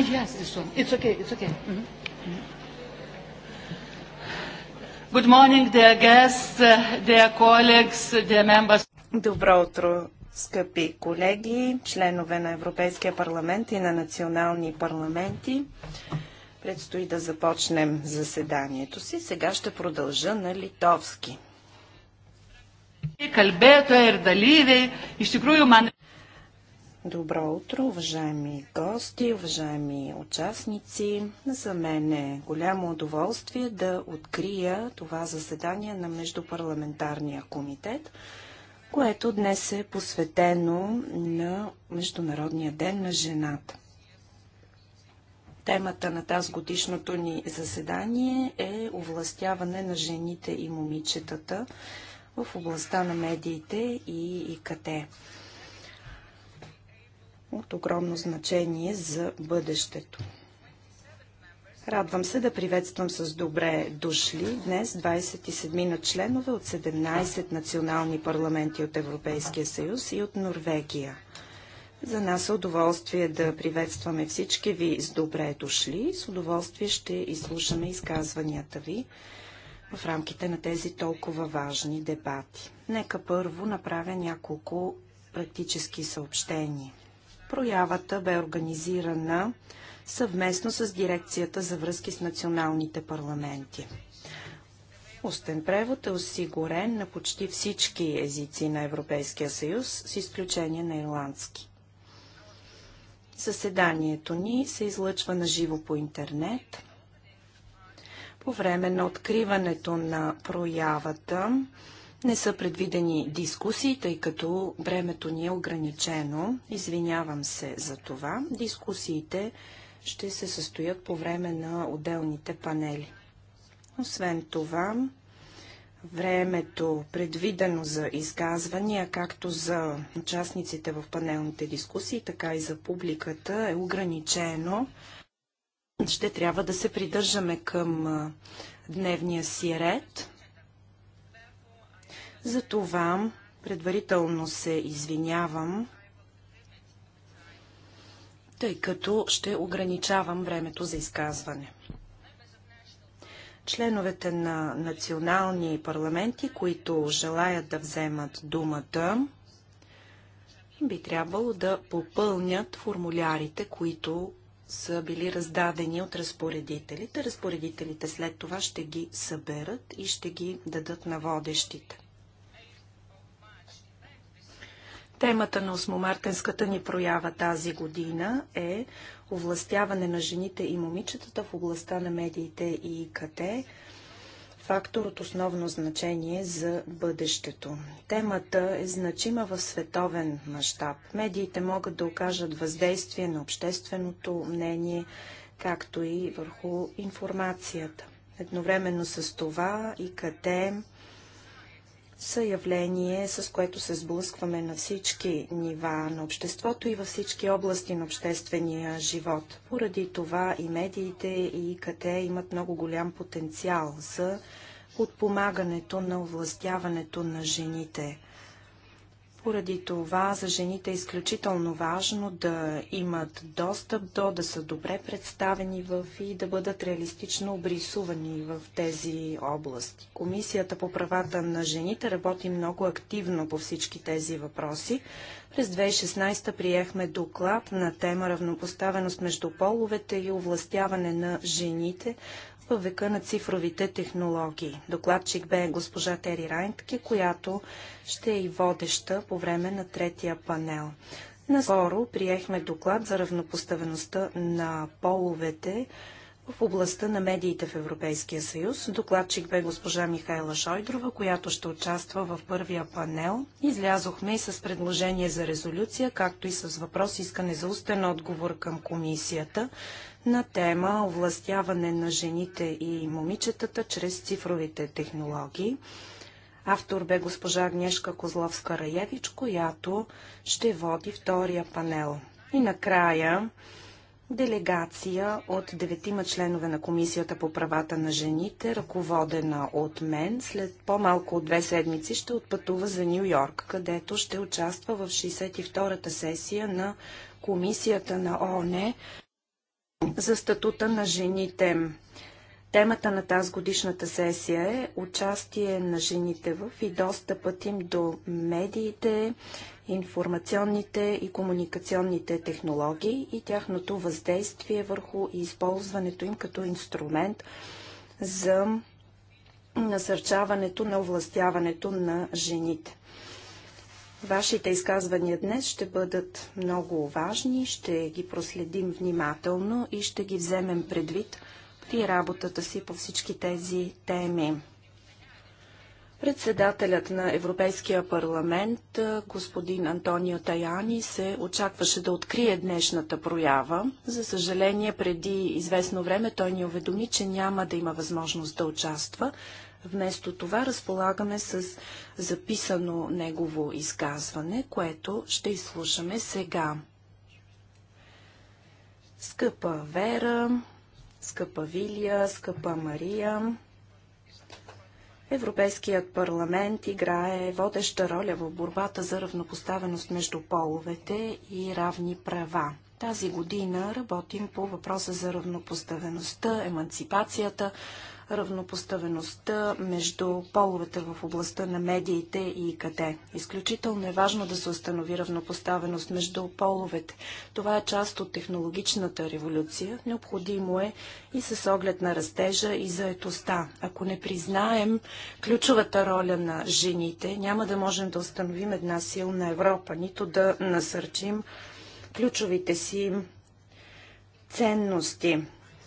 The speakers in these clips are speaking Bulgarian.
Ah, yes, this one. It's okay, it's okay. Mm-hmm. mm-hmm. Good morning, dear guests, uh, dear colleagues, dear members. Добро утро, скъпи колеги, членове на Европейския парламент и на национални парламенти. Предстои да започнем заседанието си. Сега ще продължа на литовски. Kalbėtojai ir е и iš tikrųjų man Добро утро, уважаеми гости, уважаеми участници. За мен е голямо удоволствие да открия това заседание на Междупарламентарния комитет, което днес е посветено на Международния ден на жената. Темата на тази годишното ни заседание е овластяване на жените и момичетата в областта на медиите и ИКТ от огромно значение за бъдещето. Радвам се да приветствам с добре дошли днес 27 на членове от 17 национални парламенти от Европейския съюз и от Норвегия. За нас е удоволствие да приветстваме всички ви с добре дошли. С удоволствие ще изслушаме изказванията ви в рамките на тези толкова важни дебати. Нека първо направя няколко практически съобщения. Проявата бе организирана съвместно с Дирекцията за връзки с националните парламенти. Устен превод е осигурен на почти всички езици на Европейския съюз, с изключение на ирландски. Съседанието ни се излъчва на живо по интернет. По време на откриването на проявата не са предвидени дискусии, тъй като времето ни е ограничено. Извинявам се за това. Дискусиите ще се състоят по време на отделните панели. Освен това, времето предвидено за изказвания, както за участниците в панелните дискусии, така и за публиката е ограничено. Ще трябва да се придържаме към дневния си ред. За това предварително се извинявам, тъй като ще ограничавам времето за изказване. Членовете на национални парламенти, които желаят да вземат думата, би трябвало да попълнят формулярите, които са били раздадени от разпоредителите. Разпоредителите след това ще ги съберат и ще ги дадат на водещите. Темата на осмомартенската ни проява тази година е овластяване на жените и момичетата в областта на медиите и ИКТ, фактор от основно значение за бъдещето. Темата е значима в световен мащаб. Медиите могат да окажат въздействие на общественото мнение, както и върху информацията. Едновременно с това и къде са явление, с което се сблъскваме на всички нива на обществото и във всички области на обществения живот. Поради това и медиите, и ИКТ имат много голям потенциал за подпомагането на овластяването на жените. Поради това за жените е изключително важно да имат достъп до, да са добре представени в и да бъдат реалистично обрисувани в тези области. Комисията по правата на жените работи много активно по всички тези въпроси. През 2016 приехме доклад на тема равнопоставеност между половете и овластяване на жените във века на цифровите технологии. Докладчик бе госпожа Тери Райнтке, която ще е и водеща по време на третия панел. Наскоро приехме доклад за равнопоставеността на половете в областта на медиите в Европейския съюз. Докладчик бе госпожа Михайла Шойдрова, която ще участва в първия панел. Излязохме и с предложение за резолюция, както и с въпрос искане за устен отговор към комисията на тема овластяване на жените и момичетата чрез цифровите технологии. Автор бе госпожа Агнешка Козловска-Раевич, която ще води втория панел. И накрая делегация от деветима членове на Комисията по правата на жените, ръководена от мен, след по-малко от две седмици ще отпътува за Нью Йорк, където ще участва в 62-та сесия на Комисията на ООН за статута на жените. Темата на тази годишната сесия е участие на жените в и достъпът им до медиите, информационните и комуникационните технологии и тяхното въздействие върху използването им като инструмент за насърчаването на овластяването на жените. Вашите изказвания днес ще бъдат много важни, ще ги проследим внимателно и ще ги вземем предвид при работата си по всички тези теми. Председателят на Европейския парламент, господин Антонио Таяни, се очакваше да открие днешната проява. За съжаление, преди известно време той ни уведоми, че няма да има възможност да участва. Вместо това разполагаме с записано негово изказване, което ще изслушаме сега. Скъпа Вера, скъпа Вилия, скъпа Мария, Европейският парламент играе водеща роля в борбата за равнопоставеност между половете и равни права. Тази година работим по въпроса за равнопоставеността, емансипацията, равнопоставеността между половете в областта на медиите и къде. Изключително е важно да се установи равнопоставеност между половете. Това е част от технологичната революция. Необходимо е и с оглед на растежа и заетостта. Ако не признаем ключовата роля на жените, няма да можем да установим една силна Европа, нито да насърчим ключовите си ценности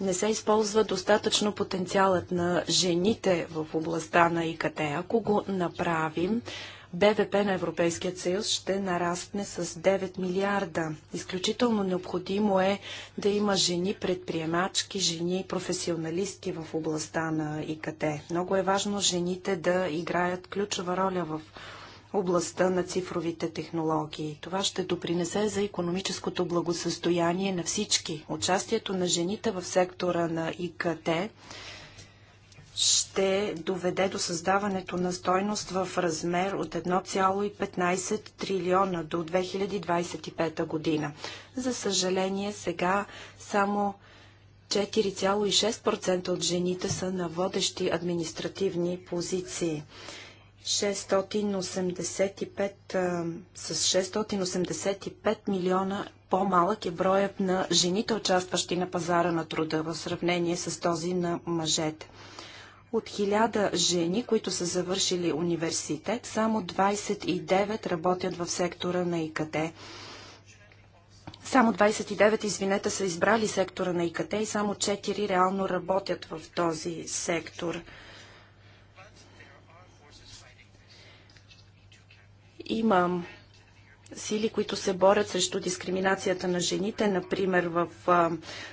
не се използва достатъчно потенциалът на жените в областта на ИКТ. Ако го направим, БВП на Европейския съюз ще нарасне с 9 милиарда. Изключително необходимо е да има жени предприемачки, жени професионалисти в областта на ИКТ. Много е важно жените да играят ключова роля в областта на цифровите технологии. Това ще допринесе за економическото благосъстояние на всички. Участието на жените в сектора на ИКТ ще доведе до създаването на стойност в размер от 1,15 трилиона до 2025 година. За съжаление, сега само 4,6% от жените са на водещи административни позиции. 685, с 685 милиона по-малък е броят на жените, участващи на пазара на труда в сравнение с този на мъжете. От 1000 жени, които са завършили университет, само 29 работят в сектора на ИКТ. Само 29, извинете, са избрали сектора на ИКТ и само 4 реално работят в този сектор. Имам сили, които се борят срещу дискриминацията на жените, например в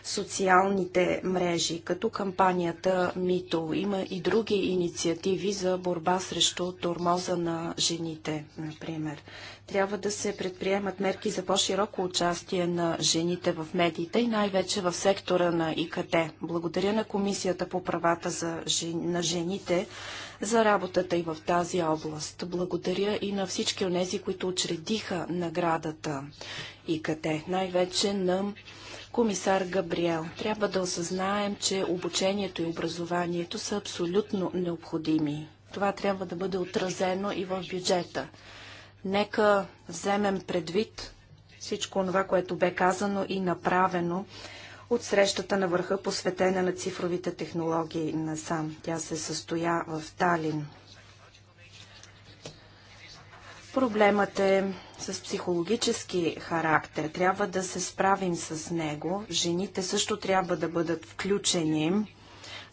социалните мрежи, като кампанията МИТО. Има и други инициативи за борба срещу тормоза на жените, например. Трябва да се предприемат мерки за по-широко участие на жените в медиите и най-вече в сектора на ИКТ. Благодаря на Комисията по правата за жен... на жените за работата и в тази област. Благодаря и на всички от тези, които учредиха наградата и къде. Най-вече на комисар Габриел. Трябва да осъзнаем, че обучението и образованието са абсолютно необходими. Това трябва да бъде отразено и в бюджета. Нека вземем предвид всичко това, което бе казано и направено от срещата на върха, посветена на цифровите технологии на САМ. Тя се състоя в Талин. Проблемът е с психологически характер. Трябва да се справим с него. Жените също трябва да бъдат включени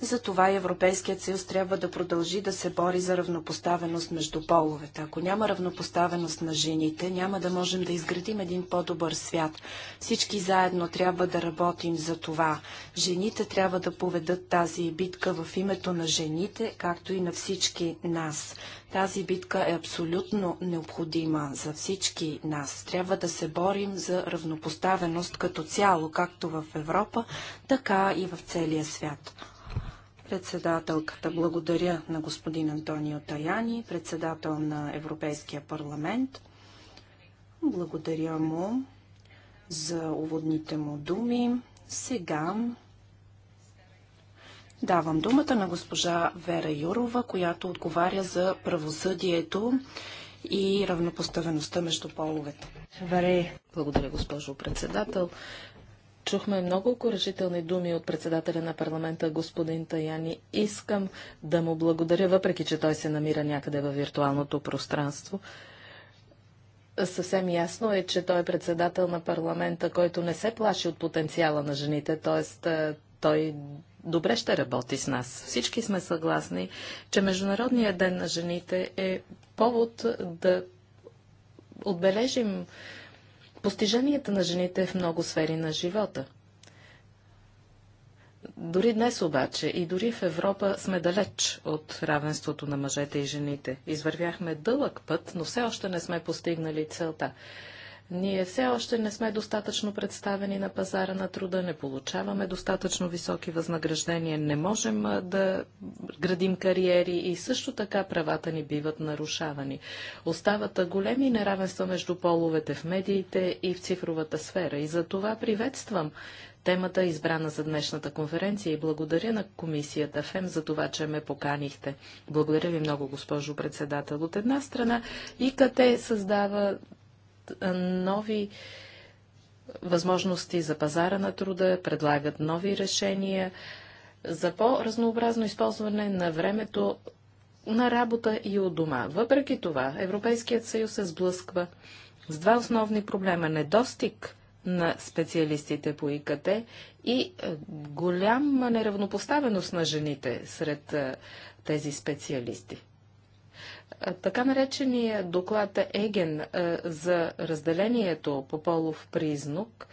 затова Европейският съюз трябва да продължи да се бори за равнопоставеност между половете. Ако няма равнопоставеност на жените, няма да можем да изградим един по-добър свят. Всички заедно трябва да работим за това. Жените трябва да поведат тази битка в името на жените, както и на всички нас. Тази битка е абсолютно необходима за всички нас. Трябва да се борим за равнопоставеност като цяло, както в Европа, така и в целия свят. Председателката благодаря на господин Антонио Таяни, председател на Европейския парламент. Благодаря му за уводните му думи. Сега давам думата на госпожа Вера Юрова, която отговаря за правосъдието и равнопоставеността между половете. Благодаря, госпожо председател. Чухме много окоръжителни думи от председателя на парламента господин Таяни. Искам да му благодаря, въпреки че той се намира някъде във виртуалното пространство. Съвсем ясно е, че той е председател на парламента, който не се плаши от потенциала на жените, т.е. Е, той добре ще работи с нас. Всички сме съгласни, че Международният ден на жените е повод да отбележим постиженията на жените в много сфери на живота. Дори днес обаче и дори в Европа сме далеч от равенството на мъжете и жените. Извървяхме дълъг път, но все още не сме постигнали целта. Ние все още не сме достатъчно представени на пазара на труда, не получаваме достатъчно високи възнаграждения, не можем да градим кариери и също така правата ни биват нарушавани. Остават големи неравенства между половете в медиите и в цифровата сфера и за това приветствам темата, избрана за днешната конференция и благодаря на комисията ФЕМ за това, че ме поканихте. Благодаря ви много, госпожо председател. От една страна, ИКТ създава нови възможности за пазара на труда, предлагат нови решения за по-разнообразно използване на времето на работа и от дома. Въпреки това, Европейският съюз се сблъсква с два основни проблема – недостиг на специалистите по ИКТ и е, голяма неравнопоставеност на жените сред е, тези специалисти. Така наречения доклад Еген за разделението по полов признак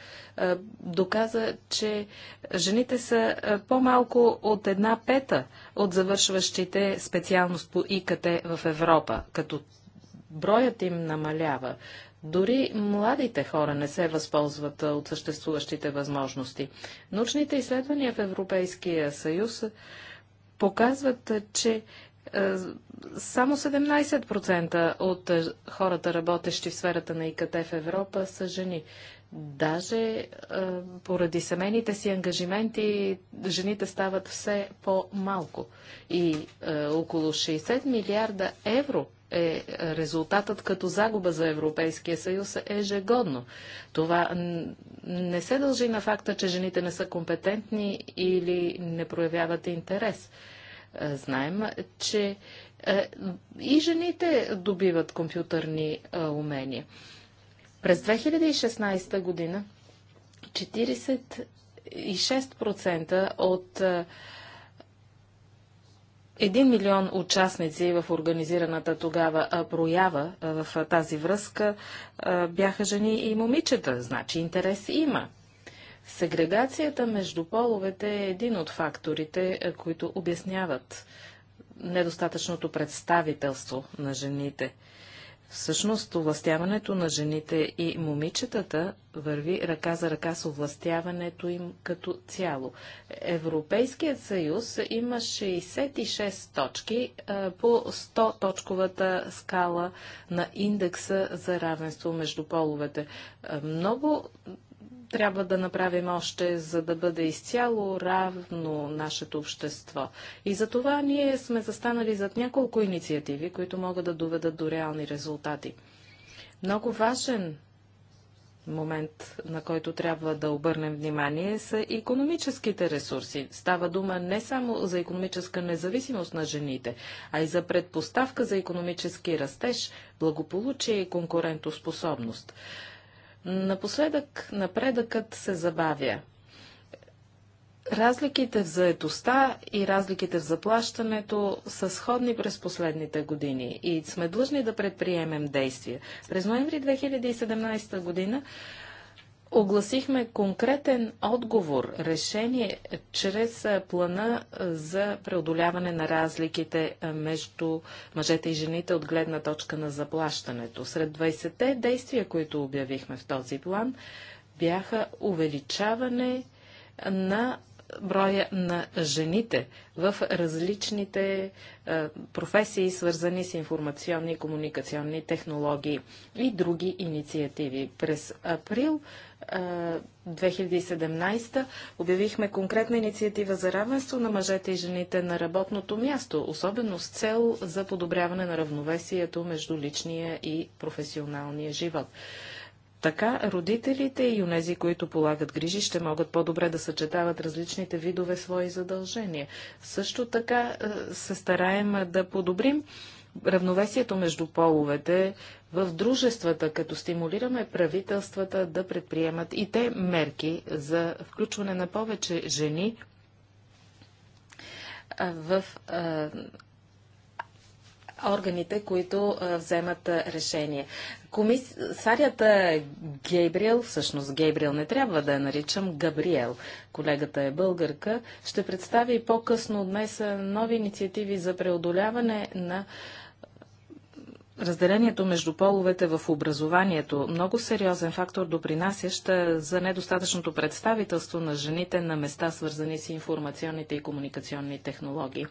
доказа, че жените са по-малко от една пета от завършващите специалност по ИКТ в Европа, като броят им намалява. Дори младите хора не се възползват от съществуващите възможности. Научните изследвания в Европейския съюз показват, че е, само 17% от е, хората, работещи в сферата на ИКТ в Европа, са жени. Даже е, поради семейните си ангажименти жените стават все по-малко. И около 60 милиарда евро е резултатът като загуба за Европейския съюз ежегодно. Това не се дължи на факта, че жените не са компетентни или не проявяват интерес. Знаем, че е, и жените добиват компютърни е, умения. През 2016 година 46% от 1 е, милион участници в организираната тогава проява в тази връзка бяха жени и момичета. Значи интерес има. Сегрегацията между половете е един от факторите, е, които обясняват недостатъчното представителство на жените. Всъщност, овластяването на жените и момичетата върви ръка за ръка с овластяването им като цяло. Европейският съюз има 66 точки по 100-точковата скала на индекса за равенство между половете. много трябва да направим още, за да бъде изцяло равно нашето общество. И за това ние сме застанали зад няколко инициативи, които могат да доведат до реални резултати. Много важен момент, на който трябва да обърнем внимание, са економическите ресурси. Става дума не само за економическа независимост на жените, а и за предпоставка за економически растеж, благополучие и конкурентоспособност. Напоследък напредъкът се забавя. Разликите в заетостта и разликите в заплащането са сходни през последните години и сме длъжни да предприемем действия. През ноември 2017 година огласихме конкретен отговор, решение чрез плана за преодоляване на разликите между мъжете и жените от гледна точка на заплащането. Сред 20-те действия, които обявихме в този план, бяха увеличаване на броя на жените в различните професии, свързани с информационни и комуникационни технологии и други инициативи. През април 2017 обявихме конкретна инициатива за равенство на мъжете и жените на работното място, особено с цел за подобряване на равновесието между личния и професионалния живот. Така родителите и унези, които полагат грижи, ще могат по-добре да съчетават различните видове свои задължения. Също така се стараем да подобрим равновесието между половете в дружествата, като стимулираме правителствата да предприемат и те мерки за включване на повече жени в органите, които вземат решение. Комисарията Гейбриел, всъщност Гейбриел не трябва да я наричам, Габриел, колегата е българка, ще представи по-късно днес нови инициативи за преодоляване на а, Разделението между половете в образованието много сериозен фактор допринасящ за недостатъчното представителство на жените на места, свързани с информационните и комуникационни технологии.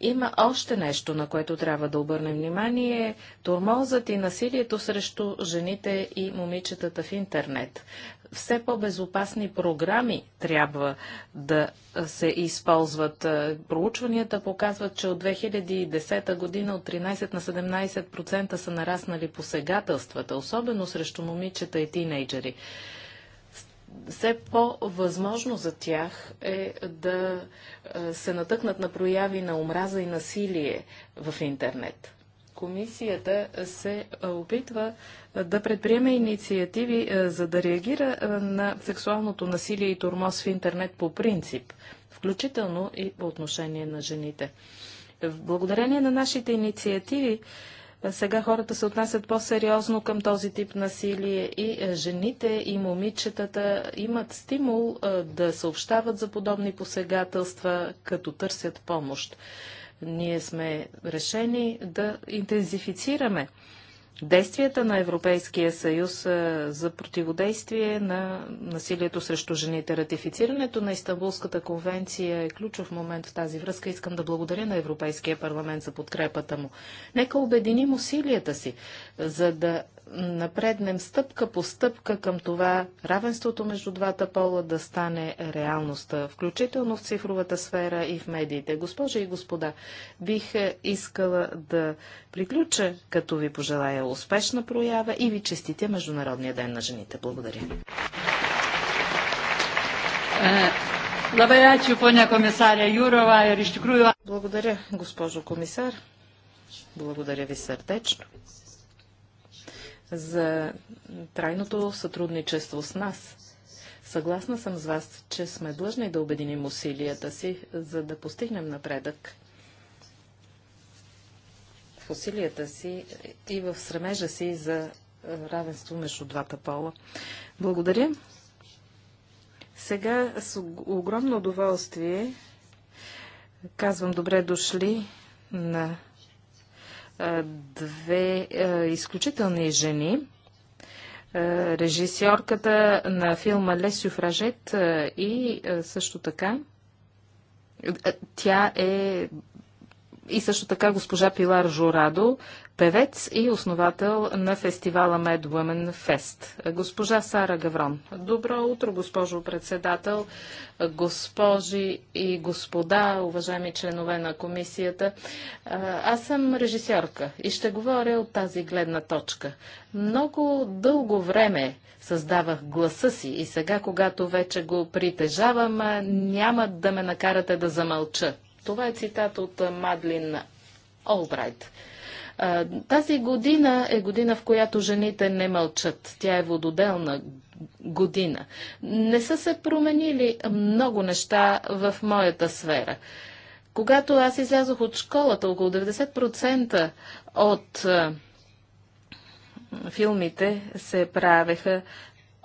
Има още нещо, на което трябва да обърнем внимание – тормозът и насилието срещу жените и момичетата в интернет все по-безопасни програми трябва да се използват. Е, проучванията показват, че от 2010 година от 13 на 17% са нараснали посегателствата, особено срещу момичета и тинейджери. Все по-възможно за тях е да е, се натъкнат на прояви на омраза и насилие в интернет комисията се опитва да предприеме инициативи, за да реагира на сексуалното насилие и тормоз в интернет по принцип, включително и по отношение на жените. Благодарение на нашите инициативи, сега хората се отнасят по-сериозно към този тип насилие и жените и момичетата имат стимул да съобщават за подобни посегателства, като търсят помощ. Ние сме решени да интензифицираме действията на Европейския съюз за противодействие на насилието срещу жените. Ратифицирането на Истанбулската конвенция е ключов момент в тази връзка. Искам да благодаря на Европейския парламент за подкрепата му. Нека обединим усилията си, за да напреднем стъпка по стъпка към това равенството между двата пола да стане реалност, включително в цифровата сфера и в медиите. Госпожи и господа, бих е, искала да приключа, като ви пожелая успешна проява и ви честите Международния ден на жените. Благодаря. Е, Благодаря, госпожо комисар. Благодаря ви сърдечно за трайното сътрудничество с нас. Съгласна съм с вас, че сме длъжни да обединим усилията си, за да постигнем напредък в усилията си и в срамежа си за равенство между двата пола. Благодаря. Сега с огромно удоволствие казвам добре дошли на две изключителни жени. Режисьорката на филма Лес Сюфражет и също така тя е и също така госпожа Пилар Жорадо, певец и основател на фестивала Mad Women Fest. Госпожа Сара Гаврон. Добро утро, госпожо председател, госпожи и господа, уважаеми членове на комисията. Аз съм режисьорка и ще говоря от тази гледна точка. Много дълго време създавах гласа си и сега, когато вече го притежавам, няма да ме накарате да замълча. Това е цитат от Мадлин Олбрайт. Тази година е година, в която жените не мълчат. Тя е вододелна година. Не са се променили много неща в моята сфера. Когато аз излязох от школата, около 90% от филмите се правеха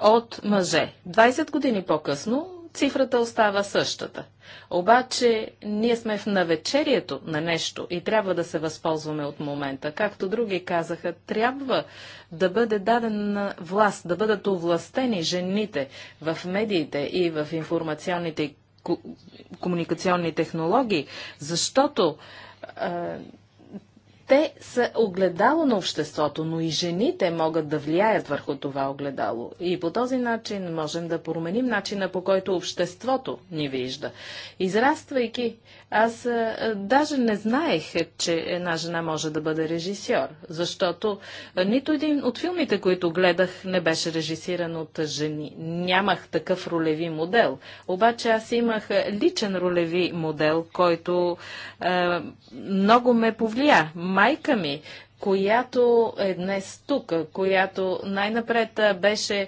от мъже. 20 години по-късно Цифрата остава същата. Обаче ние сме в навечерието на нещо и трябва да се възползваме от момента. Както други казаха, трябва да бъде дадена власт, да бъдат овластени жените в медиите и в информационните и комуникационни технологии, защото те са огледало на обществото, но и жените могат да влияят върху това огледало. И по този начин можем да променим начина по който обществото ни вижда. Израствайки аз а, даже не знаех, че една жена може да бъде режисьор, защото нито един от филмите, които гледах, не беше режисиран от жени. Нямах такъв ролеви модел. Обаче аз имах личен ролеви модел, който а, много ме повлия. Майка ми която е днес тук, която най-напред беше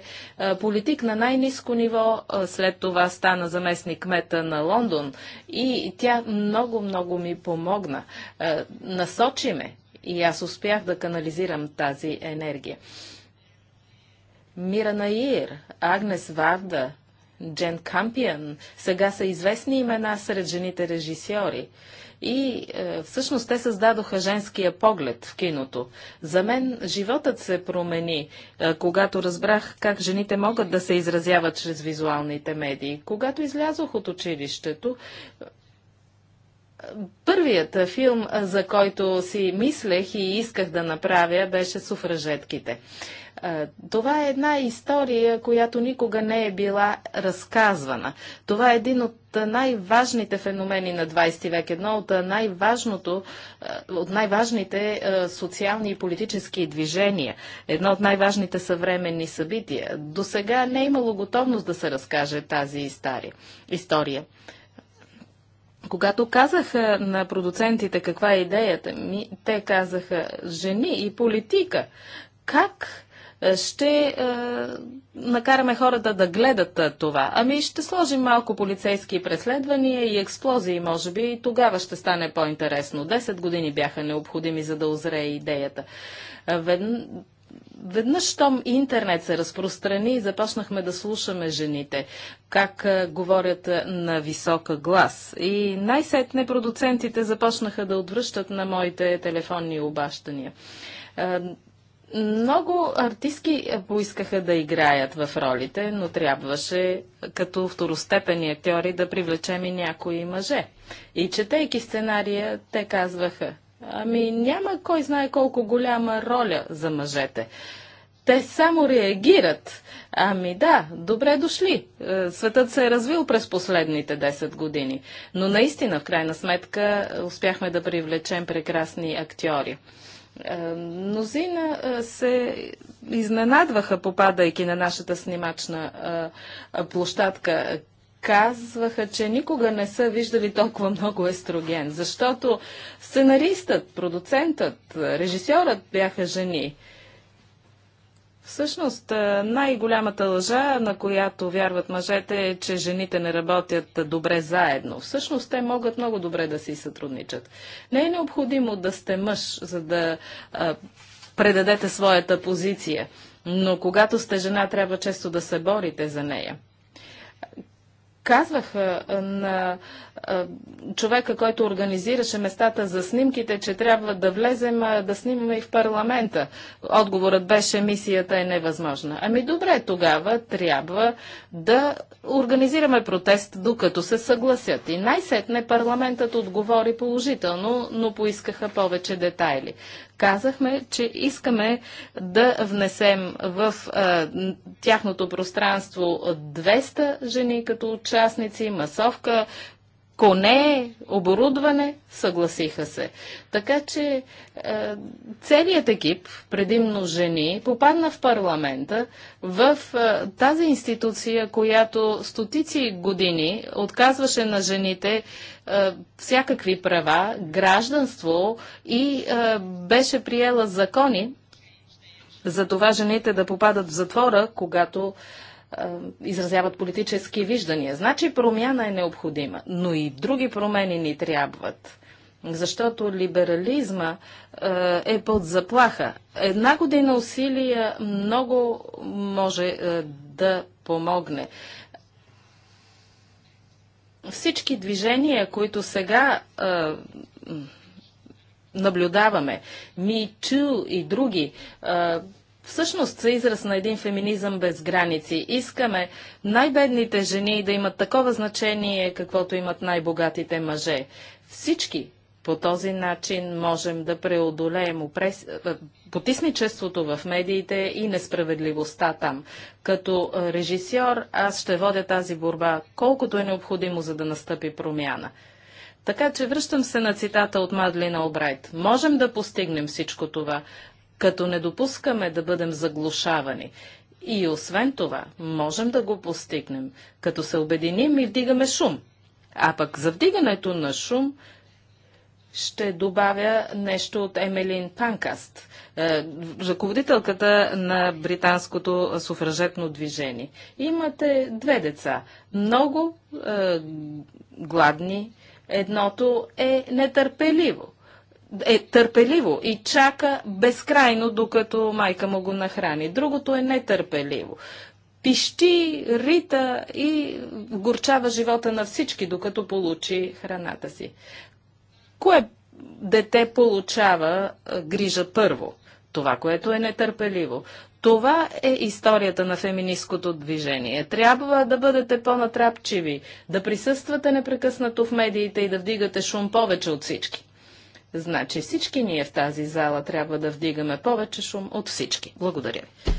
политик на най-низко ниво, след това стана заместник мета на Лондон и тя много-много ми помогна. Насочи ме и аз успях да канализирам тази енергия. Мира Наир, Агнес Варда, Джен Кампиан сега са известни имена сред жените режисьори. И е, всъщност те създадоха женския поглед в киното. За мен животът се промени, е, когато разбрах как жените могат да се изразяват чрез визуалните медии. Когато излязох от училището, е, Първият филм, е, за който си мислех и исках да направя, беше Суфражетките. Е, това е една история, която никога не е била разказвана. Това е един от най-важните феномени на 20 век, едно от, най-важното, е, от най-важните е, социални и политически движения, едно от най-важните съвременни събития. До сега не е имало готовност да се разкаже тази история. Когато казах на продуцентите каква е идеята ми, те казаха жени и политика. Как ще е, накараме хората да гледат е, това. Ами ще сложим малко полицейски преследвания и експлозии, може би, и тогава ще стане по-интересно. Десет години бяха необходими, за да озрее идеята. Е, Вед... Веднъж, щом интернет се разпространи, започнахме да слушаме жените, как е, говорят на висока глас. И най-сетне продуцентите започнаха да отвръщат на моите телефонни обащания. Много артистки поискаха да играят в ролите, но трябваше като второстепени актьори да привлечем и някои мъже. И четейки сценария, те казваха, ами няма кой знае колко голяма роля за мъжете. Те само реагират. Ами да, добре дошли. Е, светът се е развил през последните 10 години. Но наистина, в крайна сметка, успяхме да привлечем прекрасни актьори. Е, мнозина е, се изненадваха, попадайки на нашата снимачна е, площадка. Казваха, че никога не са виждали толкова много естроген, защото сценаристът, продуцентът, режисьорът бяха жени. Всъщност, е, най-голямата лъжа, на която вярват мъжете, е, че жените не работят е, добре заедно. Всъщност, те могат много добре да си сътрудничат. Не е необходимо да сте мъж, за да а, е, предадете своята позиция, но когато сте жена, трябва често да се борите за нея. Казвах а, на човека, който организираше местата за снимките, че трябва да влезем да снимаме и в парламента. Отговорът беше, мисията е невъзможна. Ами добре, тогава трябва да организираме протест, докато се съгласят. И най-сетне парламентът отговори положително, но поискаха повече детайли. Казахме, че искаме да внесем в а, тяхното пространство 200 жени като участници, масовка, коне, оборудване, съгласиха се. Така че е, целият екип, предимно жени, попадна в парламента, в е, тази институция, която стотици години отказваше на жените е, всякакви права, гражданство и е, беше приела закони за това жените да попадат в затвора, когато изразяват политически виждания. Значи промяна е необходима, но и други промени ни трябват. Защото либерализма е под заплаха. Една година усилия много може да помогне всички движения, които сега наблюдаваме, Me Too и други, всъщност са израз на един феминизъм без граници. Искаме най-бедните жени да имат такова значение, каквото имат най-богатите мъже. Всички по този начин можем да преодолеем опрес... потисничеството в медиите и несправедливостта там. Като режисьор аз ще водя тази борба колкото е необходимо, за да настъпи промяна. Така че връщам се на цитата от Мадлина Обрайт. Можем да постигнем всичко това, като не допускаме да бъдем заглушавани. И освен това, можем да го постигнем, като се обединим и вдигаме шум. А пък за вдигането на шум ще добавя нещо от Емелин Панкаст, е, ръководителката на британското суфражетно движение. Имате две деца, много е, гладни. Едното е нетърпеливо е търпеливо и чака безкрайно, докато майка му го нахрани. Другото е нетърпеливо. Пищи, рита и горчава живота на всички, докато получи храната си. Кое дете получава грижа първо? Това, което е нетърпеливо. Това е историята на феминистското движение. Трябва да бъдете по-натрапчиви, да присъствате непрекъснато в медиите и да вдигате шум повече от всички. Значи всички ние в тази зала трябва да вдигаме повече шум от всички. Благодаря ви.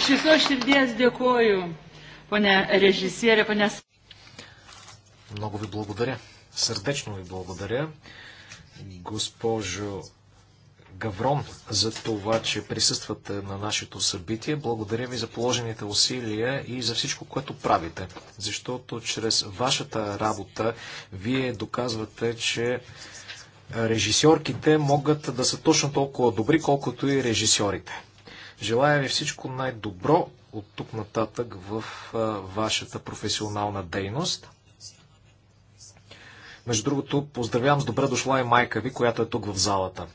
Iš širdies dėkoju, režisierė, Много ви благодаря. Сърдечно ви благодаря, госпожо Гаврон за това, че присъствате на нашето събитие. Благодаря ви за положените усилия и за всичко, което правите. Защото чрез вашата работа вие доказвате, че режисьорките могат да са точно толкова добри, колкото и режисьорите. Желая ви всичко най-добро от тук нататък в вашата професионална дейност. Между другото, поздравявам с добре дошла и майка ви, която е тук в залата.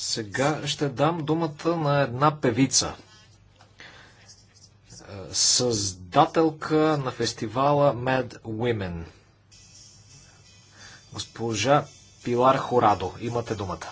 Сега ще дам думата на една певица. Е, създателка на фестивала Mad Women. Госпожа Пилар Хорадо. Имате думата.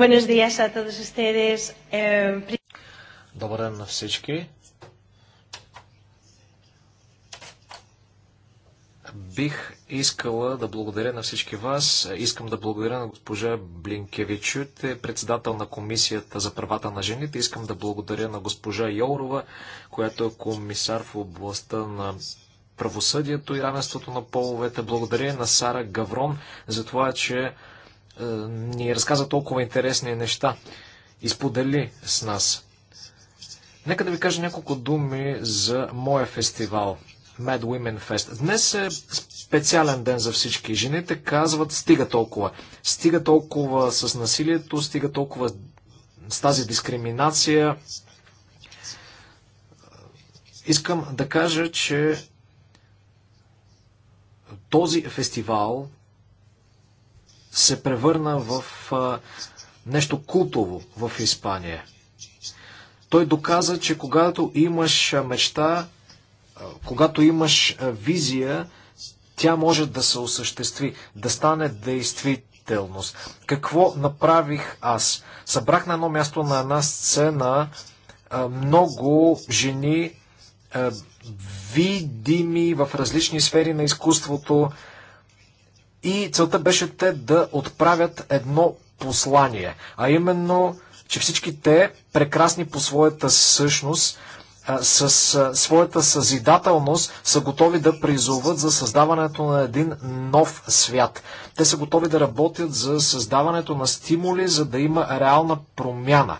Buenos días a todos ustedes. Eh, Добър ден на всички. Бих искала да благодаря на всички вас. Искам да благодаря на госпожа Блинкевичут, е председател на Комисията за правата на жените. Искам да благодаря на госпожа Йорова, която е комисар в областта на правосъдието и равенството на половете. Благодаря на Сара Гаврон за това, че е, ни разказа толкова интересни неща и сподели с нас. Нека да ви кажа няколко думи за моя фестивал Mad Women Fest. Днес е специален ден за всички. Жените казват стига толкова. Стига толкова с насилието, стига толкова с тази дискриминация. Искам да кажа, че този фестивал се превърна в нещо култово в Испания. Той доказа, че когато имаш мечта, когато имаш визия, тя може да се осъществи, да стане действителност. Какво направих аз? Събрах на едно място на една сцена много жени, видими в различни сфери на изкуството, и целта беше те да отправят едно послание, а именно, че всички те, прекрасни по своята същност, с своята съзидателност са готови да призоват за създаването на един нов свят. Те са готови да работят за създаването на стимули, за да има реална промяна,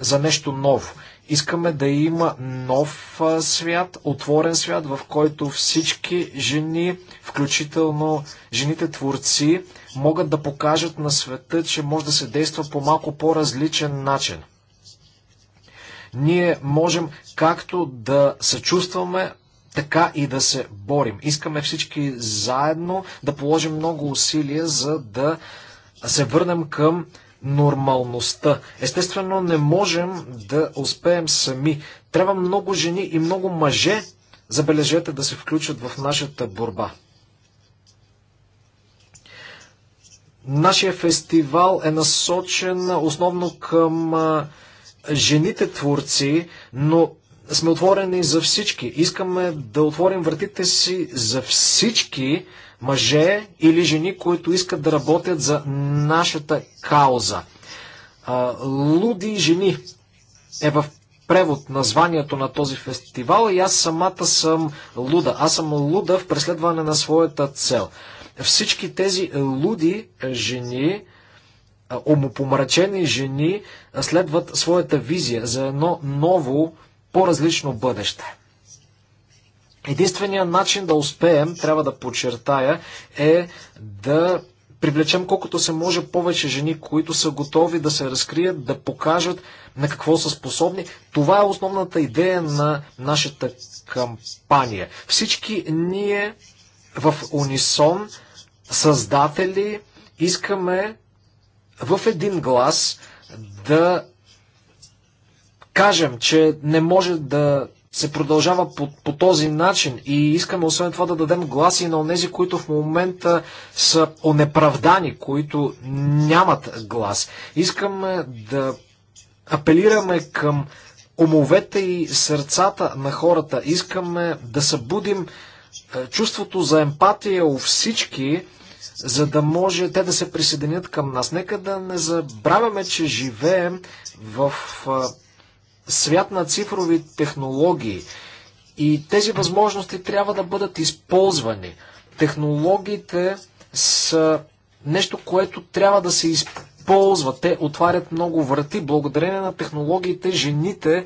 за нещо ново. Искаме да има нов свят, отворен свят, в който всички жени, включително жените творци, могат да покажат на света, че може да се действа по малко по-различен начин. Ние можем както да се чувстваме, така и да се борим. Искаме всички заедно да положим много усилия, за да се върнем към нормалността. Естествено, не можем да успеем сами. Трябва много жени и много мъже, забележете, да се включат в нашата борба. Нашия фестивал е насочен основно към жените творци, но сме отворени за всички. Искаме да отворим вратите си за всички, мъже или жени, които искат да работят за нашата кауза. Луди жени е в превод названието на този фестивал и аз самата съм луда. Аз съм луда в преследване на своята цел. Всички тези луди е, жени, омопомрачени е, жени е, следват своята визия за едно ново, по-различно бъдеще. Единственият начин да успеем, трябва да подчертая, е да привлечем колкото се може повече жени, които са готови да се разкрият, да покажат на какво са способни. Това е основната идея на нашата кампания. Всички ние в унисон, създатели, искаме в един глас да кажем, че не може да се продължава по, по този начин и искаме освен това да дадем гласи на тези, които в момента са онеправдани, които нямат глас. Искаме да апелираме към умовете и сърцата на хората. Искаме да събудим е, чувството за емпатия у всички, за да може те да се присъединят към нас. Нека да не забравяме, че живеем в е, свят на цифрови технологии и тези възможности трябва да бъдат използвани. Технологиите са нещо, което трябва да се използва. Те отварят много врати. Благодарение на технологиите жените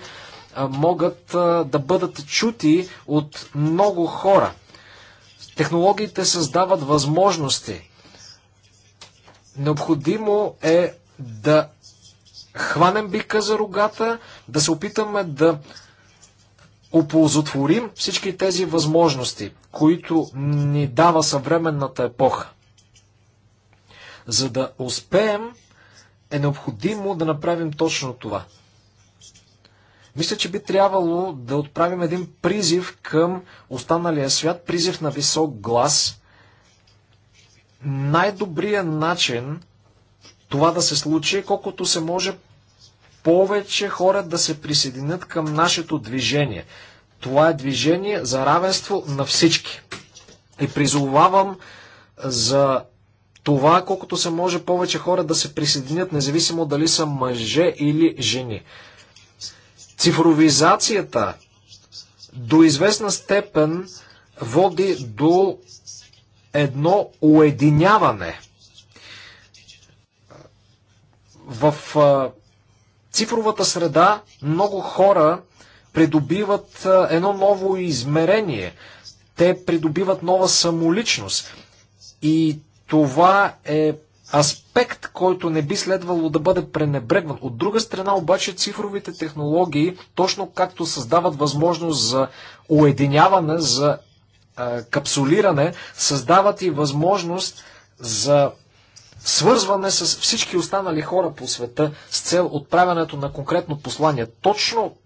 могат да бъдат чути от много хора. Технологиите създават възможности. Необходимо е да хванем бика за рогата, да се опитаме да оползотворим всички тези възможности, които ни дава съвременната епоха. За да успеем, е необходимо да направим точно това. Мисля, че би трябвало да отправим един призив към останалия свят, призив на висок глас. Най-добрият начин това да се случи, колкото се може повече хора да се присъединят към нашето движение. Това е движение за равенство на всички. И призовавам за това, колкото се може повече хора да се присъединят, независимо дали са мъже или жени. Цифровизацията до известна степен води до едно уединяване – в цифровата среда много хора придобиват едно ново измерение. Те придобиват нова самоличност. И това е аспект, който не би следвало да бъде пренебрегван. От друга страна обаче цифровите технологии, точно както създават възможност за уединяване, за капсулиране, създават и възможност за свързване с всички останали хора по света с цел отправянето на конкретно послание. Точно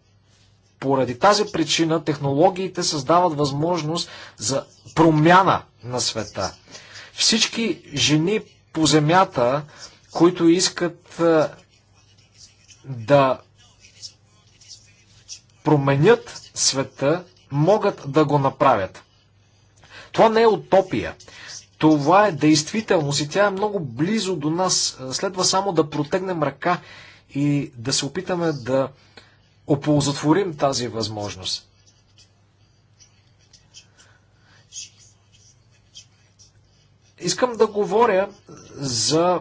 поради тази причина технологиите създават възможност за промяна на света. Всички жени по земята, които искат да променят света, могат да го направят. Това не е утопия. Това е действителност и тя е много близо до нас. Следва само да протегнем ръка и да се опитаме да оползотворим тази възможност. Искам да говоря за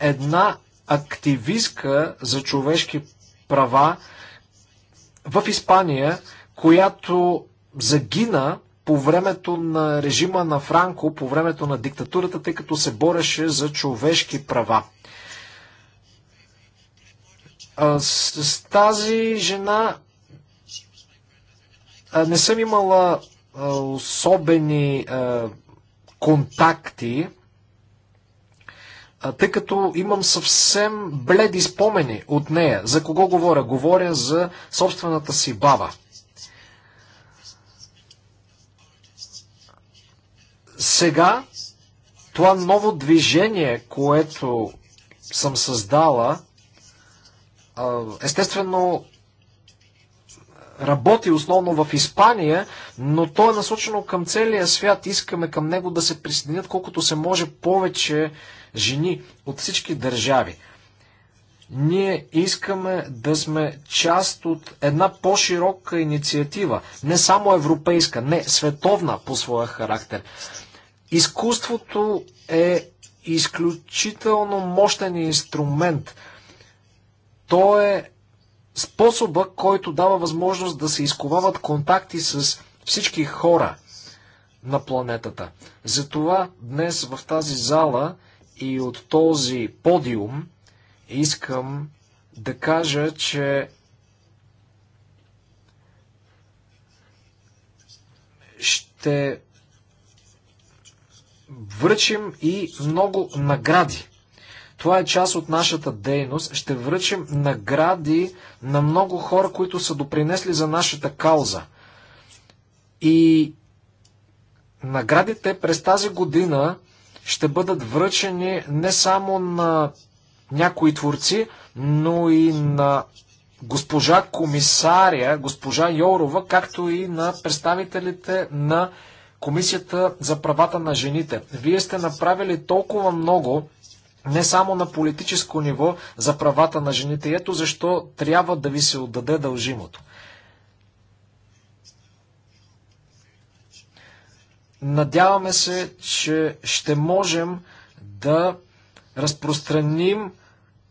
една активистка за човешки права в Испания, която загина по времето на режима на Франко, по времето на диктатурата, тъй като се бореше за човешки права. С, с тази жена не съм имала особени контакти, тъй като имам съвсем бледи спомени от нея. За кого говоря? Говоря за собствената си баба. Сега това ново движение, което съм създала, естествено работи основно в Испания, но то е насочено към целия свят. Искаме към него да се присъединят колкото се може повече жени от всички държави. Ние искаме да сме част от една по-широка инициатива, не само европейска, не световна по своя характер. Изкуството е изключително мощен инструмент. То е способа, който дава възможност да се изковават контакти с всички хора на планетата. Затова днес в тази зала и от този подиум искам да кажа, че ще връчим и много награди. Това е част от нашата дейност. Ще връчим награди на много хора, които са допринесли за нашата кауза. И наградите през тази година ще бъдат връчени не само на някои творци, но и на госпожа комисаря, госпожа Йорова, както и на представителите на Комисията за правата на жените. Вие сте направили толкова много, не само на политическо ниво, за правата на жените. Ето защо трябва да ви се отдаде дължимото. Надяваме се, че ще можем да разпространим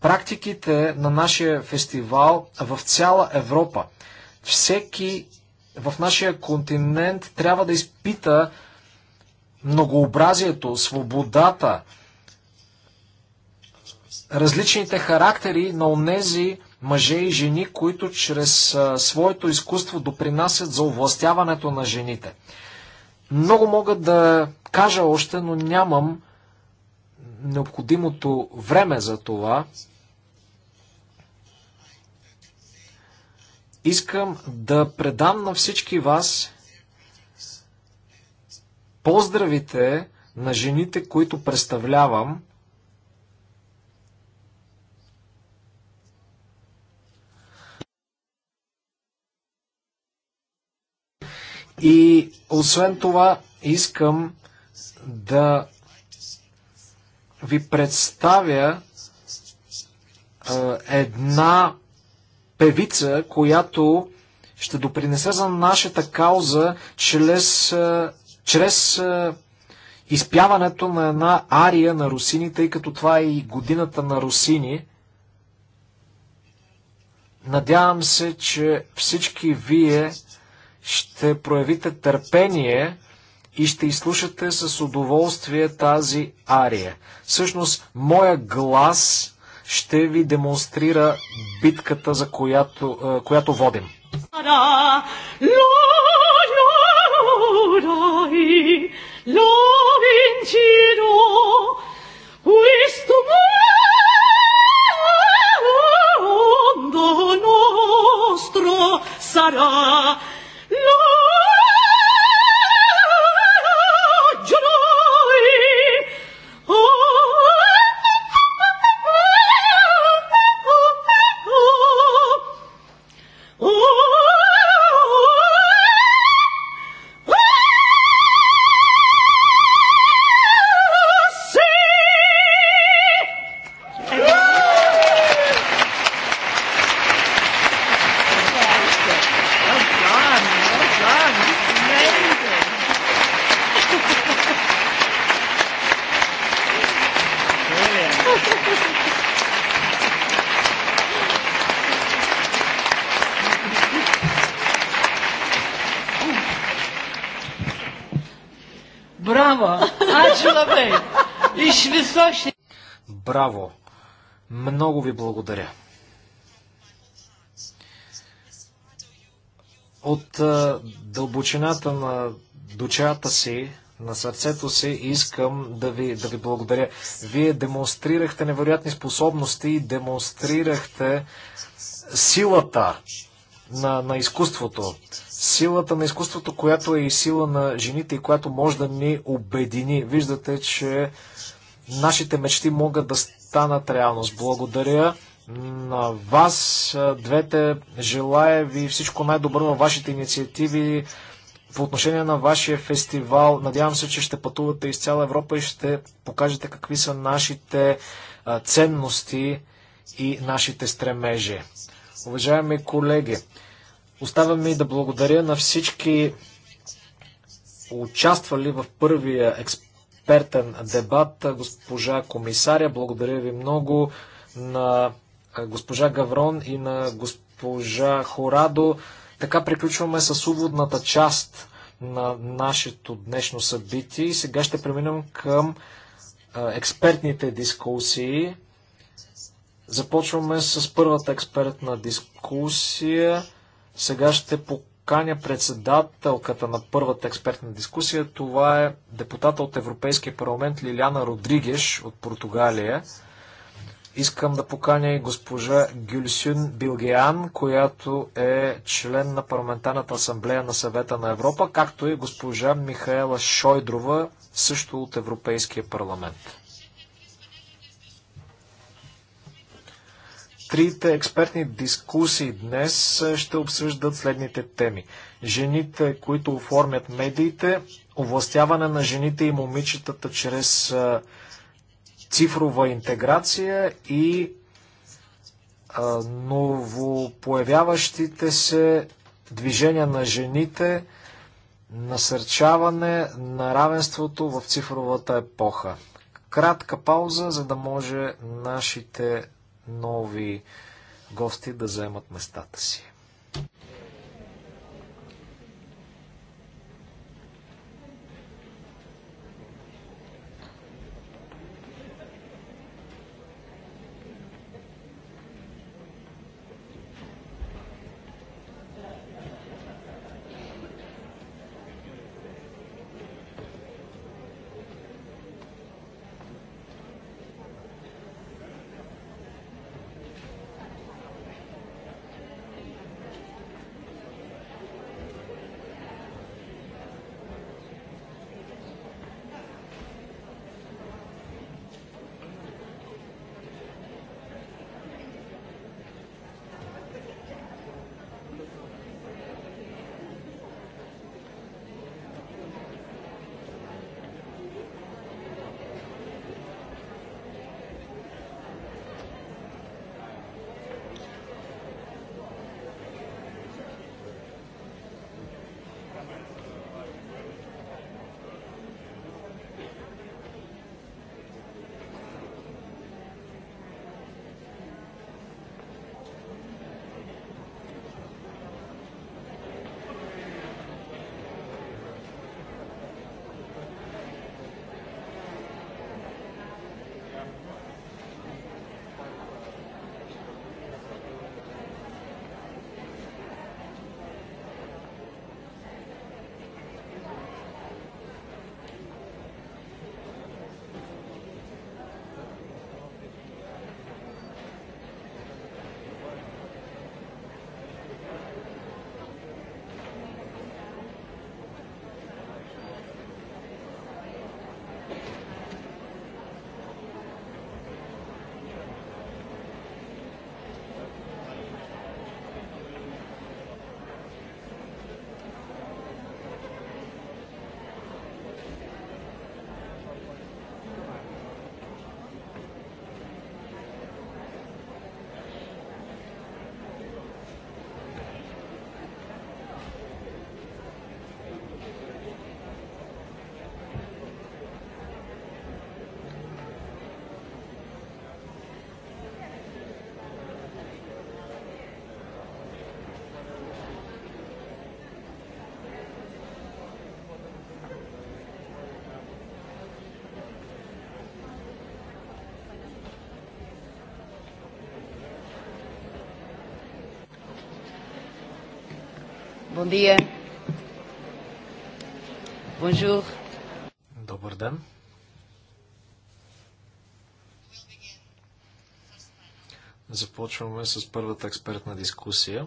практиките на нашия фестивал в цяла Европа. Всеки в нашия континент трябва да изпита многообразието, свободата, различните характери на онези мъже и жени, които чрез а, своето изкуство допринасят за овластяването на жените. Много мога да кажа още, но нямам необходимото време за това. Искам да предам на всички вас поздравите на жените, които представлявам. И освен това, искам да ви представя една певица, която ще допринесе за нашата кауза чрез, чрез изпяването на една ария на Русини, тъй като това е и годината на Русини. Надявам се, че всички вие ще проявите търпение и ще изслушате с удоволствие тази ария. Всъщност, моя глас ще ви демонстрира битката, за която, която водим. Sarà Браво! Много ви благодаря! От дълбочината на душата си, на сърцето си искам да ви, да ви благодаря. Вие демонстрирахте невероятни способности и демонстрирахте силата на, на изкуството. Силата на изкуството, която е и сила на жените и която може да ни обедини. Виждате, че нашите мечти могат да станат реалност. Благодаря на вас, двете. Желая ви всичко най-добро на вашите инициативи по отношение на вашия фестивал. Надявам се, че ще пътувате из цяла Европа и ще покажете какви са нашите ценности и нашите стремежи. Уважаеми колеги, оставам ми да благодаря на всички участвали в първия експеримент експертен дебат. Госпожа комисаря, благодаря ви много на госпожа Гаврон и на госпожа Хорадо. Така приключваме с уводната част на нашето днешно събитие и сега ще преминем към експертните дискусии. Започваме с първата експертна дискусия. Сега ще покажем поканя председателката на първата експертна дискусия. Това е депутата от Европейския парламент Лиляна Родригеш от Португалия. Искам да поканя и госпожа Гюльсюн Билгеан, която е член на Парламентарната асамблея на съвета на Европа, както и госпожа Михаела Шойдрова, също от Европейския парламент. Трите експертни дискусии днес е, ще обсъждат следните теми. Жените, които оформят медиите, овластяване на жените и момичетата чрез е, цифрова интеграция и е, новопоявяващите се движения на жените, насърчаване на равенството в цифровата епоха. Кратка пауза, за да може нашите нови гости да заемат местата си. Bom dia. Bonjour. Добър ден. Започваме с първата експертна дискусия.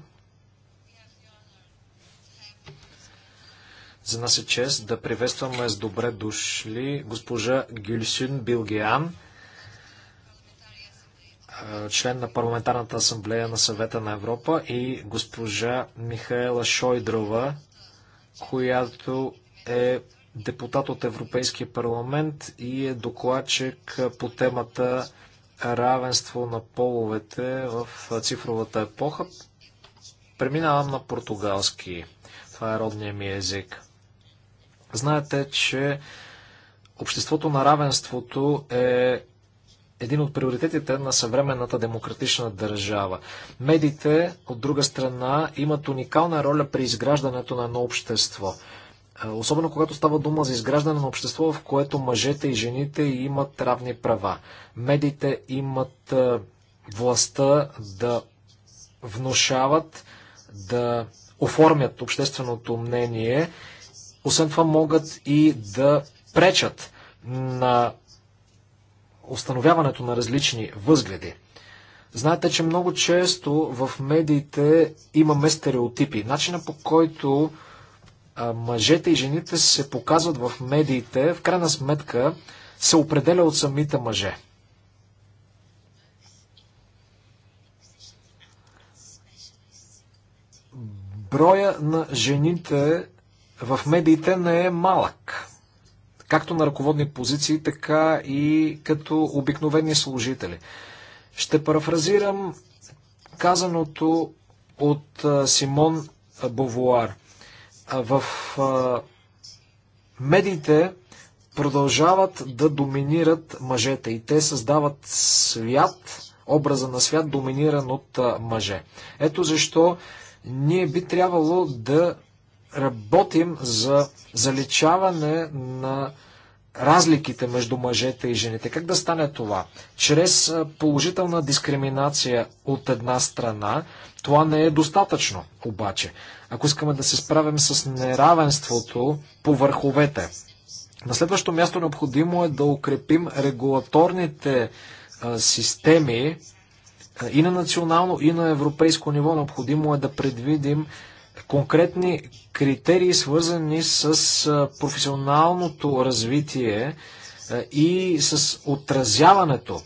За нас е чест да приветстваме с добре дошли госпожа Гюльсюн Билгеан – член на Парламентарната асамблея на съвета на Европа и госпожа Михаела Шойдрова, която е депутат от Европейския парламент и е докладчик по темата равенство на половете в цифровата епоха. Преминавам на португалски. Това е родния ми език. Знаете, че обществото на равенството е един от приоритетите на съвременната демократична държава. Медиите, от друга страна, имат уникална роля при изграждането на едно общество. Е, особено когато става дума за изграждане на общество, в което мъжете и жените имат равни права. Медиите имат е, властта да внушават, да оформят общественото мнение. Освен това могат и да пречат на установяването на различни възгледи. Знаете, че много често в медиите имаме стереотипи. Начина по който мъжете и жените се показват в медиите, в крайна сметка се определя от самите мъже. Броя на жените в медиите не е малък както на ръководни позиции, така и като обикновени служители. Ще парафразирам казаното от Симон Бовуар. В медиите продължават да доминират мъжете и те създават свят, образа на свят, доминиран от мъже. Ето защо ние би трябвало да работим за заличаване на разликите между мъжете и жените. Как да стане това? Чрез положителна дискриминация от една страна, това не е достатъчно, обаче. Ако искаме да се справим с неравенството по върховете. На следващо място необходимо е да укрепим регулаторните а, системи и на национално, и на европейско ниво. Необходимо е да предвидим конкретни критерии, свързани с професионалното развитие и с отразяването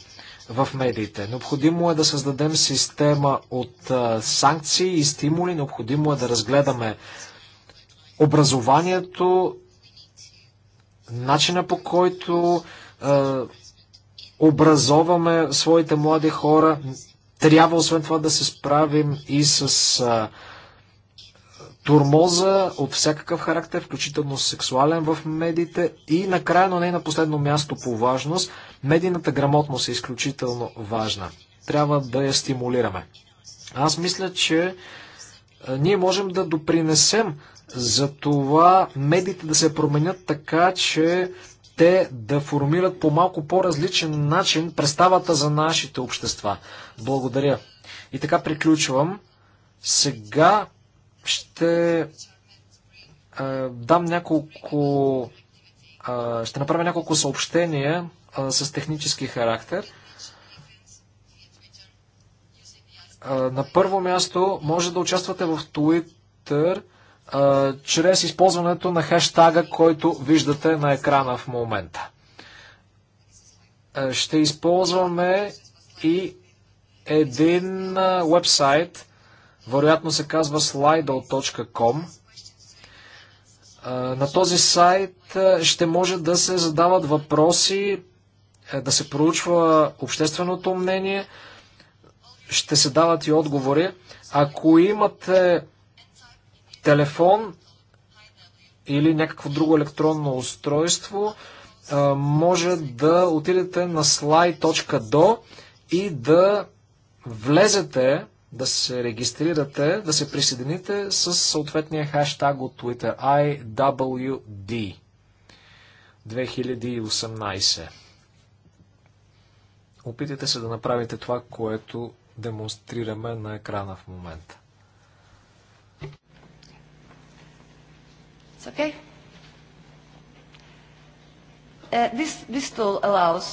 в медиите. Необходимо е да създадем система от санкции и стимули, необходимо е да разгледаме образованието, начина по който образоваме своите млади хора. Трябва освен това да се справим и с а, турмоза от всякакъв характер, включително сексуален в медиите и накрая, но не на последно място по важност, медийната грамотност е изключително важна. Трябва да я стимулираме. Аз мисля, че ние можем да допринесем за това медиите да се променят така, че те да формират по малко по-различен начин представата за нашите общества. Благодаря. И така приключвам. Сега ще дам няколко. Ще направя няколко съобщения с технически характер. На първо място може да участвате в Twitter чрез използването на хештага, който виждате на екрана в момента. Ще използваме и един вебсайт, вероятно се казва slido.com. На този сайт ще може да се задават въпроси, е, да се проучва общественото мнение, ще се дават и отговори. Ако имате телефон или някакво друго електронно устройство, може да отидете на slide.do и да влезете да се регистрирате, да се присъедините с съответния хаштаг от Twitter IWD 2018. Опитайте се да направите това, което демонстрираме на екрана в момента. It's okay. Uh, this, this tool allows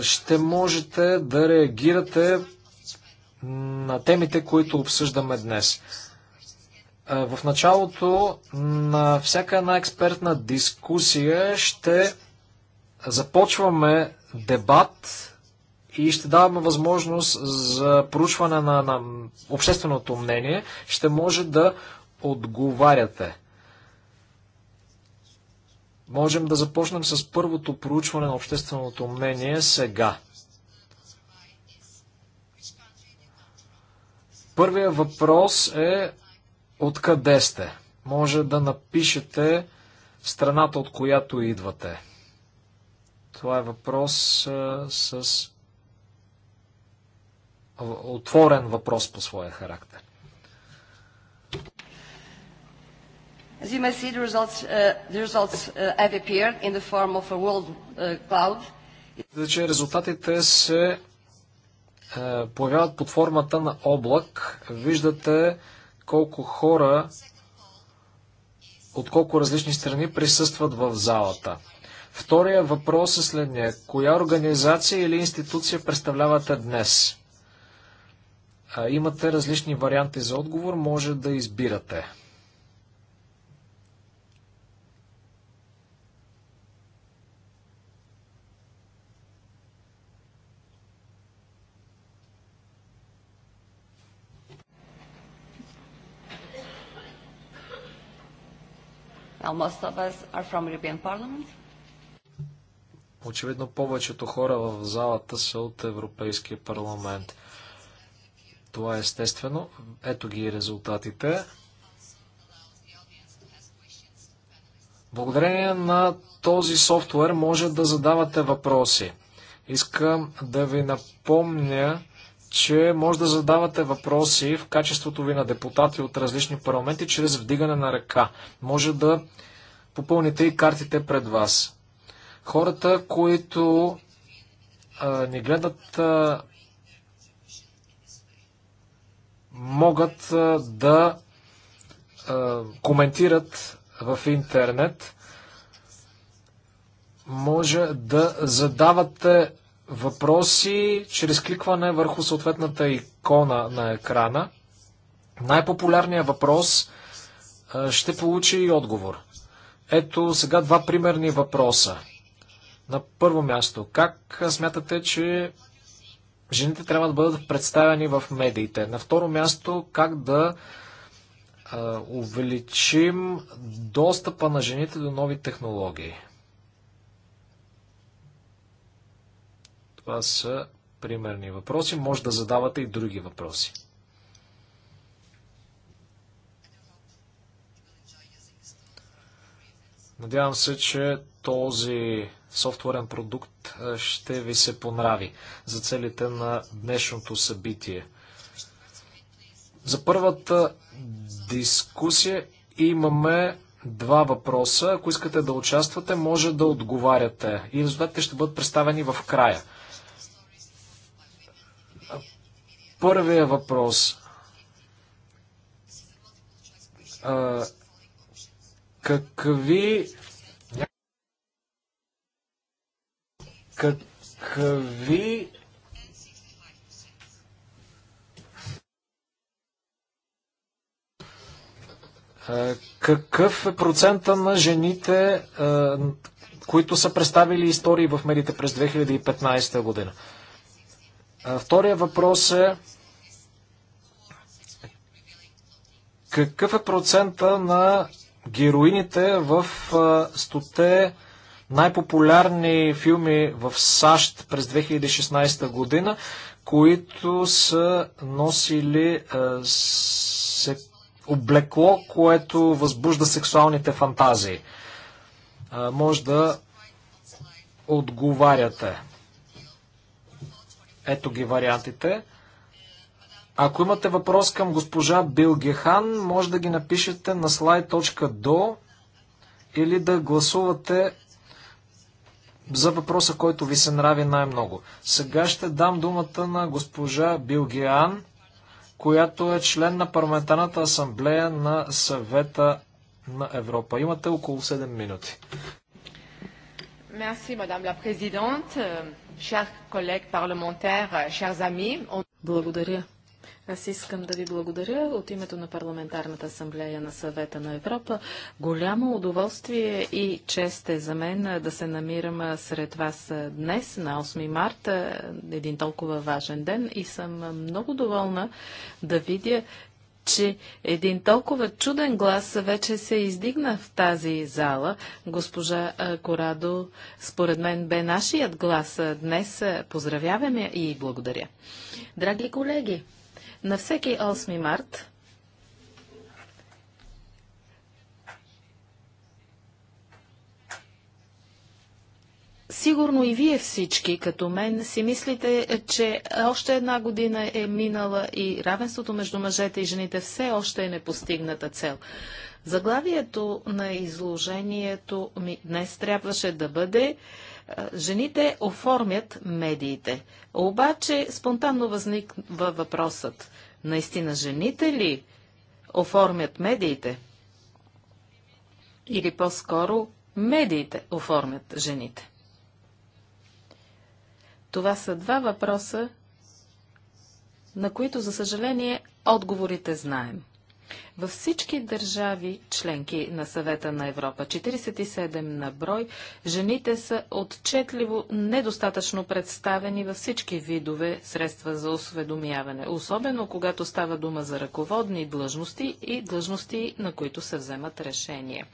ще можете да реагирате на темите, които обсъждаме днес. В началото на всяка една експертна дискусия ще започваме дебат и ще даваме възможност за проучване на, на общественото мнение. Ще може да отговаряте Можем да започнем с първото проучване на общественото мнение сега. Първият въпрос е откъде сте? Може да напишете страната, от която идвате. Това е въпрос с отворен въпрос по своя характер. As you may see, the results, uh, the results uh, have appeared in the form of a world uh, cloud. Значи резултатите се е, появяват под формата на облак. Виждате колко хора от колко различни страни присъстват в залата. Втория въпрос е следния. Коя организация или институция представлявате днес? Имате различни варианти за отговор, може да избирате. and most of us are from European Parliament. Очевидно повечето хора в залата са от Европейския парламент. Това е естествено. Ето ги резултатите. Благодарение на този софтуер може да задавате въпроси. Искам да ви напомня, че може да задавате въпроси в качеството ви на депутати от различни парламенти чрез вдигане на ръка. Може да попълните и картите пред вас. Хората, които а, ни гледат, а, могат а, да а, коментират в интернет. Може да задавате въпроси чрез кликване върху съответната икона на екрана. Най-популярният въпрос ще получи и отговор. Ето сега два примерни въпроса. На първо място, как смятате, че жените трябва да бъдат представени в медиите? На второ място, как да увеличим достъпа на жените до нови технологии? Това са примерни въпроси. Може да задавате и други въпроси. Надявам се, че този софтуерен продукт ще ви се понрави за целите на днешното събитие. За първата дискусия имаме два въпроса. Ако искате да участвате, може да отговаряте. И резултатите ще бъдат представени в края Първия въпрос. А, какви какви Какъв е процента на жените, които са представили истории в медиите през 2015 година? Втория въпрос е какъв е процента на героините в стоте най-популярни филми в САЩ през 2016 година, които са носили се, облекло, което възбужда сексуалните фантазии. Може да отговаряте. Ето ги вариантите. Ако имате въпрос към госпожа Бил Гехан, може да ги напишете на slide.do или да гласувате за въпроса, който ви се нрави най-много. Сега ще дам думата на госпожа Билгиан, която е член на парламентарната асамблея на съвета на Европа. Имате около 7 минути. Euh, euh, благодаря. Аз искам да ви благодаря от името на Парламентарната асамблея на съвета на Европа. Голямо удоволствие и чест е за мен да се намирам сред вас днес, на 8 марта, един толкова важен ден и съм много доволна да видя, че един толкова чуден глас вече се издигна в тази зала. Госпожа Корадо, според мен, бе нашият глас днес. Поздравяваме и благодаря. Драги колеги, на всеки 8 март Сигурно и вие всички, като мен, си мислите, че още една година е минала и равенството между мъжете и жените все още е непостигната цел. Заглавието на изложението ми днес трябваше да бъде Жените оформят медиите. Обаче спонтанно възниква въпросът. Наистина жените ли оформят медиите? Или по-скоро медиите оформят жените? Това са два въпроса, на които, за съжаление, отговорите знаем. Във всички държави, членки на съвета на Европа, 47 на брой, жените са отчетливо недостатъчно представени във всички видове средства за осведомяване, особено когато става дума за ръководни длъжности и длъжности, на които се вземат решения.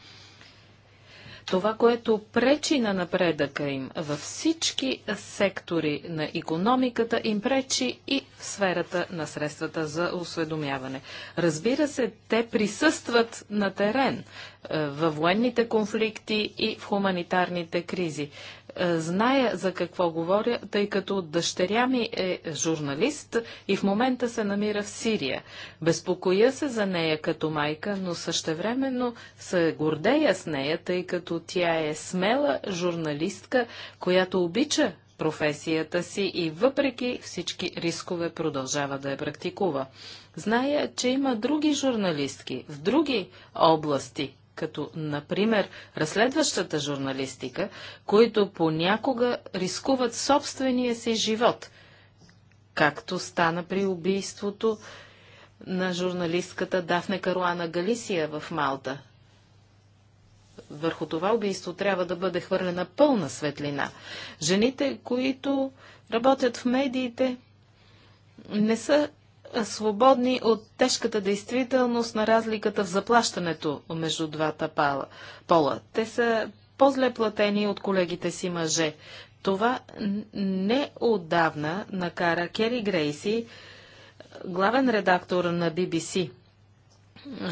Това, което пречи на напредъка им във всички сектори на економиката, им пречи и в сферата на средствата за осведомяване. Разбира се, те присъстват на терен е, във военните конфликти и в хуманитарните кризи. Е, зная за какво говоря, тъй като дъщеря ми е журналист и в момента се намира в Сирия. Безпокоя се за нея като майка, но същевременно се гордея с нея, тъй като тя е смела журналистка, която обича професията си и въпреки всички рискове продължава да я практикува. Зная, че има други журналистки в други области като, например, разследващата журналистика, които понякога рискуват собствения си живот, както стана при убийството на журналистката Дафне Каруана Галисия в Малта. Върху това убийство трябва да бъде хвърлена пълна светлина. Жените, които работят в медиите, не са свободни от тежката действителност на разликата в заплащането между двата пола. Те са по-зле платени от колегите си мъже. Това не отдавна накара Кери Грейси, главен редактор на BBC,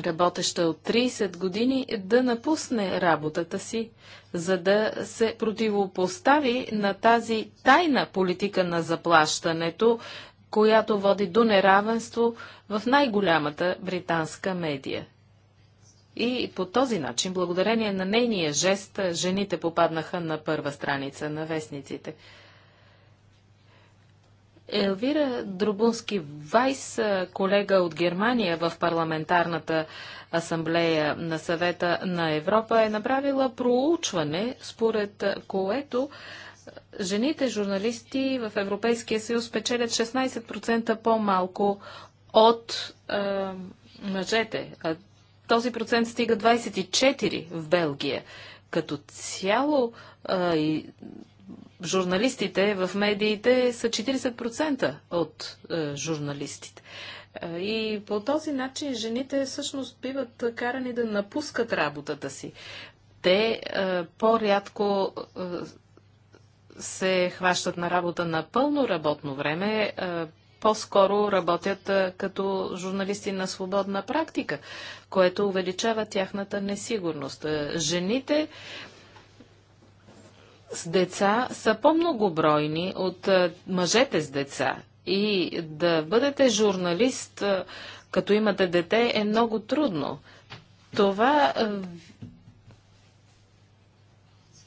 работеща от 30 години, да напусне работата си, за да се противопостави на тази тайна политика на заплащането която води до неравенство в най-голямата британска медия. И по този начин, благодарение на нейния жест, жените попаднаха на първа страница на вестниците. Елвира Друбунски Вайс, колега от Германия в парламентарната асамблея на съвета на Европа, е направила проучване, според което жените журналисти в Европейския съюз печелят 16% по-малко от е, мъжете. А този процент стига 24% в Белгия. Като цяло е, и журналистите в медиите са 40% от е, журналистите. И по този начин жените всъщност биват карани да напускат работата си. Те по-рядко се хващат на работа на пълно работно време, е, по-скоро работят е, като журналисти на свободна практика, което увеличава тяхната несигурност. Е, жените с деца са по-многобройни от мъжете с деца. И да бъдете журналист, като имате дете, е много трудно. Това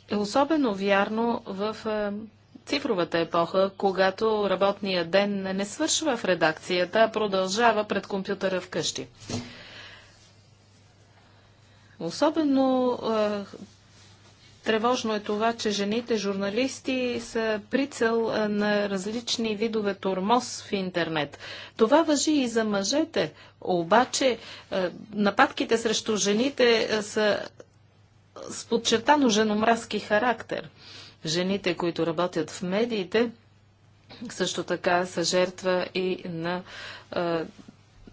е особено вярно в е, цифровата епоха, когато работния ден не свършва в редакцията, а продължава пред компютъра вкъщи. Особено е, тревожно е това, че жените журналисти са прицел е, на различни видове тормоз в интернет. Това въжи и за мъжете, обаче е, нападките срещу жените е, са с подчертано женомразки характер. Жените, които работят в медиите, също така са жертва и на а,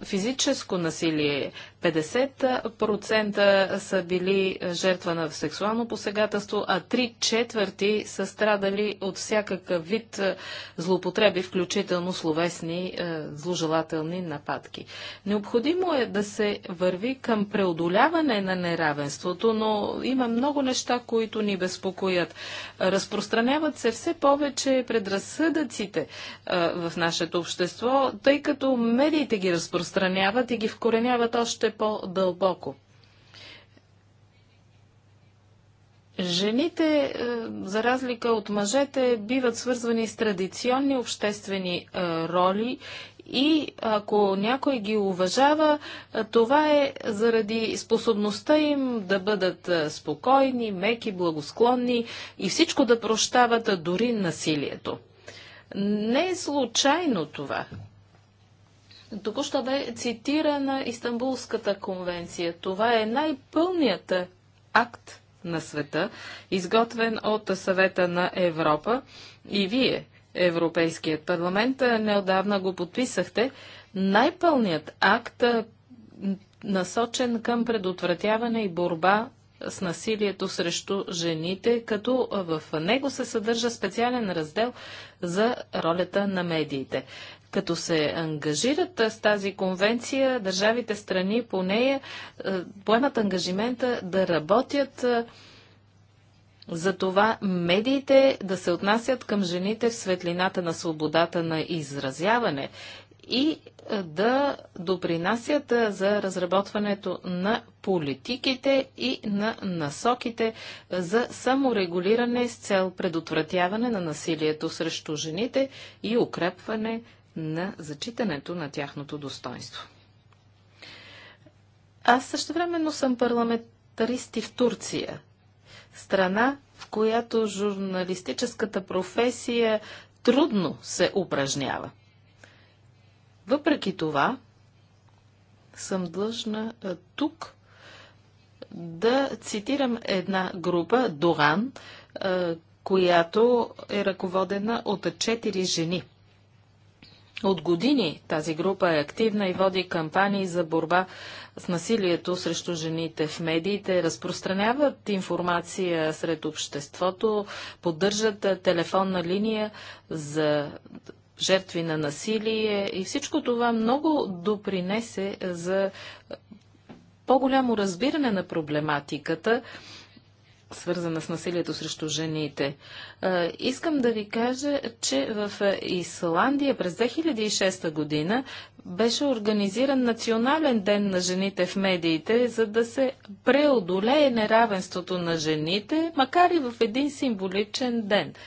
физическо насилие. 50% са били жертва на сексуално посегателство, а 3 четвърти са страдали от всякакъв вид е, злоупотреби, включително словесни е, зложелателни нападки. Необходимо е да се върви към преодоляване на неравенството, но има много неща, които ни безпокоят. Разпространяват се все повече предразсъдъците е, в нашето общество, тъй като медиите ги разпространяват и ги вкореняват още по-дълбоко. Жените, е, за разлика от мъжете, биват свързвани с традиционни обществени е, роли и ако някой ги уважава, е, това е заради способността им да бъдат спокойни, меки, благосклонни и всичко да прощават дори насилието. Не е случайно това, Току-що бе цитирана Истанбулската конвенция. Това е най-пълният акт на света, изготвен от съвета на Европа и вие, Европейският парламент, неодавна го подписахте. Най-пълният акт, насочен към предотвратяване и борба с насилието срещу жените, като в него се съдържа специален раздел за ролята на медиите. Като се ангажират с тази конвенция, държавите страни по нея поемат ангажимента да работят за това медиите да се отнасят към жените в светлината на свободата на изразяване и да допринасят за разработването на политиките и на насоките за саморегулиране с цел предотвратяване на насилието срещу жените и укрепване на зачитането на тяхното достоинство. Аз същевременно съм парламентарист и в Турция, страна, в която журналистическата професия трудно се упражнява. Въпреки това, съм длъжна тук да цитирам една група, Доран, която е ръководена от четири жени. От години тази група е активна и води кампании за борба с насилието срещу жените в медиите, разпространяват информация сред обществото, поддържат телефонна линия за жертви на насилие и всичко това много допринесе за по-голямо разбиране на проблематиката свързана с насилието срещу жените. Искам да ви кажа, че в Исландия през 2006 година беше организиран Национален ден на жените в медиите, за да се преодолее неравенството на жените, макар и в един символичен ден –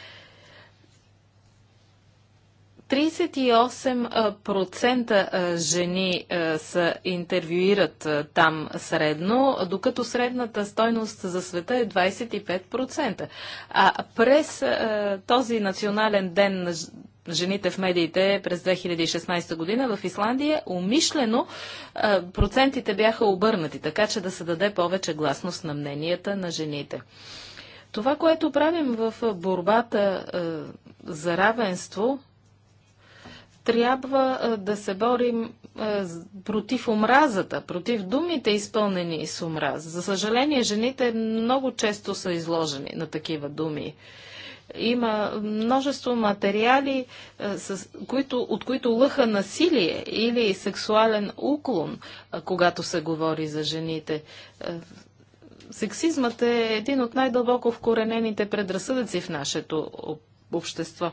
38% жени са интервюират там средно, докато средната стойност за света е 25%. А през този национален ден на жените в медиите през 2016 година в Исландия, умишлено процентите бяха обърнати, така че да се даде повече гласност на мненията на жените. Това, което правим в борбата за равенство, трябва да се борим против омразата, против думите, изпълнени с омраз. За съжаление, жените много често са изложени на такива думи. Има множество материали, които, от които лъха насилие или сексуален уклон, когато се говори за жените. Сексизмът е един от най-дълбоко вкоренените предразсъдъци в нашето общество.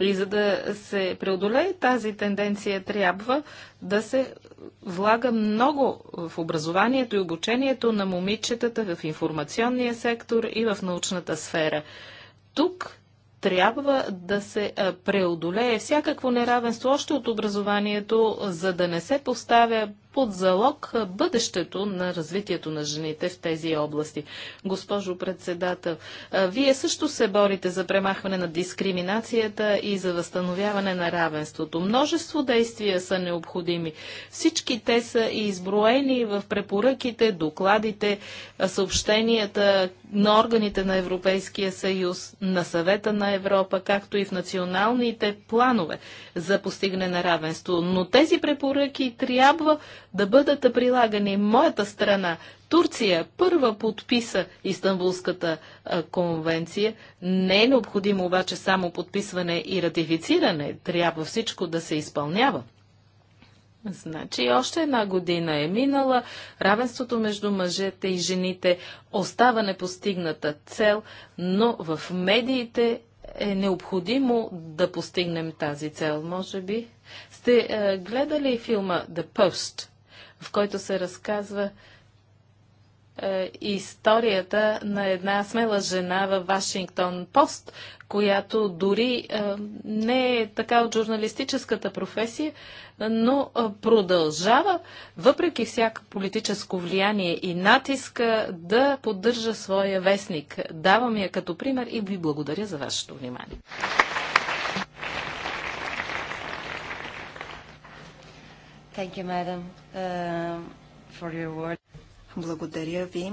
И за да се преодолее тази тенденция, трябва да се влага много в образованието и обучението на момичетата в информационния сектор и в научната сфера. Тук трябва да се преодолее всякакво неравенство още от образованието, за да не се поставя под залог бъдещето на развитието на жените в тези области. Госпожо председател, вие също се борите за премахване на дискриминацията и за възстановяване на равенството. Множество действия са необходими. Всички те са изброени в препоръките, докладите, съобщенията на органите на Европейския съюз, на съвета на Европа, както и в националните планове за постигане на равенство. Но тези препоръки трябва да бъдат прилагани. Моята страна, Турция, първа подписа Истанбулската а, конвенция. Не е необходимо обаче само подписване и ратифициране. Трябва всичко да се изпълнява. Значи още една година е минала, равенството между мъжете и жените остава непостигната цел, но в медиите е необходимо да постигнем тази цел. Може би сте е, гледали филма The Post в който се разказва е, историята на една смела жена в Вашингтон Пост, която дори е, не е така от журналистическата професия, но е, продължава, въпреки всяко политическо влияние и натиска, да поддържа своя вестник. Давам я като пример и ви благодаря за вашето внимание. Thank you, madam, uh, for your word. Благодаря ви.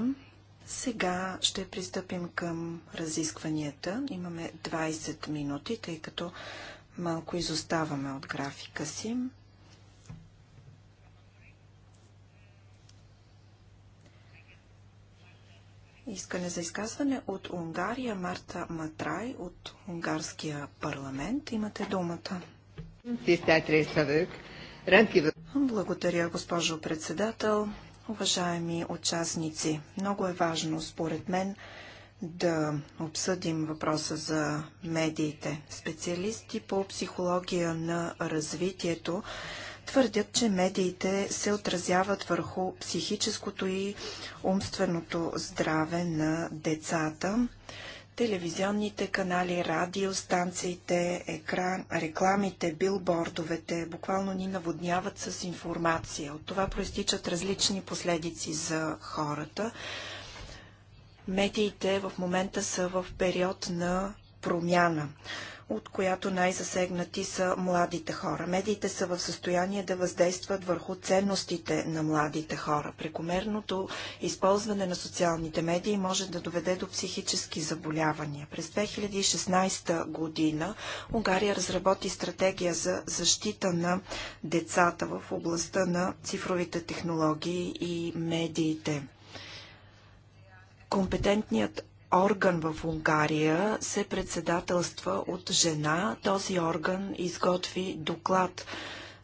Сега ще пристъпим към разискванията. Имаме 20 минути, тъй като малко изоставаме от графика си. Искане за изказване от Унгария Марта Матрай от Унгарския парламент. Имате думата. Благодаря, госпожо председател. Уважаеми участници, много е важно, според мен, да обсъдим въпроса за медиите. Специалисти по психология на развитието твърдят, че медиите се отразяват върху психическото и умственото здраве на децата телевизионните канали, радиостанциите, екран, рекламите, билбордовете буквално ни наводняват с информация. От това проистичат различни последици за хората. Медиите в момента са в период на промяна от която най-засегнати са младите хора. Медиите са в състояние да въздействат върху ценностите на младите хора. Прекомерното използване на социалните медии може да доведе до психически заболявания. През 2016 година Унгария разработи стратегия за защита на децата в областта на цифровите технологии и медиите компетентният орган в Унгария се председателства от жена. Този орган изготви доклад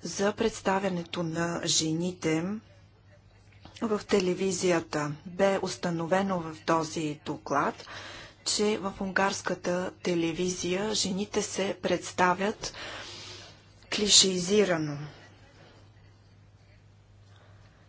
за представянето на жените в телевизията. Бе установено в този доклад, че в унгарската телевизия жените се представят клишеизирано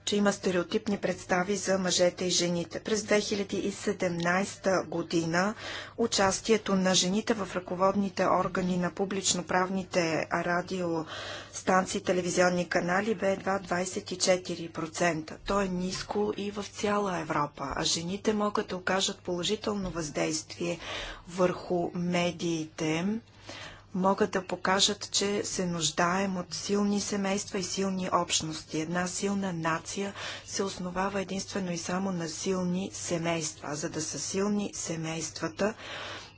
че има стереотипни представи за мъжете и жените. През 2017 година участието на жените в ръководните органи на публично-правните радиостанции, телевизионни канали бе едва 24%. То е ниско и в цяла Европа, а жените могат да окажат положително въздействие върху медиите, могат да покажат, че се нуждаем от силни семейства и силни общности. Една силна нация се основава единствено и само на силни семейства. За да са силни семействата,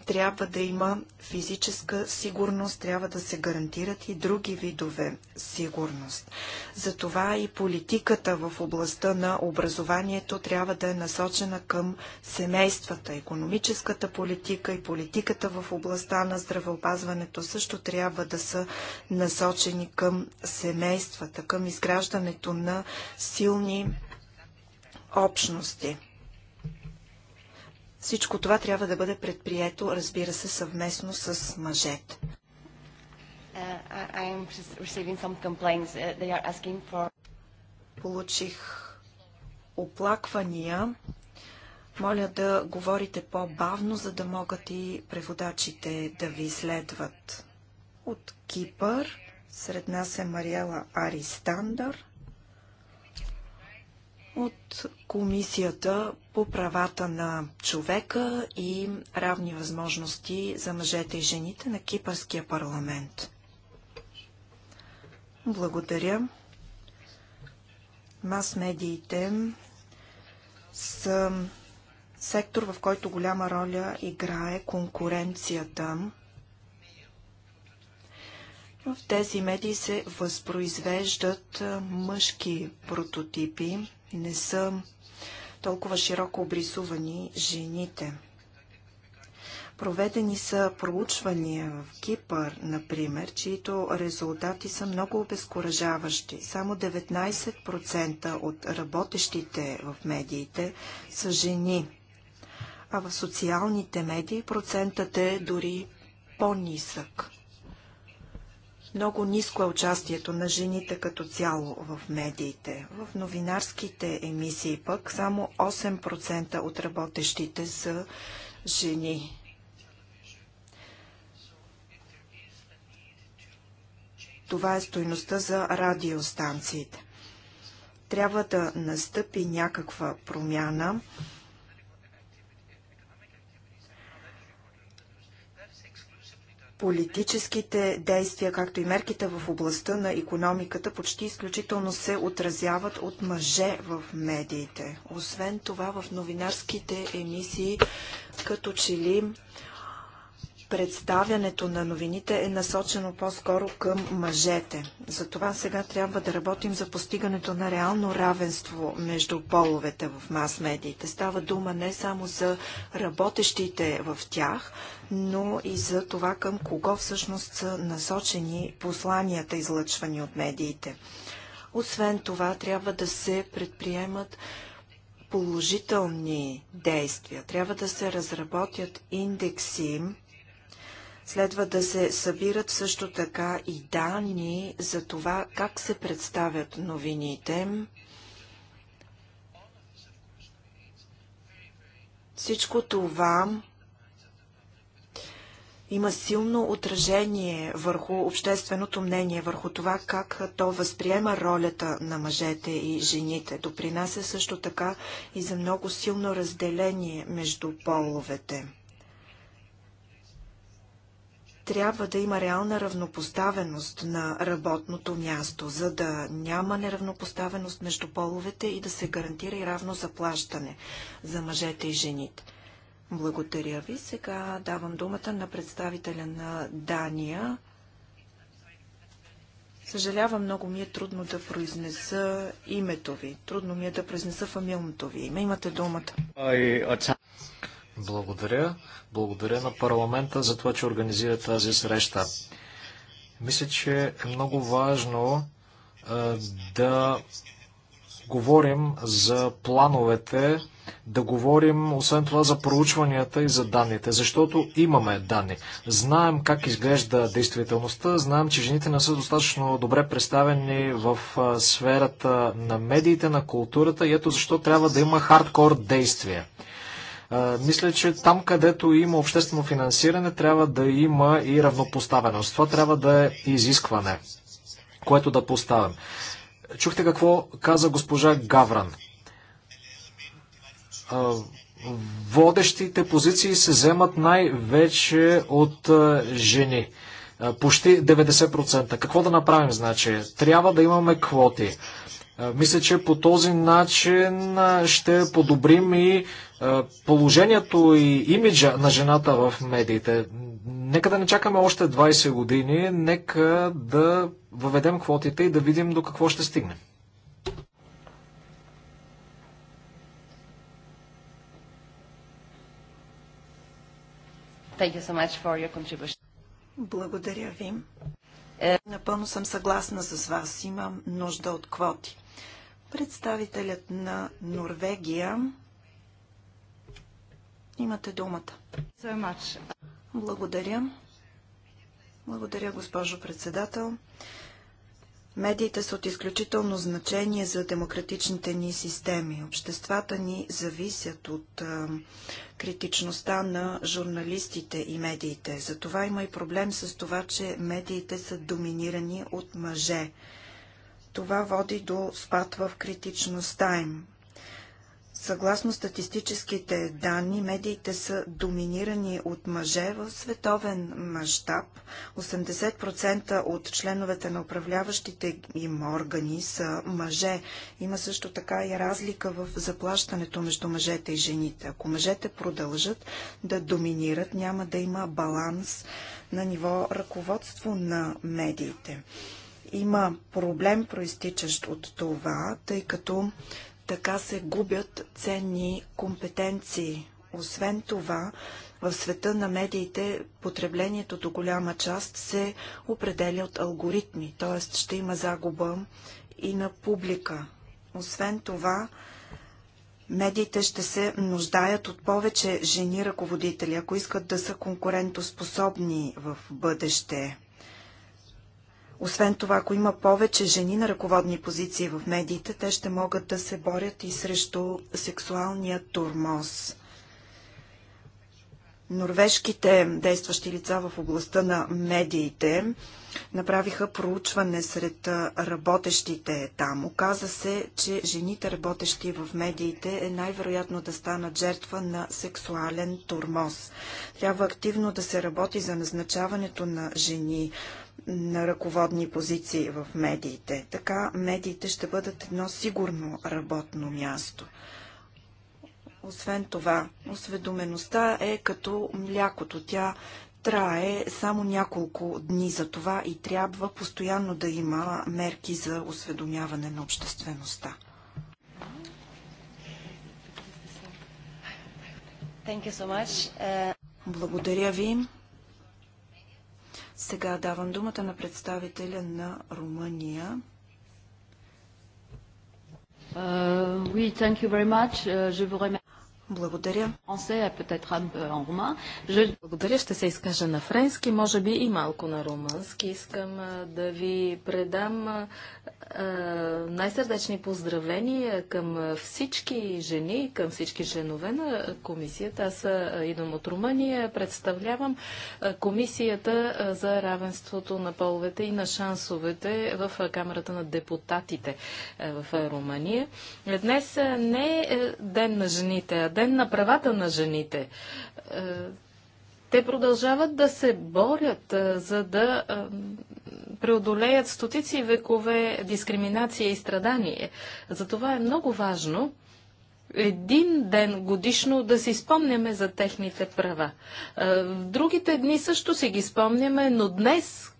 трябва да има физическа сигурност, трябва да се гарантират и други видове сигурност. Затова и политиката в областта на образованието трябва да е насочена към семействата. Економическата политика и политиката в областта на здравеопазването също трябва да са насочени към семействата, към изграждането на силни общности. Всичко това трябва да бъде предприето, разбира се, съвместно с мъжете. Uh, uh, Получих оплаквания. Моля да говорите по-бавно, за да могат и преводачите да ви следват. От Кипър сред нас е Мариела Аристандар от Комисията по правата на човека и равни възможности за мъжете и жените на Кипърския парламент. Благодаря. Мас-медиите са сектор, в който голяма роля играе конкуренцията. В тези медии се възпроизвеждат мъжки прототипи не са толкова широко обрисувани жените. Проведени са проучвания в Кипър, например, чието резултати са много обезкуражаващи. Само 19% от работещите в медиите са жени, а в социалните медии процентът е дори по-нисък. Много ниско е участието на жените като цяло в медиите. В новинарските емисии пък само 8% от работещите са жени. Това е стойността за радиостанциите. Трябва да настъпи някаква промяна политическите действия, както и мерките в областта на економиката, почти изключително се отразяват от мъже в медиите. Освен това, в новинарските емисии, като че ли представянето на новините е насочено по-скоро към мъжете. Затова сега трябва да работим за постигането на реално равенство между половете в мас-медиите. Става дума не само за работещите в тях, но и за това към кого всъщност са насочени посланията, излъчвани от медиите. Освен това, трябва да се предприемат положителни действия. Трябва да се разработят индекси Следва да се събират също така и данни за това как се представят новините. Всичко това има силно отражение върху общественото мнение, върху това как то възприема ролята на мъжете и жените. Допринася също така и за много силно разделение между половете трябва да има реална равнопоставеност на работното място, за да няма неравнопоставеност между половете и да се гарантира и равно заплащане за мъжете и жените. Благодаря ви. Сега давам думата на представителя на Дания. Съжалявам, много ми е трудно да произнеса името ви. Трудно ми е да произнеса фамилното ви име. Имате думата. Благодаря. Благодаря на парламента за това, че организира тази среща. Мисля, че е много важно а, да говорим за плановете, да говорим освен това за проучванията и за данните, защото имаме данни. Знаем как изглежда действителността, знаем, че жените не са достатъчно добре представени в сферата на медиите, на културата и ето защо трябва да има хардкор действия. Мисля, че там, където има обществено финансиране, трябва да има и равнопоставеност. Това трябва да е изискване, което да поставим. Чухте какво каза госпожа Гавран. Водещите позиции се вземат най-вече от жени. Почти 90%. Какво да направим, значи? Трябва да имаме квоти. Мисля, че по този начин ще подобрим и е, положението и имиджа на жената в медиите. Нека да не чакаме още 20 години, нека да въведем квотите и да видим до какво ще стигнем. So Благодаря ви. Е. Напълно съм съгласна с вас. Имам нужда от квоти. Представителят на Норвегия Имате думата. Благодаря. Благодаря, госпожо председател. Медиите са от изключително значение за демократичните ни системи. Обществата ни зависят от а, критичността на журналистите и медиите. Затова има и проблем с това, че медиите са доминирани от мъже. Това води до спад в критичността им. Съгласно статистическите данни, медиите са доминирани от мъже в световен мащаб. 80% от членовете на управляващите им органи са мъже. Има също така и разлика в заплащането между мъжете и жените. Ако мъжете продължат да доминират, няма да има баланс на ниво ръководство на медиите. Има проблем, проистичащ от това, тъй като така се губят ценни компетенции. Освен това, в света на медиите потреблението до голяма част се определя от алгоритми, т.е. ще има загуба и на публика. Освен това, медиите ще се нуждаят от повече жени ръководители, ако искат да са конкурентоспособни в бъдеще. Освен това, ако има повече жени на ръководни позиции в медиите, те ще могат да се борят и срещу сексуалния турмоз. Норвежките действащи лица в областта на медиите направиха проучване сред работещите там. Оказа се, че жените работещи в медиите е най-вероятно да станат жертва на сексуален турмоз. Трябва активно да се работи за назначаването на жени на ръководни позиции в медиите. Така медиите ще бъдат едно сигурно работно място. Освен това, осведомеността е като млякото. Тя трае само няколко дни за това и трябва постоянно да има мерки за осведомяване на обществеността. Uh, Благодаря ви. Сега давам думата на представителя на Румъния. Uh, oui, thank you very much. Uh, je vous remercie. Благодаря. Благодаря, ще се изкажа на френски, може би и малко на румънски. Искам да ви предам най-сърдечни поздравления към всички жени, към всички женове на комисията. Аз идвам от Румъния, представлявам комисията за равенството на половете и на шансовете в Камерата на депутатите в Румъния. Днес не е ден на жените, а ден ден на правата на жените. Е, те продължават да се борят, е, за да е, преодолеят стотици векове дискриминация и страдание. Затова е много важно един ден годишно да си спомняме за техните права. В другите дни също си ги спомняме, но днес,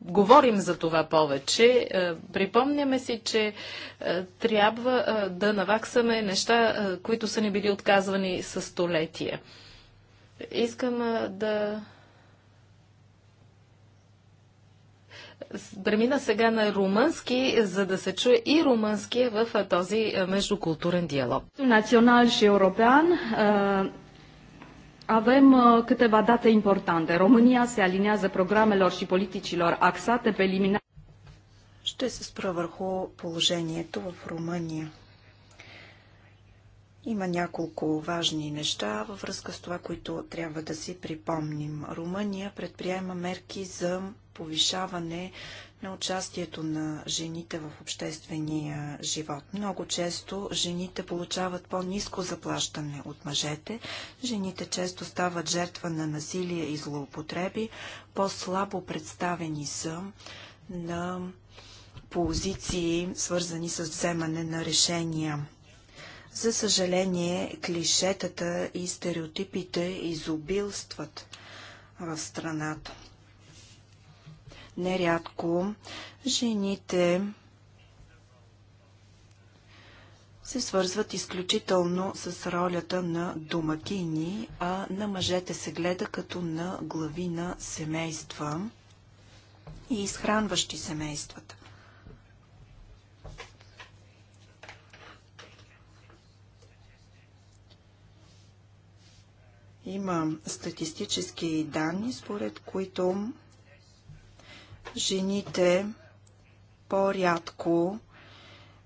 говорим за това повече. Е, припомняме си, че е, трябва е, да наваксаме неща, които са ни били отказвани със столетия. Искам да премина сега на румънски, за да се чуе и румънския в този междукултурен диалог. Национал европеан Avem uh, câteva date importante. România se aliniază programelor și politicilor axate pe eliminarea ще се спра върху положението в Румъния. Има няколко важни неща във връзка с това, които трябва да си припомним. Румъния предприема мерки за повишаване на участието на жените в обществения живот. Много често жените получават по-низко заплащане от мъжете, жените често стават жертва на насилие и злоупотреби, по-слабо представени са на позиции, свързани с вземане на решения. За съжаление, клишетата и стереотипите изобилстват в страната. Нерядко жените се свързват изключително с ролята на домакини, а на мъжете се гледа като на глави на семейства и изхранващи семействата. Има статистически данни, според които жените по-рядко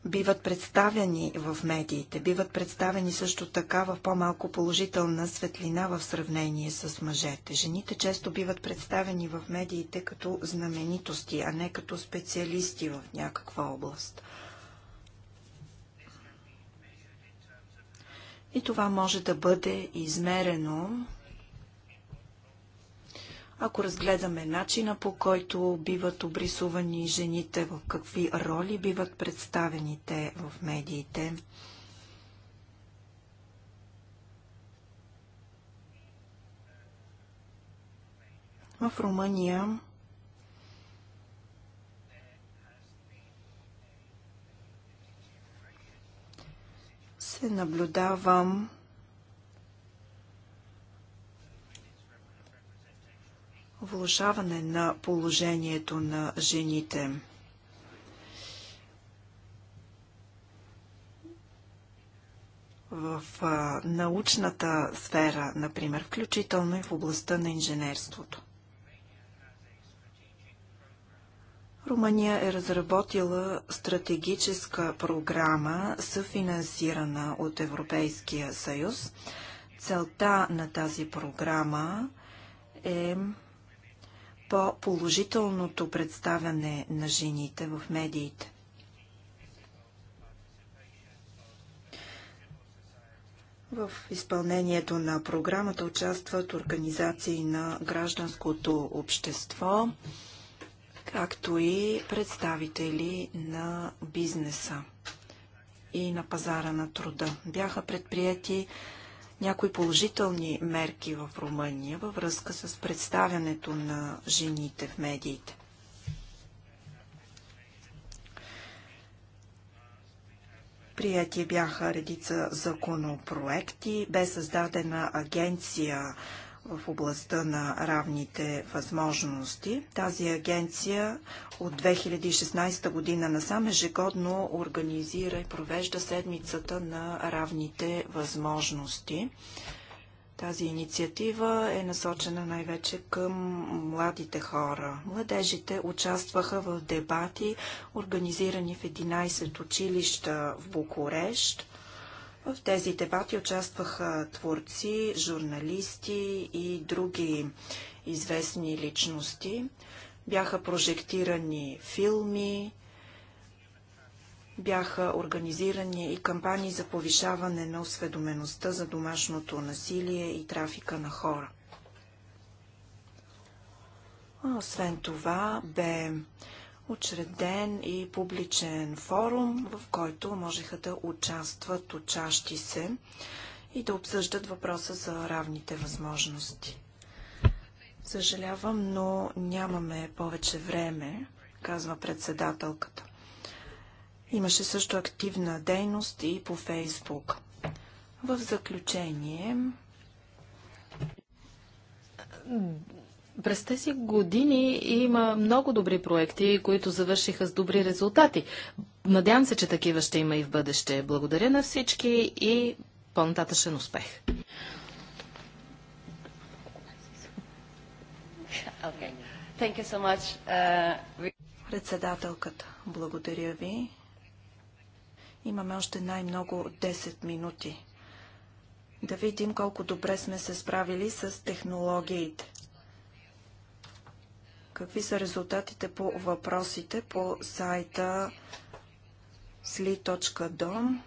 биват представени в медиите, биват представени също така в по-малко положителна светлина в сравнение с мъжете. Жените често биват представени в медиите като знаменитости, а не като специалисти в някаква област. И това може да бъде измерено ако разгледаме начина по който биват обрисувани жените, в какви роли биват представените в медиите, в Румъния се наблюдавам влушаване на положението на жените. в а, научната сфера, например, включително и в областта на инженерството. Румъния е разработила стратегическа програма, съфинансирана от Европейския съюз. Целта на тази програма е по-положителното представяне на жените в медиите. В изпълнението на програмата участват организации на гражданското общество, както и представители на бизнеса и на пазара на труда. Бяха предприяти някои положителни мерки в Румъния във връзка с представянето на жените в медиите. Прияти бяха редица законопроекти, бе създадена агенция в областта на равните възможности. Тази агенция от 2016 година насам ежегодно организира и провежда седмицата на равните възможности. Тази инициатива е насочена най-вече към младите хора. Младежите участваха в дебати, организирани в 11 училища в Букурещ. В тези дебати участваха творци, журналисти и други известни личности. Бяха прожектирани филми, бяха организирани и кампании за повишаване на осведомеността за домашното насилие и трафика на хора. Освен това бе учреден и публичен форум, в който можеха да участват учащи се и да обсъждат въпроса за равните възможности. Съжалявам, но нямаме повече време, казва председателката. Имаше също активна дейност и по Фейсбук. В заключение през тези години има много добри проекти, които завършиха с добри резултати. Надявам се, че такива ще има и в бъдеще. Благодаря на всички и по-нататъчен успех. Uh, Председателката, благодаря ви. Имаме още най-много 10 минути. Да видим колко добре сме се справили с технологиите. Какви са резултатите по въпросите по сайта sli.dom?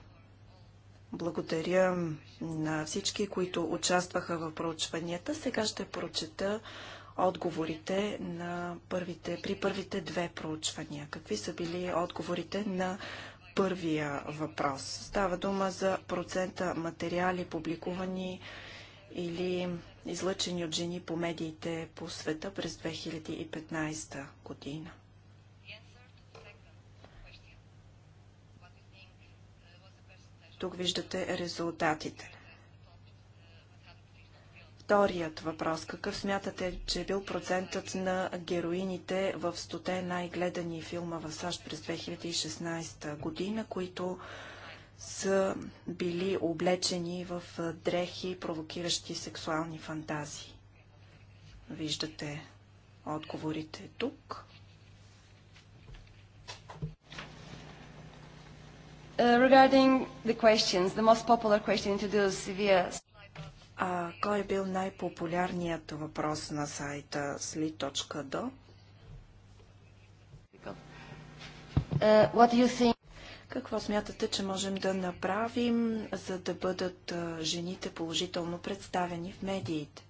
Благодаря на всички, които участваха в проучванията. Сега ще прочета отговорите на първите, при първите две проучвания. Какви са били отговорите на първия въпрос? Става дума за процента материали, публикувани или излъчени от жени по медиите по света през 2015 година. Тук виждате резултатите. Вторият въпрос. Какъв смятате, че е бил процентът на героините в стоте най-гледани филма в САЩ през 2016 година, които са били облечени в дрехи, провокиращи сексуални фантазии. Виждате отговорите тук. Uh, regarding the questions, the most popular question introduced via... А кой е бил най-популярният въпрос на сайта sli.do? Uh, what do you think? Какво смятате, че можем да направим, за да бъдат жените положително представени в медиите?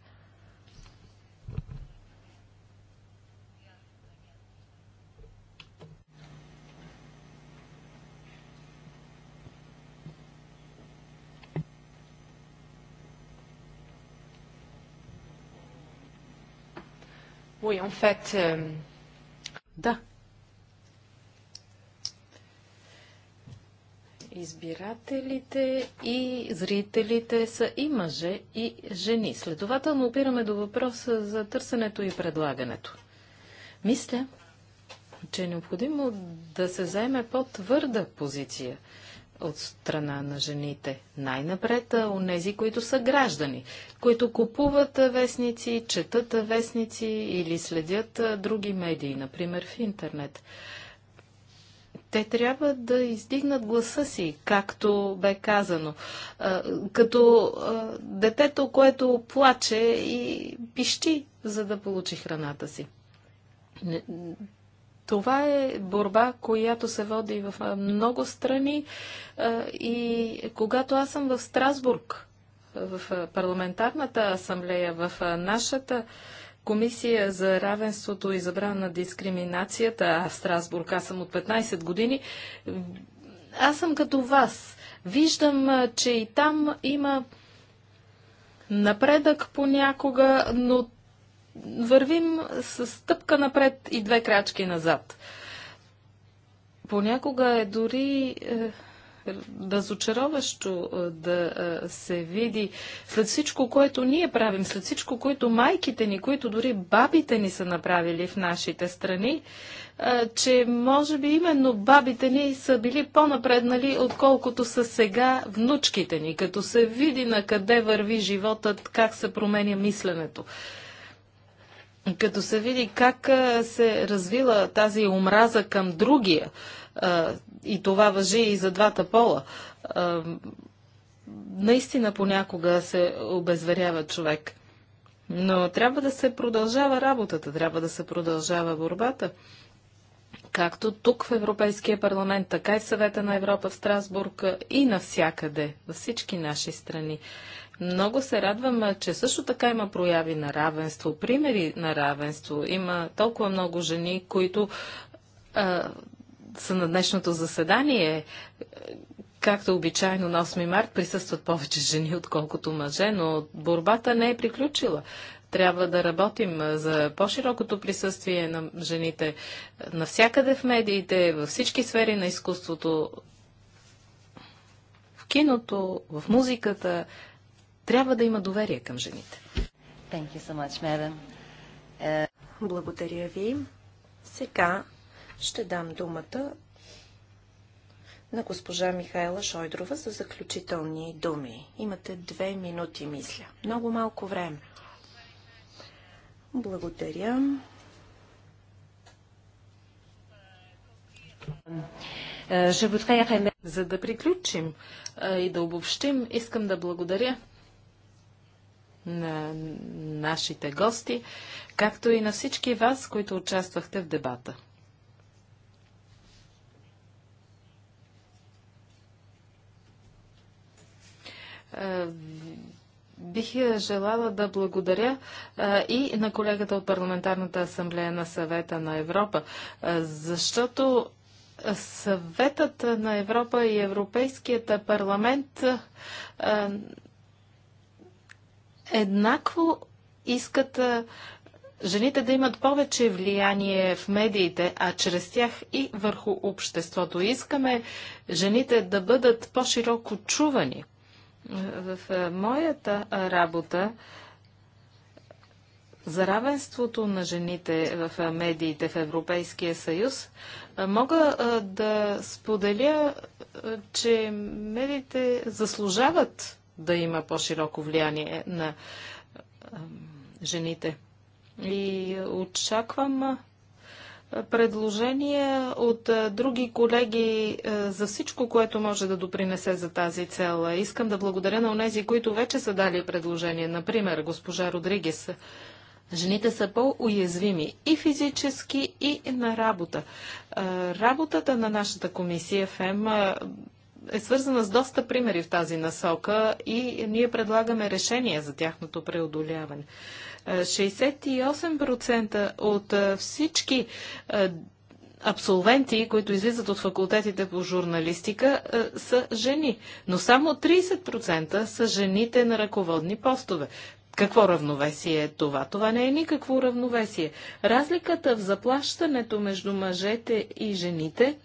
Euh, да, избирателите и зрителите са и мъже, и жени. Следователно опираме до въпроса за търсенето и предлагането. Мисля, че е необходимо да се заеме по-твърда позиция от страна на жените. Най-напред онези, които са граждани, които купуват вестници, четат вестници или следят други медии, например в интернет те трябва да издигнат гласа си, както бе казано. като детето, което плаче и пищи, за да получи храната си. Това е борба, която се води в много страни. и когато аз съм в Страсбург, в парламентарната асамблея, в нашата комисия за равенството и забрана на дискриминацията, в Страсбург аз съм от 15 години, аз съм като вас. Виждам, че и там има напредък понякога, но вървим с стъпка напред и две крачки назад. Понякога е дори е, разочароващо да се види след всичко, което ние правим, след всичко, което майките ни, които дори бабите ни са направили в нашите страни, че може би именно бабите ни са били по-напреднали, отколкото са сега внучките ни, като се види на къде върви животът, как се променя мисленето. Като се види как се развила тази омраза към другия, и това въжи и за двата пола. Наистина понякога се обезверява човек. Но трябва да се продължава работата, трябва да се продължава борбата. Както тук в Европейския парламент, така и в съвета на Европа в Страсбург и навсякъде, във всички наши страни. Много се радвам, че също така има прояви на равенство, примери на равенство. Има толкова много жени, които са на днешното заседание. Както обичайно на 8 март присъстват повече жени, отколкото мъже, но борбата не е приключила. Трябва да работим за по-широкото присъствие на жените навсякъде в медиите, във всички сфери на изкуството, в киното, в музиката. Трябва да има доверие към жените. Thank you so much, madam. Е, Благодаря ви. Сега ще дам думата на госпожа Михайла Шойдрова за заключителни думи. Имате две минути, мисля. Много малко време. Благодаря. За да приключим и да обобщим, искам да благодаря на нашите гости, както и на всички вас, които участвахте в дебата. Е, бих желала да благодаря е, и на колегата от Парламентарната асамблея на съвета на Европа, е, защото съветът на Европа и Европейският парламент еднакво искат жените да имат повече влияние в медиите, а чрез тях и върху обществото. Искаме жените да бъдат по-широко чувани, в моята работа за равенството на жените в медиите в Европейския съюз, мога да споделя, че медиите заслужават да има по-широко влияние на жените. И очаквам предложения от други колеги за всичко, което може да допринесе за тази цел. Искам да благодаря на онези, които вече са дали предложение. Например, госпожа Родригес. Жените са по-уязвими и физически, и на работа. Работата на нашата комисия ФЕМ е свързана с доста примери в тази насока и ние предлагаме решения за тяхното преодоляване. 68% от всички абсолвенти, които излизат от факултетите по журналистика, са жени. Но само 30% са жените на ръководни постове. Какво равновесие е това? Това не е никакво равновесие. Разликата в заплащането между мъжете и жените